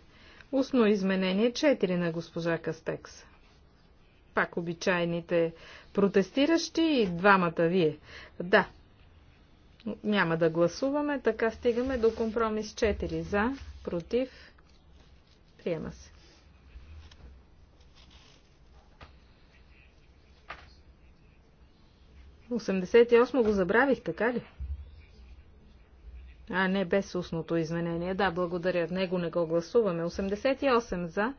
Устно изменение 4 на госпожа Кастекс. Пак обичайните протестиращи и двамата вие. Да, няма да гласуваме, така стигаме до компромис 4 за, против, приема се. Осемдесет и осмо го забравих, така ли? А, не, без устното изменение. Да, благодаря. Него не го гласуваме. 88 за,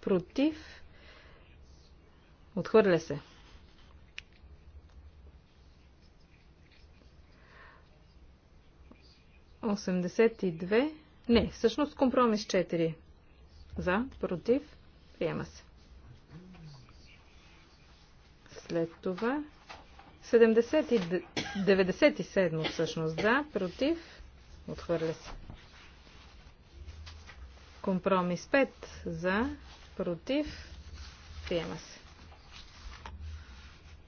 против, отхвърля се. 82. Не, всъщност компромис 4. За, против, приема се. След това 70 97 всъщност за, против, отхвърля се. Компромис 5 за, против, приема се.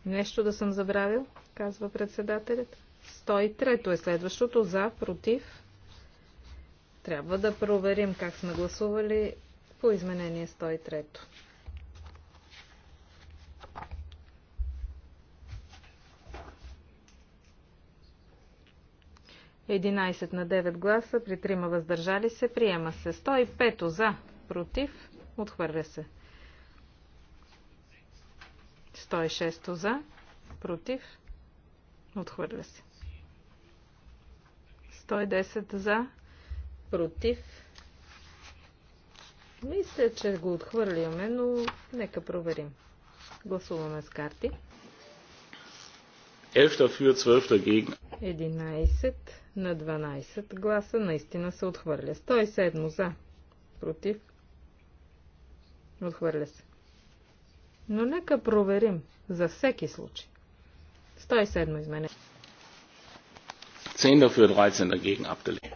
Нещо да съм забравил, казва председателят. 103 е следващото. За, против. Трябва да проверим как сме гласували по изменение 103. Единайсет на 9 гласа, при трима въздържали се, приема се. 105 за, против, отхвърля се. 106 за, против, отхвърля се. 110 за, против. Мисля, че го отхвърляме, но нека проверим. Гласуваме с карти.
11
на 12 гласа наистина се отхвърля. 107 за, против. Отхвърля се. Но нека проверим за всеки случай. 107 изменение.
10 dafür, 13 dagegen abgelehnt.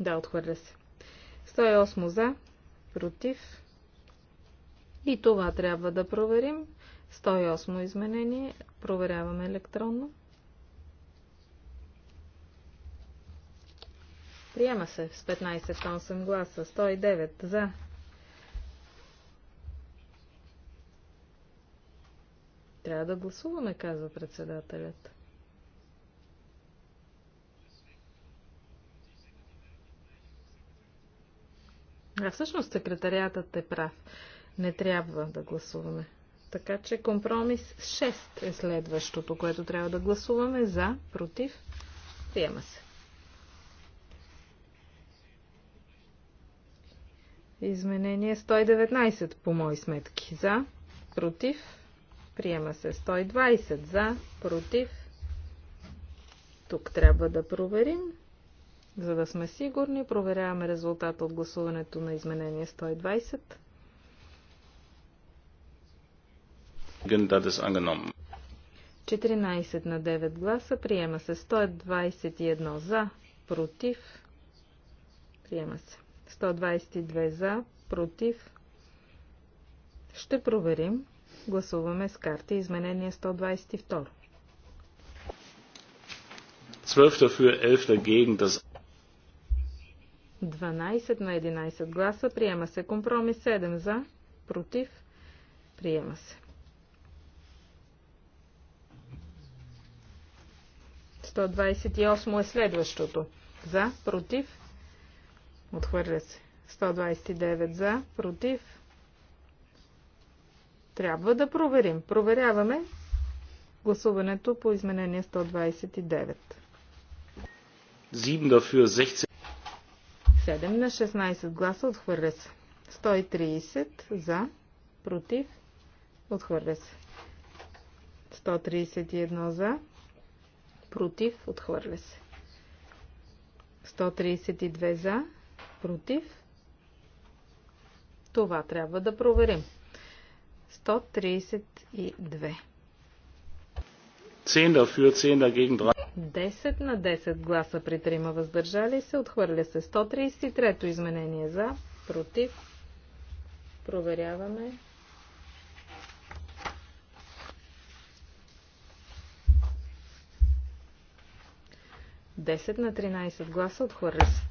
Да, отхвърля се. 108 за, против. И това трябва да проверим. 108 изменение. Проверяваме електронно. Приема се с 15 8 гласа. 109 за. Трябва да гласуваме, казва председателят. А всъщност секретариатът е прав. Не трябва да гласуваме. Така че компромис 6 е следващото, което трябва да гласуваме за, против, приема се. Изменение 119 по мои сметки. За, против, приема се 120. За, против. Тук трябва да проверим. За да сме сигурни, проверяваме резултата от гласуването на изменение 120. 14 на 9 гласа. Приема се 121 за, против. Приема се. 122 за, против. Ще проверим. Гласуваме с карта изменение 122.
12 dafür, 11 dagegen, das
12 на 11 гласа. Приема се. Компромис 7 за. Против. Приема се. 128 е следващото. За. Против. Отхвърля се. 129 за. Против. Трябва да проверим. Проверяваме гласуването по изменение 129.
7 dafür, 16
7 на 16 гласа отхвърля се. 130 за, против, отхвърля се. 131 за, против, отхвърля се. 132 за, против. Това трябва да проверим. 132. 10
dafür, 10 dagegen, 3.
10 на 10 гласа при трима въздържали се. Отхвърля се 133-то изменение за, против. Проверяваме. Десет на 13 гласа отхвърля се.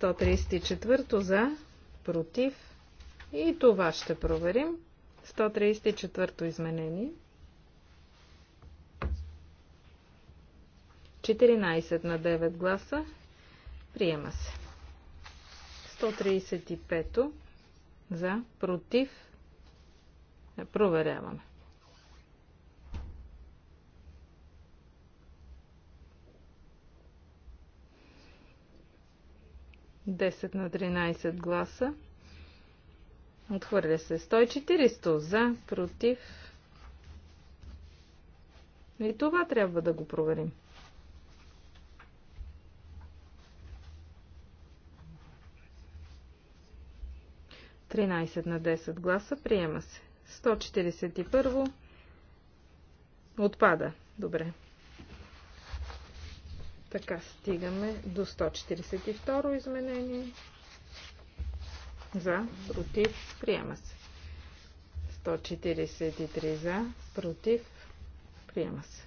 134 за, против. И това ще проверим. 134 изменение. 14 на 9 гласа. Приема се. 135 за, против. Е, проверяваме. Десет на 13 гласа. Отхвърля се 140 за, против. И това трябва да го проверим. 13 на 10 гласа. Приема се. 141. Отпада. Добре. Така стигаме до 142 изменение. За, против, приема се. 143 за, против, приема се.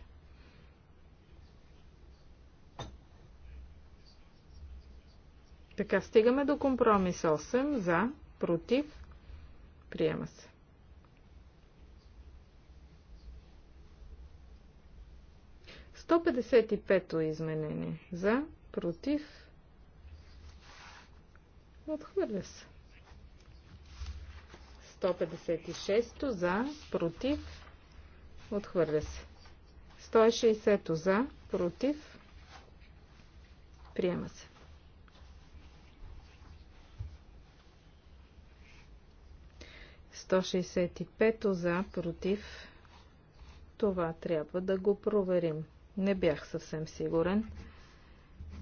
Така стигаме до компромис 8 за, против, приема се. Сто петдесет и пето изменение за, против, отхвърля се. 156 за, против, отхвърля се. 160 за, против, приема се. 165 за, против. Това трябва да го проверим. Не бях съвсем сигурен.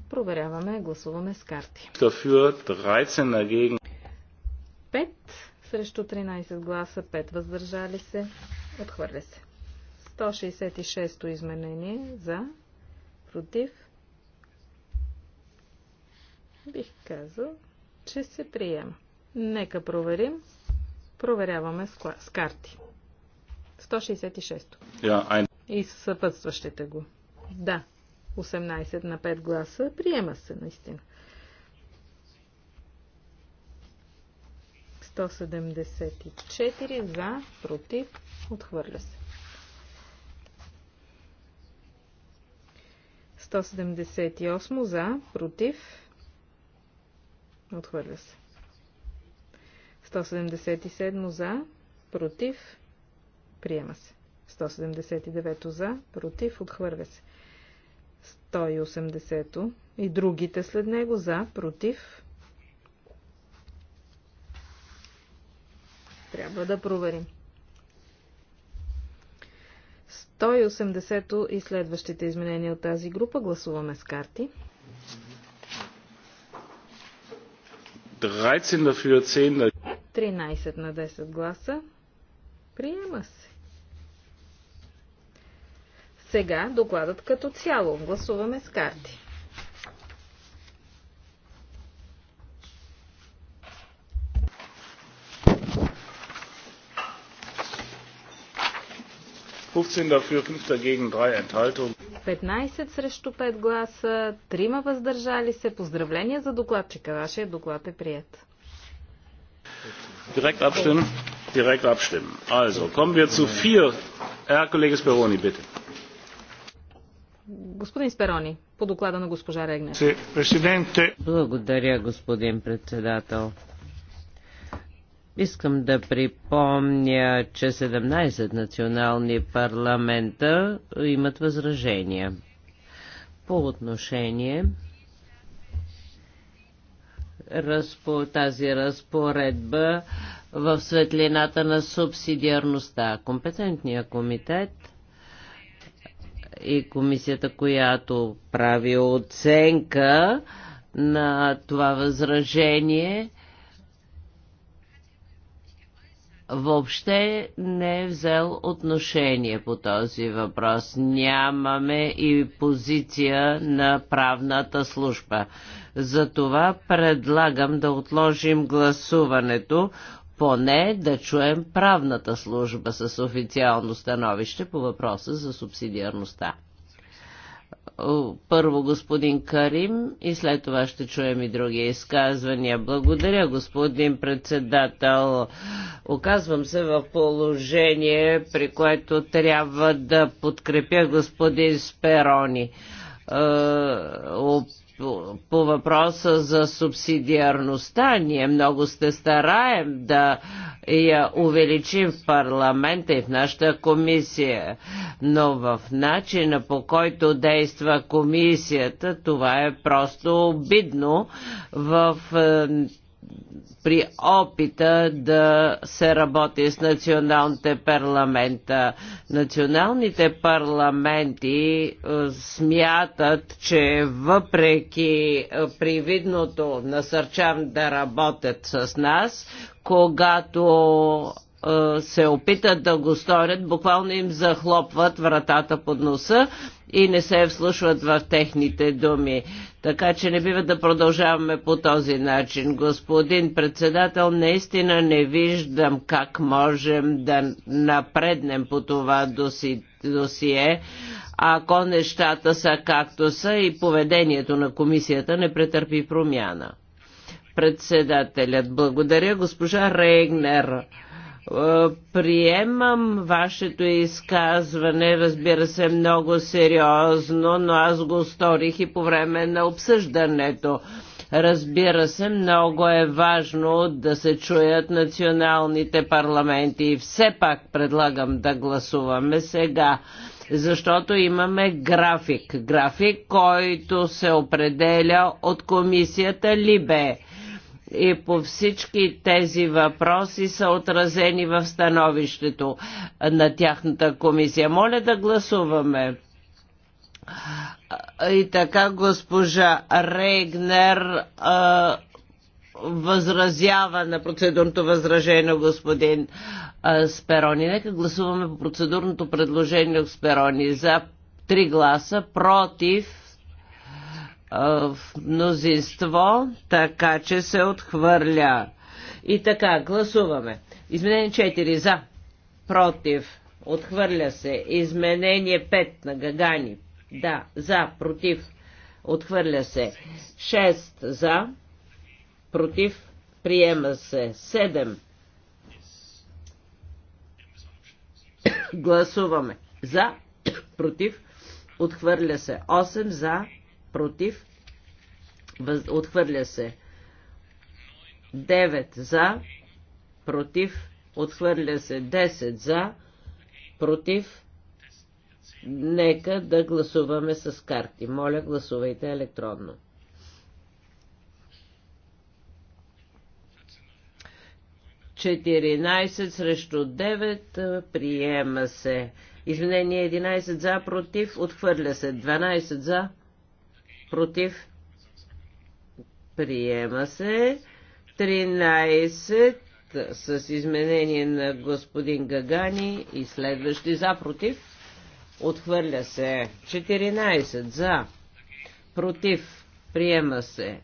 Проверяваме, гласуваме с карти.
5
срещу 13 гласа, 5 въздържали се. Отхвърля се. 166-то изменение за, против. Бих казал, че се приема. Нека проверим. Проверяваме с, с карти. 166. Yeah, И съпътстващите го. Да. 18 на 5 гласа. Приема се, наистина. 174 за, против, отхвърля се. 178 за, против, отхвърля се. 177 за, против, приема се. 179 за, против, отхвърля се. 180 и другите след него за, против. Трябва да проверим. 180 и следващите изменения от тази група гласуваме с карти.
13 за 10
13 на 10 гласа. Приема се. Сега докладът като цяло. Гласуваме с карти.
Петнайсет 5 3
15 срещу 5 гласа, 3 въздържали се. Поздравления за докладчика. Вашия доклад е прият
direkt abstimmen? direkt abstimmen. also kommen wir zu vier herr kollege speroni bitte.
Господин Сперони, по доклада на госпожа Регне.
Благодаря, господин председател. Искам да припомня, че 17 национални парламента имат възражения по отношение разпо, тази разпоредба в светлината на субсидиарността. Компетентния комитет и комисията, която прави оценка на това възражение, въобще не е взел отношение по този въпрос. Нямаме и позиция на правната служба. Затова предлагам да отложим гласуването, поне да чуем правната служба с официално становище по въпроса за субсидиарността. Първо господин Карим и след това ще чуем и други изказвания. Благодаря, господин председател. Оказвам се в положение, при което трябва да подкрепя господин Сперони е, по, по въпроса за субсидиарността, ние много сте стараем да я увеличим в парламента и в нашата комисия, но в начина по който действа комисията, това е просто обидно в е, при опита да се работи с националните парламента. Националните парламенти е, смятат, че въпреки е, привидното насърчаване да работят с нас, когато е, се опитат да го сторят, буквално им захлопват вратата под носа и не се вслушват в техните думи. Така че не бива да продължаваме по този начин. Господин председател, наистина не виждам как можем да напреднем по това доси, досие, ако нещата са както са и поведението на комисията не претърпи промяна. Председателят, благодаря госпожа Рейгнер. Е, приемам вашето изказване, разбира се, много сериозно, но аз го сторих и по време на обсъждането. Разбира се, много е важно да се чуят националните парламенти и все пак предлагам да гласуваме сега, защото имаме график. График, който се определя от комисията Либе и по всички тези въпроси са отразени в становището на тяхната комисия. Моля да гласуваме. И така госпожа Регнер възразява на процедурното възражение на господин Сперони. Нека гласуваме по процедурното предложение от Сперони за три гласа против в мнозинство, така че се отхвърля. И така, гласуваме. Изменение 4 за, против, отхвърля се. Изменение 5 на Гагани. Да, за, против, отхвърля се. 6 за, против, приема се. 7. Гласуваме. За, против, отхвърля се. 8 за, против, въз... отхвърля се. 9 за, против, отхвърля се. 10 за, против. Нека да гласуваме с карти. Моля, гласувайте електронно. 14 срещу 9 приема се. Извинение 11 за, против, отхвърля се. 12 за, против, приема се. 13 с изменение на господин Гагани и следващи за против. Отхвърля се. 14 за против. Приема се.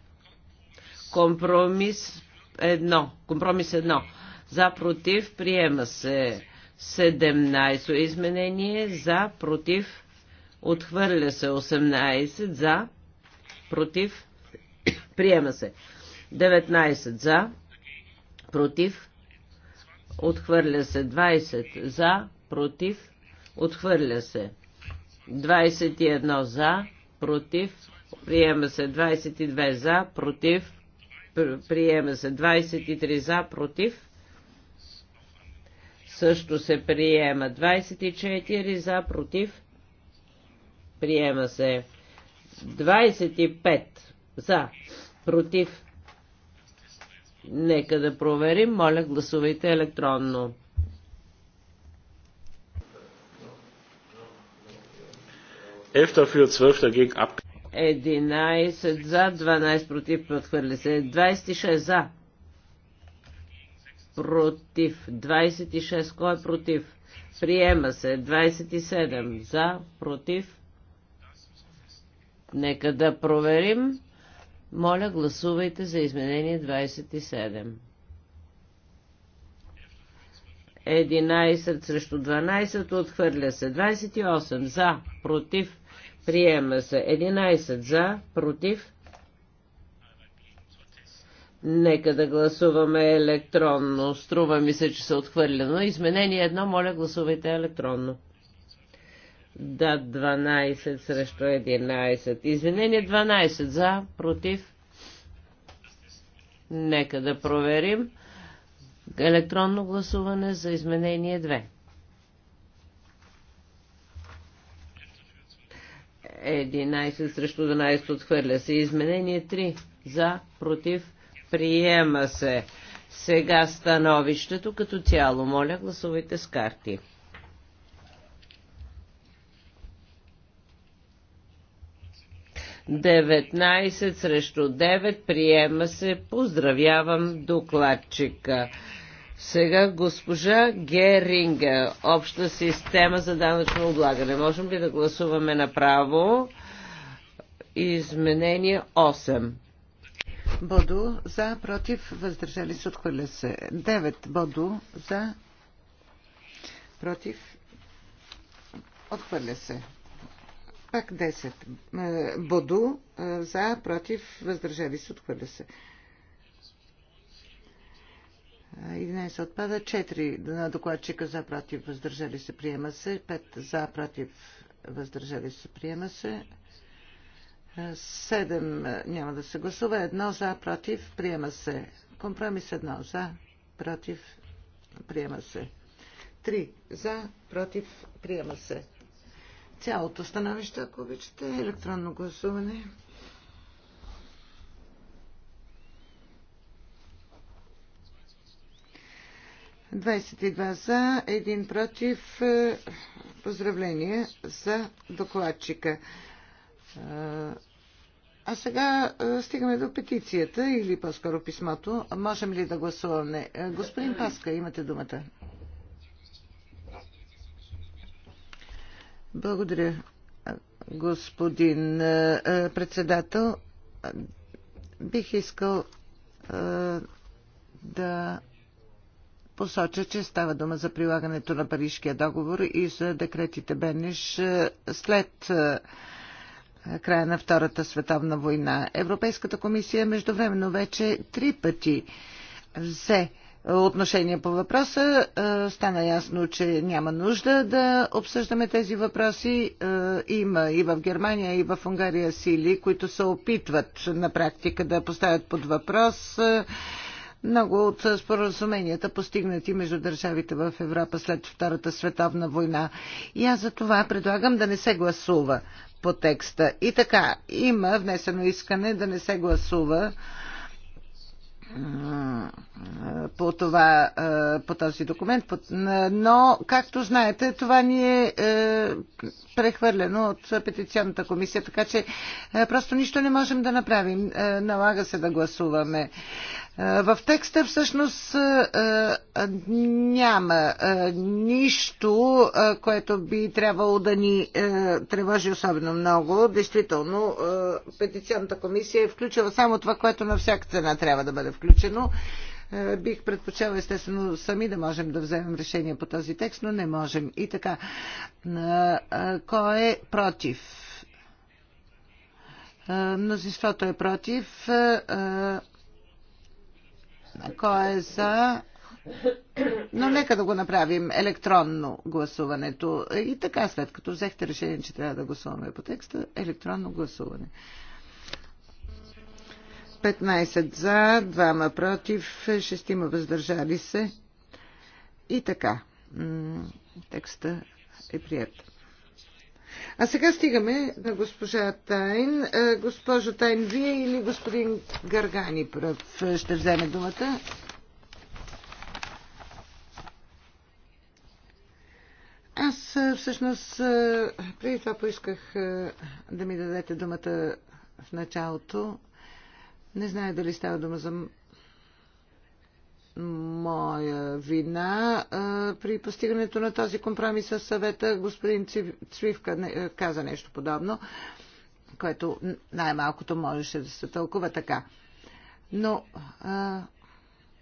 Компромис 1. Компромис 1. За против. Приема се. 17 изменение. За против. Отхвърля се. 18 за против, приема се. 19 за, против, отхвърля се. 20 за, против, отхвърля се. 21 за, против, приема се. 22 за, против, приема се. 23 за, против, също се приема. 24 за, против, приема се. 25 за, против. Нека да проверим. Моля, гласувайте електронно.
Ефтафюр 12 dagegen ab.
11 за, 12 против, отхвърли се. 26 за. Против. 26. Кой е против? Приема се. 27 за, против. Нека да проверим. Моля, гласувайте за изменение 27. 11 срещу 12 отхвърля се. 28 за, против, приема се. 11 за, против. Нека да гласуваме електронно. Струва ми се, че се отхвърля, но изменение едно, моля гласувайте електронно. Да, 12 срещу 11. Извинение 12 за, против. Нека да проверим. Електронно гласуване за изменение 2. Единайсет срещу 12 отхвърля се. Изменение 3. За, против, приема се. Сега становището като цяло. Моля, гласувайте с карти. 19 срещу 9. Приема се. Поздравявам докладчика. Сега госпожа Геринга, обща система за данъчно облагане. Можем ли да гласуваме направо? Изменение 8.
Бодо за, против, въздържали се, отхвърля се. 9. Бодо за, против, отхвърля се. Пак 10. Е, Боду е, за, против, въздържали се, отхвърля се. 11 отпада, 4 на докладчика за, против, въздържали се, приема се. 5 за, против, въздържали се, приема се. 7 е, няма да се гласува. 1 за, против, приема се. Компромис 1 за, против, приема се. 3 за, против, приема се. Цялото становище, ако обичате, електронно гласуване. Двадесет и два за, един против. Е, Поздравление за докладчика. Е, а сега е, стигаме до петицията или по-скоро писмото. Можем ли да гласуваме? Господин Паска, имате думата. Благодаря, господин председател. Бих искал да посоча, че става дума за прилагането на Парижкия договор и за декретите Бенеш след края на Втората световна война. Европейската комисия междувременно вече три пъти взе отношение по въпроса. Е, стана ясно, че няма нужда да обсъждаме тези въпроси. Е, има и в Германия, и в Унгария сили, които се опитват на практика да поставят под въпрос е, много от споразуменията, постигнати между държавите в Европа след Втората световна война. И аз за това предлагам да не се гласува по текста. И така, има внесено искане да не се гласува по, това, по този документ, но, както знаете, това ни е, е прехвърлено от петиционната комисия, така че просто нищо не можем да направим. Е, налага се да гласуваме. В текста всъщност няма нищо, което би трябвало да ни тревожи особено много. Действително, петиционната комисия е включила само това, което на всяка цена трябва да бъде включено. Бих предпочела естествено сами да можем да вземем решение по този текст, но не можем. И така, кой е против? Мнозинството е против. Кой е за? Но нека да го направим електронно гласуването. И така, след като взехте решение, че трябва да гласуваме по текста, електронно гласуване. 15 за, 2 против, 6 въздържали се. И така, текста е прият. А сега стигаме на госпожа Тайн. Е, госпожо Тайн, вие или господин Гаргани пръв е, ще вземе думата? Аз е, всъщност преди това поисках да ми дадете думата в началото. Не знае дали става дума за моя вина при постигането на този компромис с съвета. Господин Цвивка каза нещо подобно, което най-малкото можеше да се тълкува така. Но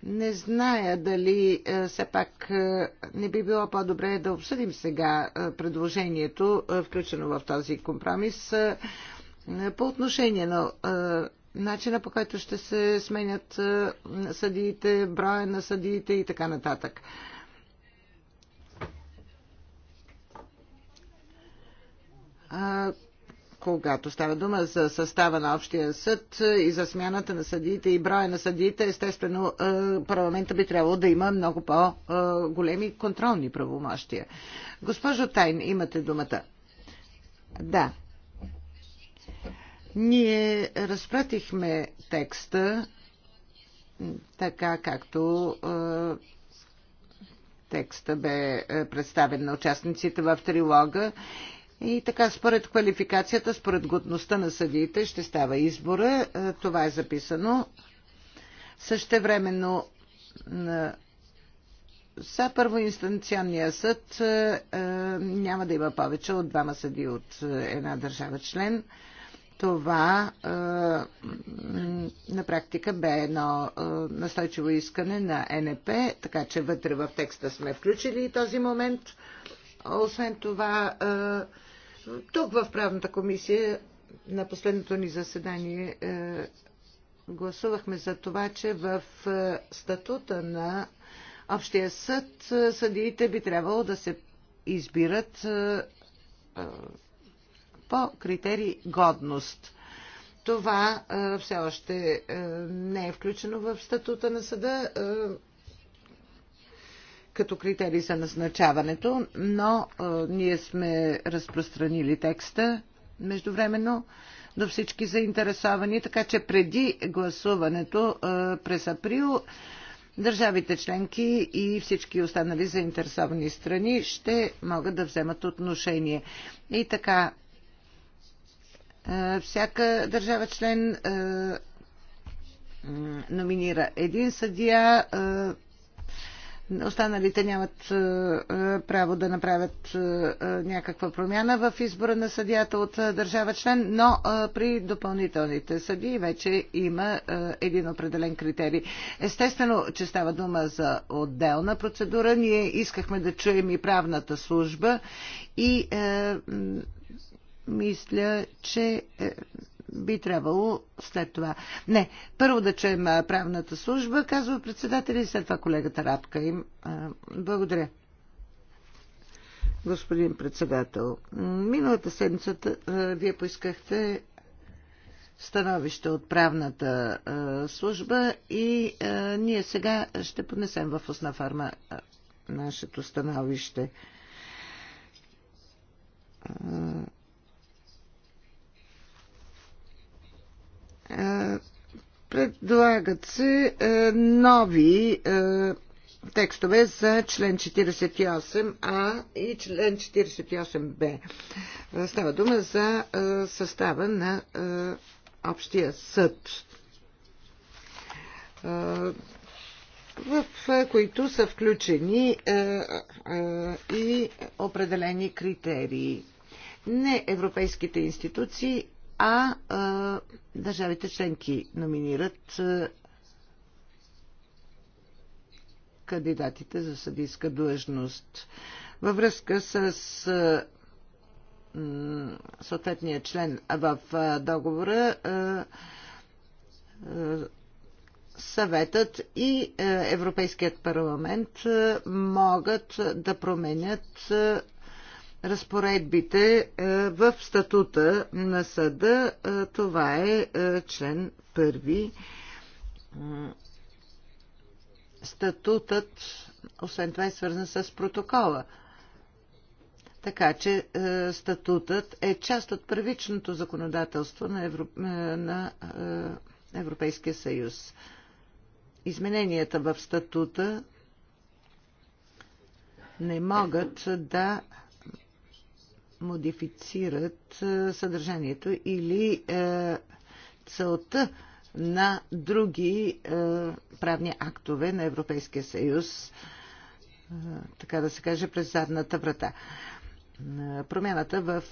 не зная дали все пак не би било по-добре да обсъдим сега предложението, включено в този компромис, по отношение на начина по който ще се сменят е, съдиите, броя на съдиите и така нататък. А, когато става дума за състава на общия съд и за смяната на съдиите и броя на съдиите, естествено е, парламента би трябвало да има много по-големи контролни правомощия. Госпожо Тайн, имате думата. Да. Ние разпратихме текста така както е, текста бе е, представен на участниците в трилога. И така, според квалификацията, според годността на съдиите ще става избора. Е, това е записано. Същевременно за първоинстанционния съд няма да има повече от двама съди от една държава член това е, на практика бе едно е, настойчиво искане на НП, така че вътре в текста сме включили и този момент. Освен това, е, тук в правната комисия на последното ни заседание е, гласувахме за това, че в е, статута на Общия съд е, съдиите би трябвало да се избират по критерий годност. Това е, все още е, не е включено в статута на съда е, като критерий за назначаването, но ние сме разпространили текста междувременно до всички заинтересовани, така че преди гласуването през април държавите членки и всички останали заинтересовани страни ще могат да вземат отношение. И така, е, всяка държава член е, номинира един съдия. Е, останалите нямат право да направят някаква промяна в избора на съдията от държава член, но при допълнителните съдии вече има един определен критерий. Естествено, че става дума за отделна процедура. Ние искахме да чуем и правната служба и мисля, че е, би трябвало след това. Не, първо да чуем правната служба, казва председателя и след това колегата Рапка им. Благодаря. Господин председател, миналата седмица вие поискахте становище от правната служба и ние сега ще поднесем в основна фарма нашето становище. Е, предлагат се е, нови е, текстове за член 48А и член 48Б. Става дума за състава на общия съд, в които са включени и определени критерии. Не европейските институции а държавите членки номинират кандидатите за съдийска длъжност. Във връзка с съответния член в договора, съветът и Европейският парламент могат да променят разпоредбите е, в статута на съда. Е, това е, е член първи. Статутът, освен това, е свързан с протокола. Така че статутът е част от първичното законодателство на, Европ... на Европейския съюз. Измененията в статута не могат да модифицират е, съдържанието или е, целта на други е, правни актове на Европейския съюз, така да се каже, през задната врата. Промяната в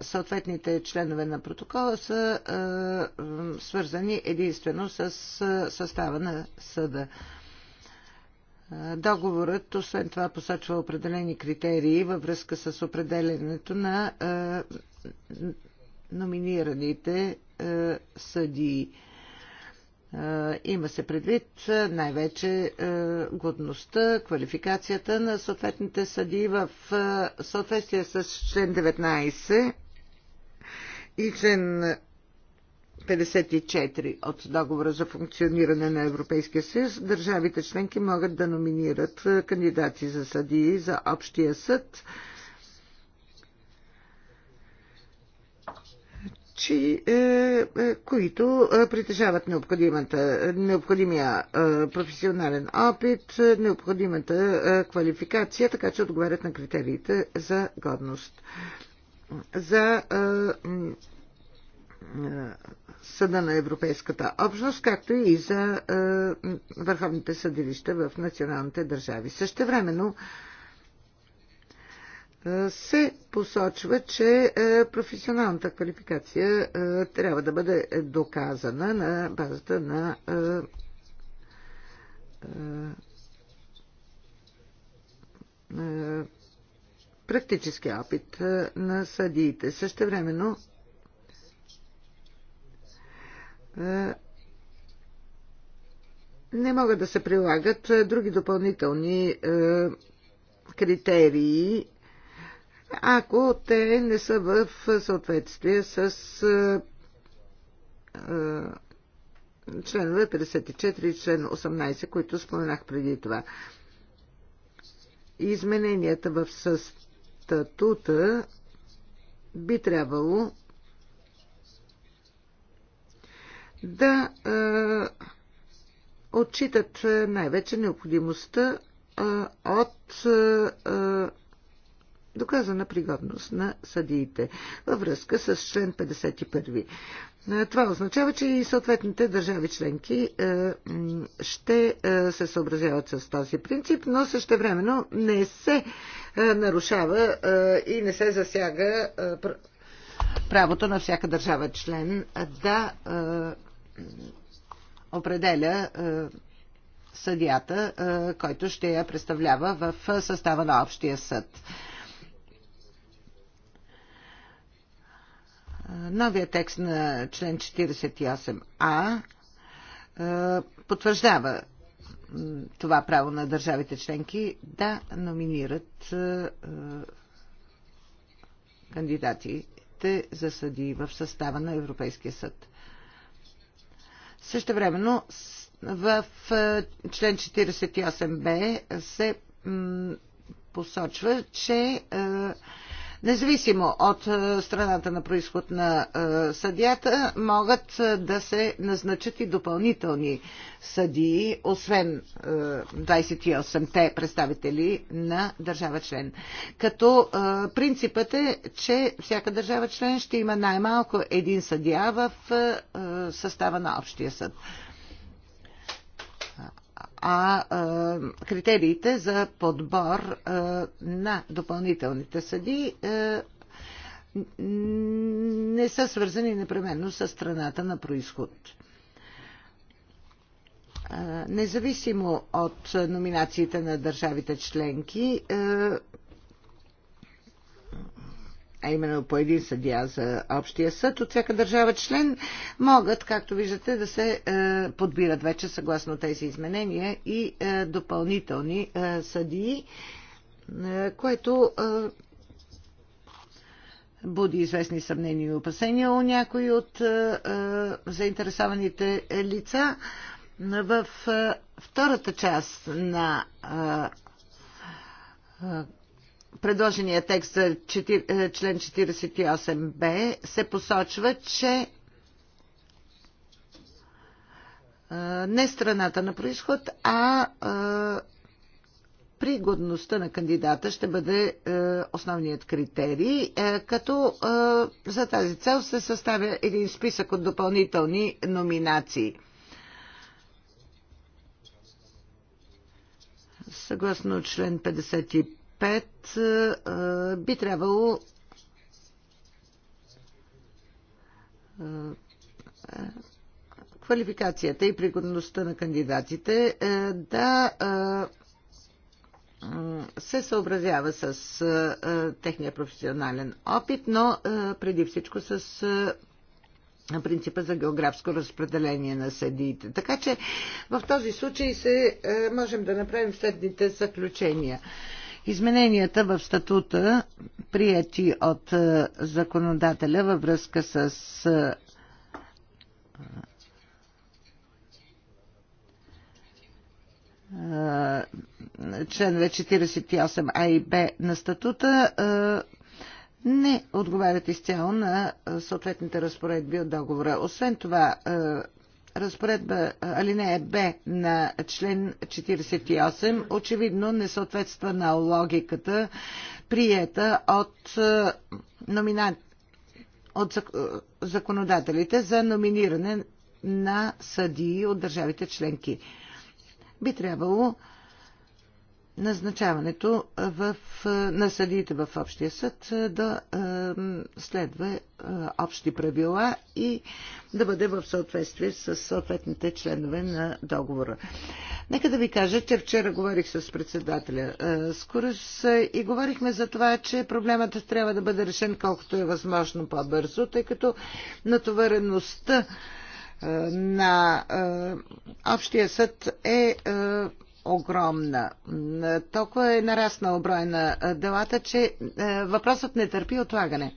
съответните членове на протокола са свързани единствено с състава на съда. Договорът, освен това, посочва определени критерии във връзка с определенето на номинираните съдии. Има се предвид най-вече годността, квалификацията на съответните съди в съответствие с член 19 и член 54 от договора за функциониране на Европейския съюз, държавите членки могат да номинират е, кандидати за съдии за общия съд, чи, е, е, които е, притежават необходимата, необходимия е, професионален опит, е, необходимата е, квалификация, така че отговарят на критериите за годност. За Съда на Европейската общност, както и за е, върховните съдилища в националните държави. Същевременно е, се посочва, че е, професионалната квалификация трябва да бъде доказана на базата на практически опит на съдиите. Същевременно не могат да се прилагат други допълнителни критерии, ако те не са в съответствие с членове 54 и член 18, които споменах преди това. Измененията в статута би трябвало да е, отчитат е, най-вече необходимостта е, от е, е, доказана пригодност на съдиите във връзка с член 51. Е, това означава, че и съответните държави членки ще се съобразяват с този принцип, но същевременно не се нарушава и не се засяга правото на всяка държава член да определя е, съдията, е, който ще я представлява в е, състава на общия съд. Новия текст на член 48а потвърждава това право на държавите членки да номинират кандидатите за съдии в състава на Европейския съд. Също времено в е, член 48б се посочва, че е, независимо от е, страната на происход на е, съдията, могат е, да се назначат и допълнителни съдии, освен 28-те представители на държава член. Като принципът е, че всяка държава член ще има най-малко един съдия в състава на общия съд а критериите за подбор на допълнителните съди не са свързани непременно с страната на происход. Независимо от номинациите на държавите членки, а именно по един съдия за общия съд от всяка държава член, могат, както виждате, да се е, подбират вече съгласно тези изменения и е, допълнителни е, съдии, е, което е, буди известни съмнения и опасения у някои от е, е заинтересованите лица. В е, втората част на е, е предложения текст за е, член 48б се посочва, че е, не страната на происход, а е, пригодността на кандидата ще бъде основният критерий, като за тази цел се съставя един списък от допълнителни номинации. Съгласно член 55 5 би трябвало квалификацията и пригодността на кандидатите да се съобразява с техния професионален опит, но преди всичко с принципа за географско разпределение на съдиите. Така че в този случай се, можем да направим следните заключения. Измененията в статута, прияти от е, законодателя във връзка с е, е, членове 48А и Б на статута не отговарят изцяло на съответните разпоредби от договора. Освен това, разпоредба алинея Б на член 48 очевидно не съответства на логиката, приета от, номина... от законодателите за номиниране на съдии от държавите членки. Би трябвало назначаването в, на съдиите в Общия съд да следва общи правила и да бъде в съответствие с съответните членове на договора. Нека да ви кажа, че вчера говорих с председателя Скорос и говорихме за това, че проблемът трябва да бъде решен колкото е възможно по-бързо, тъй като натовареността на Общия съд е огромна. Толкова е нараснал брой на делата, че въпросът не търпи отлагане.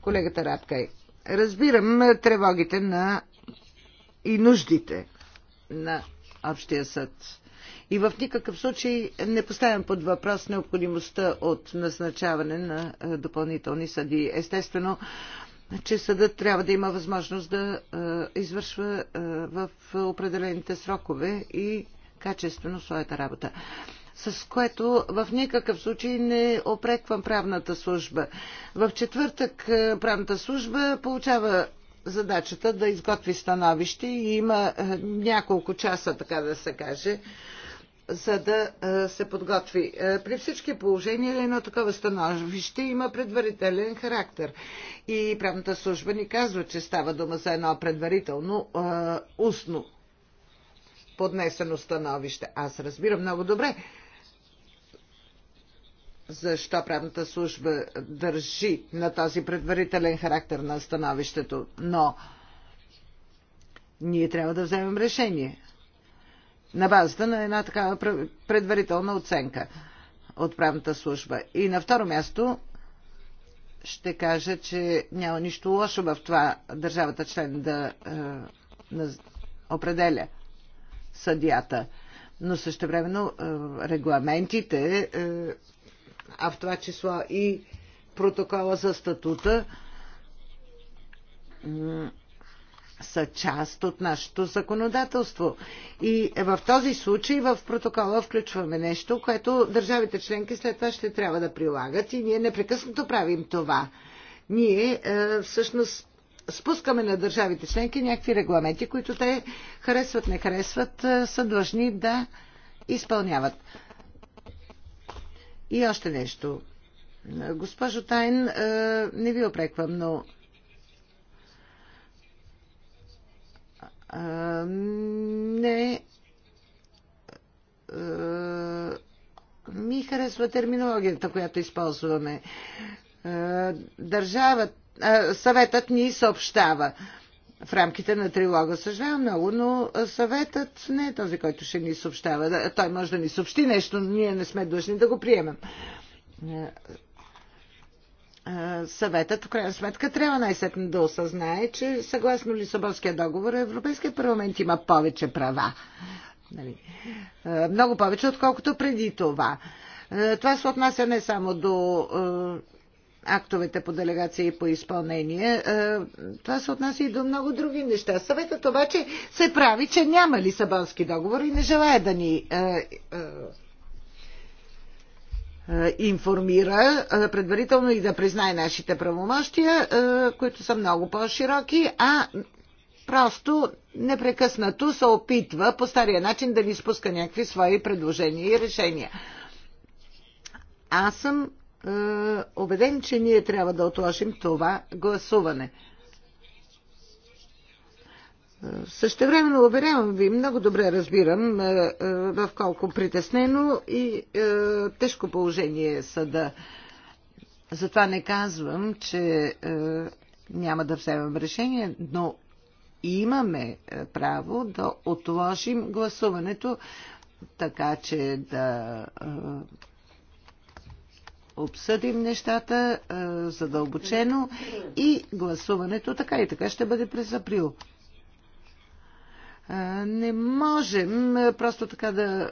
Колегата Радкай. Разбирам тревогите на и нуждите на Общия съд. И в никакъв случай не поставям под въпрос необходимостта от назначаване на допълнителни съди. Естествено, че съдът трябва да има възможност да извършва в определените срокове и качествено своята работа. С което в никакъв случай не опреквам правната служба. В четвъртък е, правната служба получава задачата да изготви становище и има е, няколко часа, така да се каже, за да е, се подготви. При всички положения едно такова становище има предварителен характер. И правната служба ни казва, че става дума за едно предварително устно поднесено становище. Аз разбирам много добре защо правната служба държи на този предварителен характер на становището, но ние трябва да вземем решение на базата на една такава предварителна оценка от правната служба. И на второ място ще кажа, че няма нищо лошо в това държавата член да е, определя съдята. Но същевременно е, регламентите, е, а в това число и протокола за статута, са част от нашето законодателство. И в този случай в протокола включваме нещо, което държавите членки след това ще трябва да прилагат и ние непрекъснато правим това. Ние е, всъщност спускаме на държавите членки някакви регламенти, които те харесват, не харесват, са длъжни да изпълняват. И още нещо. Госпожо Тайн, не ви опреквам, но не ми харесва терминологията, която използваме. Държавата съветът ни съобщава в рамките на трилога. Съжалявам много, но съветът не е този, който ще ни съобщава. Той може да ни съобщи нещо, но ние не сме длъжни да го приемем. Съветът, в крайна сметка, трябва най-сетно да осъзнае, че съгласно Лисабонския договор Европейския парламент има повече права. Нали? Много повече, отколкото преди това. Това се отнася не само до актовете по делегация и по изпълнение. Е, това се отнася и до много други неща. Съветът обаче се прави, че няма Лисабонски договор и не желая да ни е, е, информира предварително и да признае нашите правомощия, които са много по-широки, а просто непрекъснато се опитва по стария начин да ни спуска някакви свои предложения и решения. Аз съм е, убеден, че ние трябва да отложим това гласуване. Е, времено уверявам ви, много добре разбирам е, в колко притеснено и тежко положение е съда. Затова не казвам, че няма да вземем решение, но имаме право да отложим гласуването, така че да обсъдим нещата задълбочено и гласуването така и така ще бъде през април. Не можем просто така да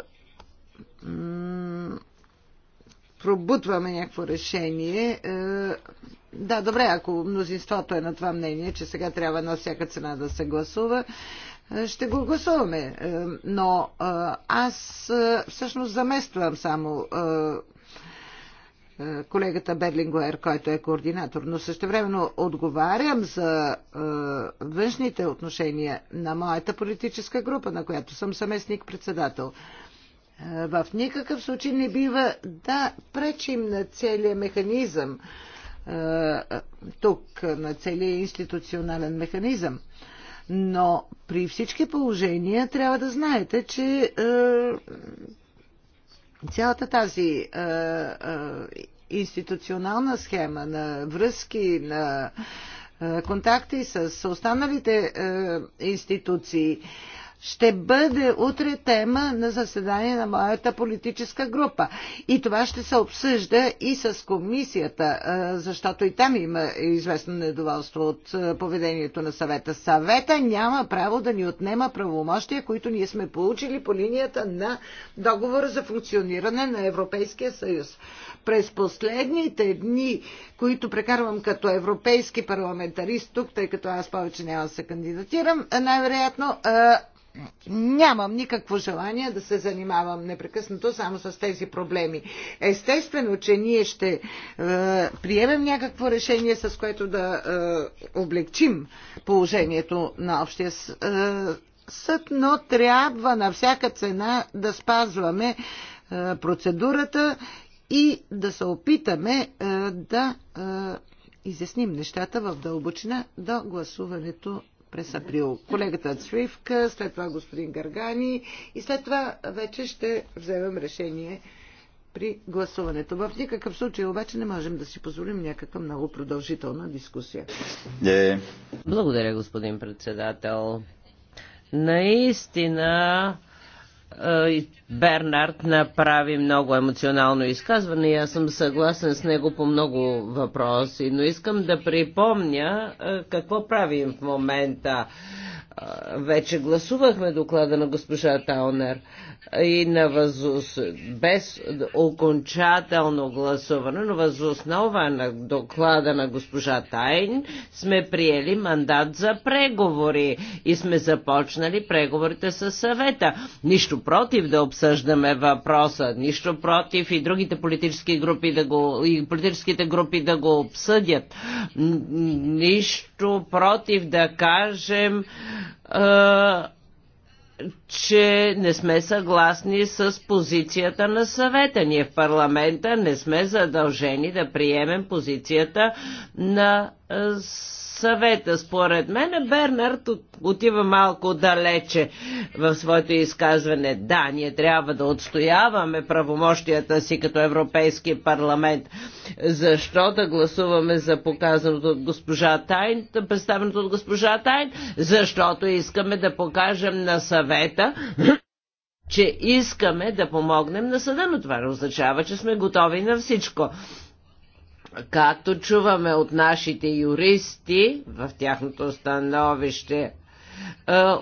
пробутваме някакво решение. Да, добре, ако мнозинството е на това мнение, че сега трябва на всяка цена да се гласува, ще го гласуваме. Но аз всъщност замествам само е, колегата Берлингуер, който е координатор, но същевременно отговарям за е, външните отношения на моята политическа група, на която съм съместник-председател. Е, в никакъв случай не бива да пречим на целия механизъм, е, тук на целия институционален механизъм. Но при всички положения трябва да знаете, че е, Цялата тази а, е, а, е, институционална схема на връзки, на а, е, контакти с останалите а, институции, а, ще бъде утре тема на заседание на моята политическа група. И това ще се обсъжда и с комисията, защото и там има известно недоволство от поведението на съвета. Съвета няма право да ни отнема правомощия, които ние сме получили по линията на договора за функциониране на Европейския съюз. През последните дни, които прекарвам като европейски парламентарист тук, тъй като аз повече няма да се кандидатирам, най-вероятно нямам никакво желание да се занимавам непрекъснато само с тези проблеми. Естествено, че ние ще е, приемем някакво решение, с което да е, облегчим положението на общия е, съд, но трябва на всяка цена да спазваме е, процедурата и да се опитаме е, да. Е, изясним нещата в дълбочина до гласуването през април. Колегата Цвивка, след това господин Гаргани и след това вече ще вземем решение при гласуването. В никакъв случай обаче не можем да си позволим някаква много продължителна дискусия.
Не. Благодаря, господин председател. Наистина и е, Бернард направи много емоционално изказване и аз съм съгласен с него по много въпроси, но искам да припомня какво правим в момента. Вече гласувахме доклада на госпожа Таунер и на възус, без окончателно гласуване, но възоснова на доклада на госпожа Тайн сме приели мандат за преговори и сме започнали преговорите с съвета. Нищо против да обсъждаме обсъждаме въпроса. Нищо против и другите политически групи да го, и политическите групи да го обсъдят. Нищо против да кажем че не сме съгласни с позицията на съвета. Ние в парламента не сме задължени да приемем позицията на съвета. Според мен Бернард отива малко далече в своето изказване. Да, ние трябва да отстояваме правомощията си като Европейски парламент. Защо да гласуваме за показаното от госпожа Тайн, представеното от госпожа Тайн? Защото искаме да покажем на съвета, че искаме да помогнем на съда, но това не означава, че сме готови на всичко. Както чуваме от нашите юристи в тяхното становище, е,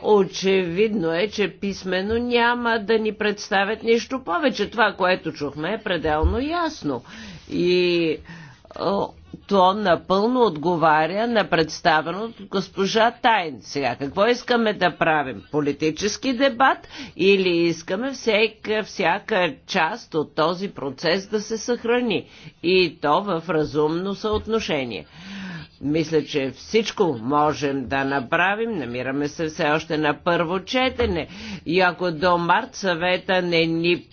очевидно е, че писменно няма да ни представят нищо повече. Това, което чухме е пределно ясно. И е, то напълно отговаря на представеното от госпожа Тайн. Сега, какво искаме да правим? Политически дебат или искаме всяка, всяка част от този процес да се съхрани и то в разумно съотношение? Мисля, че всичко можем да направим. Намираме се все още на първо четене. И ако до март съвета не ни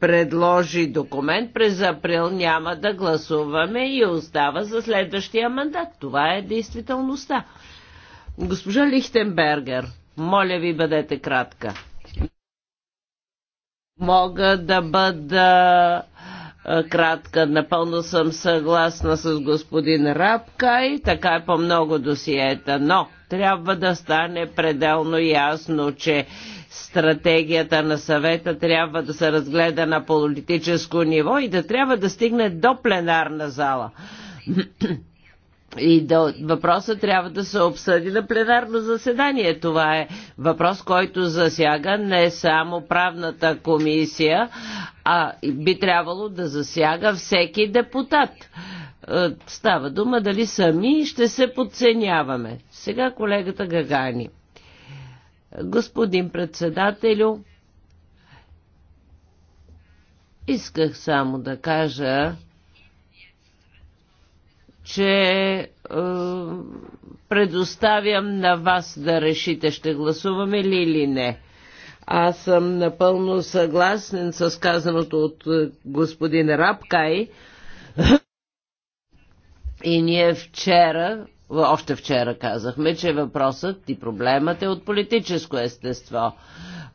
предложи документ през април, няма да гласуваме и остава за следващия мандат. Това е действителността. Госпожа Лихтенбергер, моля ви бъдете кратка. Мога да бъда кратка. Напълно съм съгласна с господин Рапка и така е по много досиета, но трябва да стане пределно ясно, че Стратегията на съвета трябва да се разгледа на политическо ниво и да трябва да стигне до пленарна зала. И да, въпросът трябва да се обсъди на пленарно заседание. Това е въпрос, който засяга не само правната комисия, а би трябвало да засяга всеки депутат. Е, става дума дали сами ще се подценяваме. Сега колегата Гагани. Господин председателю, исках само да кажа, че е, предоставям на вас да решите ще гласуваме ли или не. Аз съм напълно съгласен с казаното от е, господин Рапкай. И ние вчера още вчера казахме, че въпросът и проблемът е от политическо естество.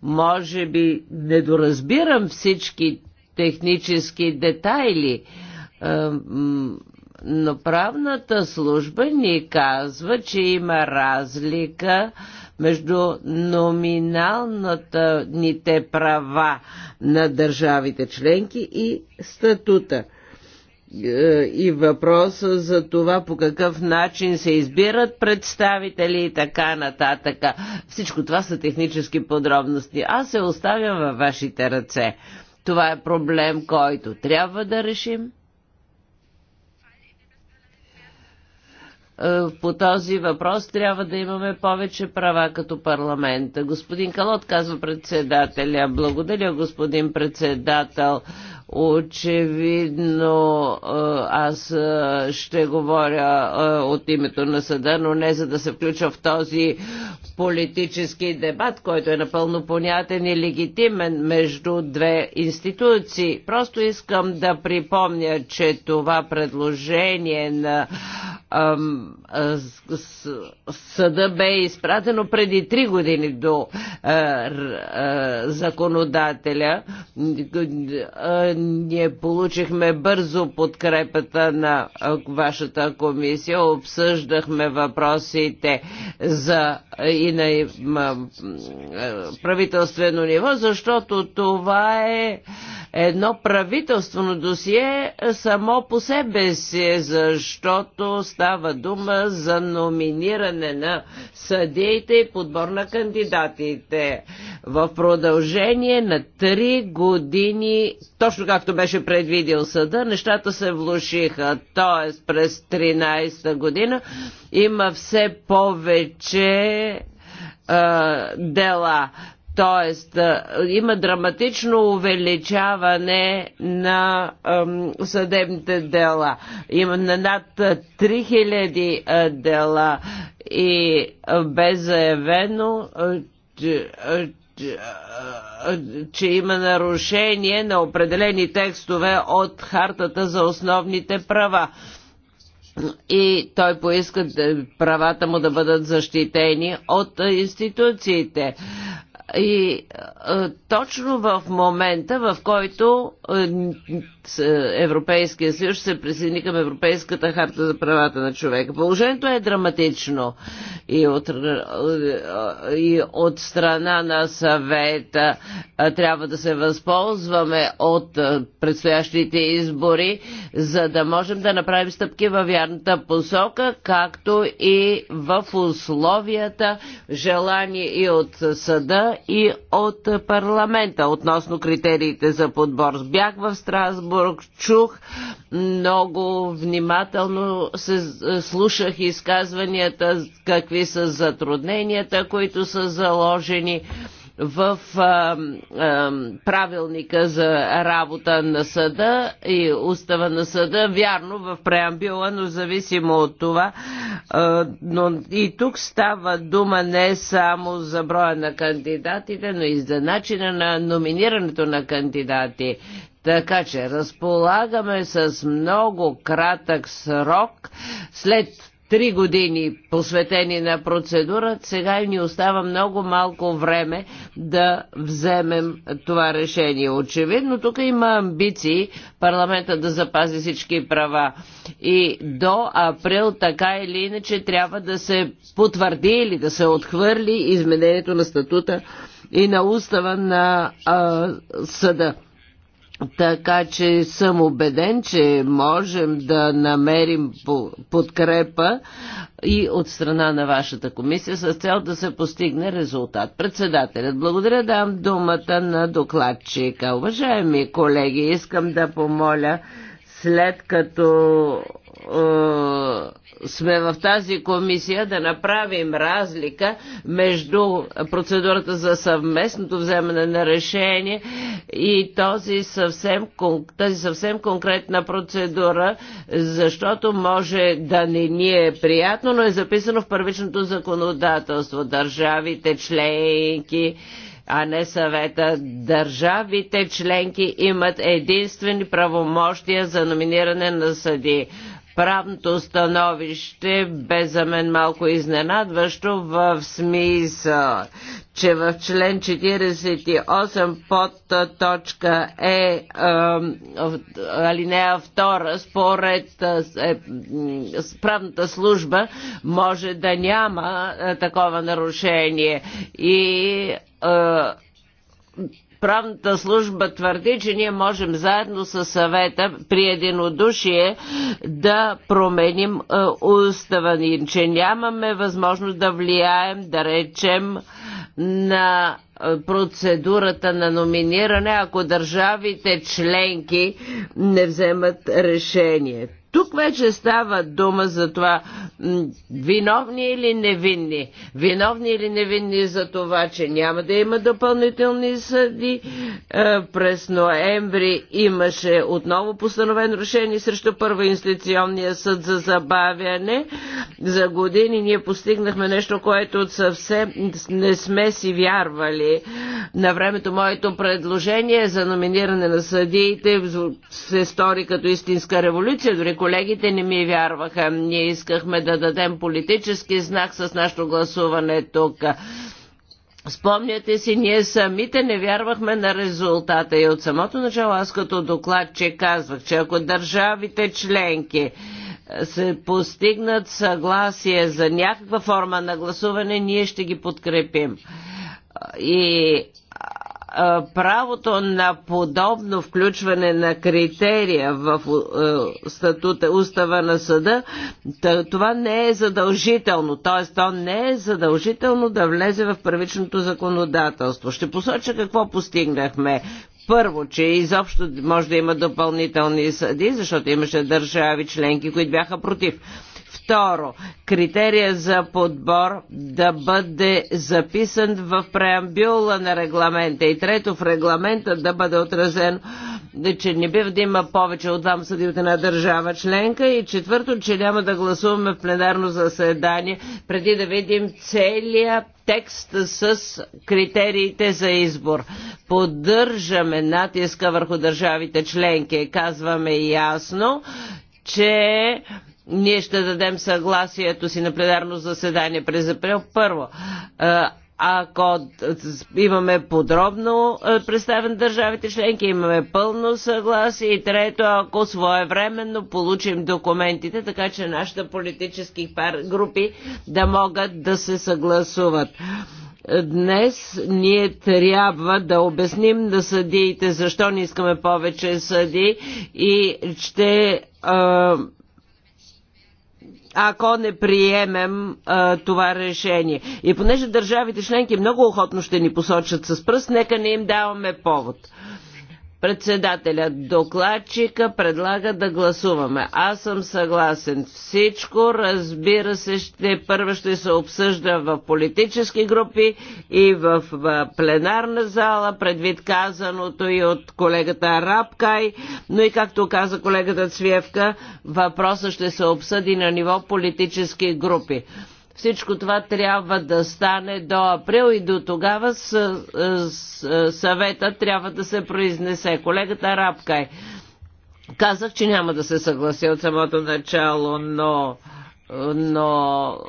Може би недоразбирам всички технически детайли но правната служба ни казва, че има разлика между номиналната ните права на държавите членки и статута. Е, и въпроса за това по какъв начин се избират представители и така нататък. Всичко това са технически подробности. Аз се оставям във вашите ръце. Това е проблем, който трябва да решим. Е, по този въпрос трябва да имаме повече права като парламента. Господин Калот казва председателя. Благодаря, господин председател. Очевидно аз ще говоря от името на съда, но не за да се включа в този политически дебат, който е напълно понятен и легитимен между две институции. Просто искам да припомня, че това предложение на съда бе изпратено преди три години до законодателя. Ние получихме бързо подкрепата на вашата комисия, обсъждахме въпросите за и на правителствено ниво, защото това е едно правителствено досие само по себе си, защото става дума за номиниране на съдиите и подбор на кандидатите. В продължение на три години, точно точно както беше предвидил съда, нещата се влушиха. Тоест през 13-та година има все повече а, дела. Тоест, има драматично увеличаване на съдебните дела. Има над 3000 дела и бе заявено, че има нарушение на определени текстове от Хартата за основните права. И той поиска правата му да бъдат защитени от институциите. И точно в момента, в който е, Европейския съюз се присъедини към Европейската харта за правата на човека. Положението е драматично и от, е, е, и от страна на съвета трябва да се възползваме от предстоящите избори, за да можем да направим стъпки във вярната посока, както и в условията желани и от съда, и от парламента относно критериите за подбор. Бях в Страсбург Гинзбург чух, много внимателно се слушах изказванията, какви са затрудненията, които са заложени в а, а, правилника за работа на съда и устава на съда, вярно в преамбила, но зависимо от това. А, но и тук става дума не само за броя на кандидатите, но и за начина на номинирането на кандидати. Така че разполагаме с много кратък срок след три години посветени на процедура, сега ни остава много малко време да вземем това решение. Очевидно, тук има амбиции парламента да запази всички права. И до април, така или иначе, трябва да се потвърди или да се отхвърли изменението на статута и на устава на а, съда. Така че съм убеден, че можем да намерим подкрепа и от страна на вашата комисия с цел да се постигне резултат. Председателят, благодаря, дам думата на докладчика. Уважаеми колеги, искам да помоля след като е, сме в тази комисия, да направим разлика между процедурата за съвместното вземане на решение и този съвсем, тази съвсем конкретна процедура, защото може да не ни е приятно, но е записано в първичното законодателство. Държавите, членки, а не съвета. Държавите членки имат единствени правомощия за номиниране на съди. Правното становище бе за мен малко изненадващо в смисъл, че в член 48 под точка е, алинея 2 според е, правната служба може да няма такова нарушение и правната служба твърди, че ние можем заедно с съвета при единодушие да променим е, устава ни, че нямаме възможност да влияем, да речем, на е, процедурата на номиниране, ако държавите членки не вземат решение. Тук вече става дума за това виновни или невинни. Виновни или невинни за това, че няма да има допълнителни съди. Е, през ноември имаше отново постановено решение срещу първоинституционния съд за забавяне. За години ние постигнахме нещо, което съвсем не сме си вярвали. На времето моето предложение е за номиниране на съдиите се стори като истинска революция, дори колегите не ми вярваха. Ние искахме да дадем политически знак с нашето гласуване тук. Спомняте си, ние самите не вярвахме на резултата и от самото начало аз като доклад, че казвах, че ако държавите членки се постигнат съгласие за някаква форма на гласуване, ние ще ги подкрепим. И правото на подобно включване на критерия в статута, устава на съда, това не е задължително. Т.е. то не е задължително да влезе в първичното законодателство. Ще посоча какво постигнахме първо, че изобщо може да има допълнителни съди, защото имаше държави членки, които бяха против. Второ, критерия за подбор да бъде записан в преамбюла на регламента. И трето, в регламента да бъде отразен че не бива да има повече от двама съди от една държава членка и четвърто, че няма да гласуваме в пленарно заседание преди да видим целия текст с критериите за избор. Поддържаме натиска върху държавите членки. Казваме ясно, че ние ще дадем съгласието си на пленарно заседание през април. Първо, ако имаме подробно представен държавите членки, имаме пълно съгласие и трето, ако своевременно получим документите, така че нашите политически групи да могат да се съгласуват. Днес ние трябва да обясним на съдиите защо не искаме повече съди и ще ако не приемем а, това решение. И понеже държавите членки много охотно ще ни посочат с пръст, нека не им даваме повод. Председателят докладчика предлага да гласуваме. Аз съм съгласен. Всичко, разбира се, ще, първо ще се обсъжда в политически групи и в, в пленарна зала, предвид казаното и от колегата Арабкай, но и както каза колегата Цвиевка, въпросът ще се обсъди на ниво политически групи. Всичко това трябва да стане до април и до тогава с, с, съвета трябва да се произнесе. Колегата Рапкай казах, че няма да се съглася от самото начало, но, но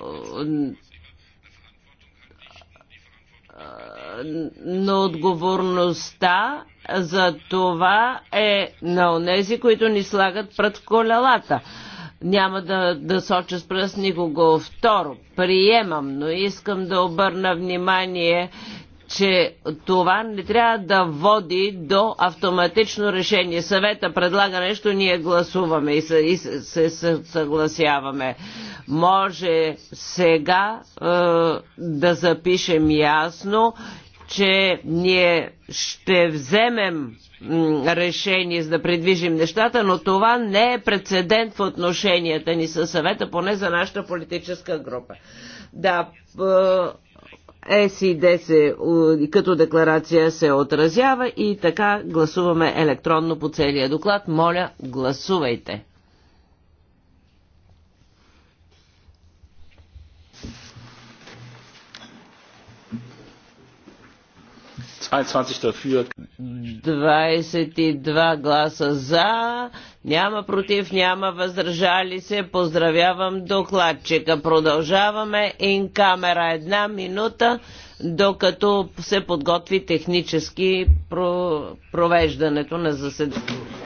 но отговорността за това е на онези, които ни слагат пред колелата. Няма да, да соча с пръст никого. Второ, приемам, но искам да обърна внимание, че това не трябва да води до автоматично решение. Съвета предлага нещо, ние гласуваме и се, и се, съгласяваме. Може сега е, да запишем ясно, че ние ще вземем решение за да придвижим нещата, но това не е прецедент в отношенията ни със съвета, поне за нашата политическа група. Да, е, е, СИД се, като декларация се отразява и така гласуваме електронно по целия доклад. Моля, гласувайте. 22 гласа за, няма против, няма въздържали се. Поздравявам докладчика. Продължаваме ин камера една минута, докато се подготви технически провеждането на заседанието.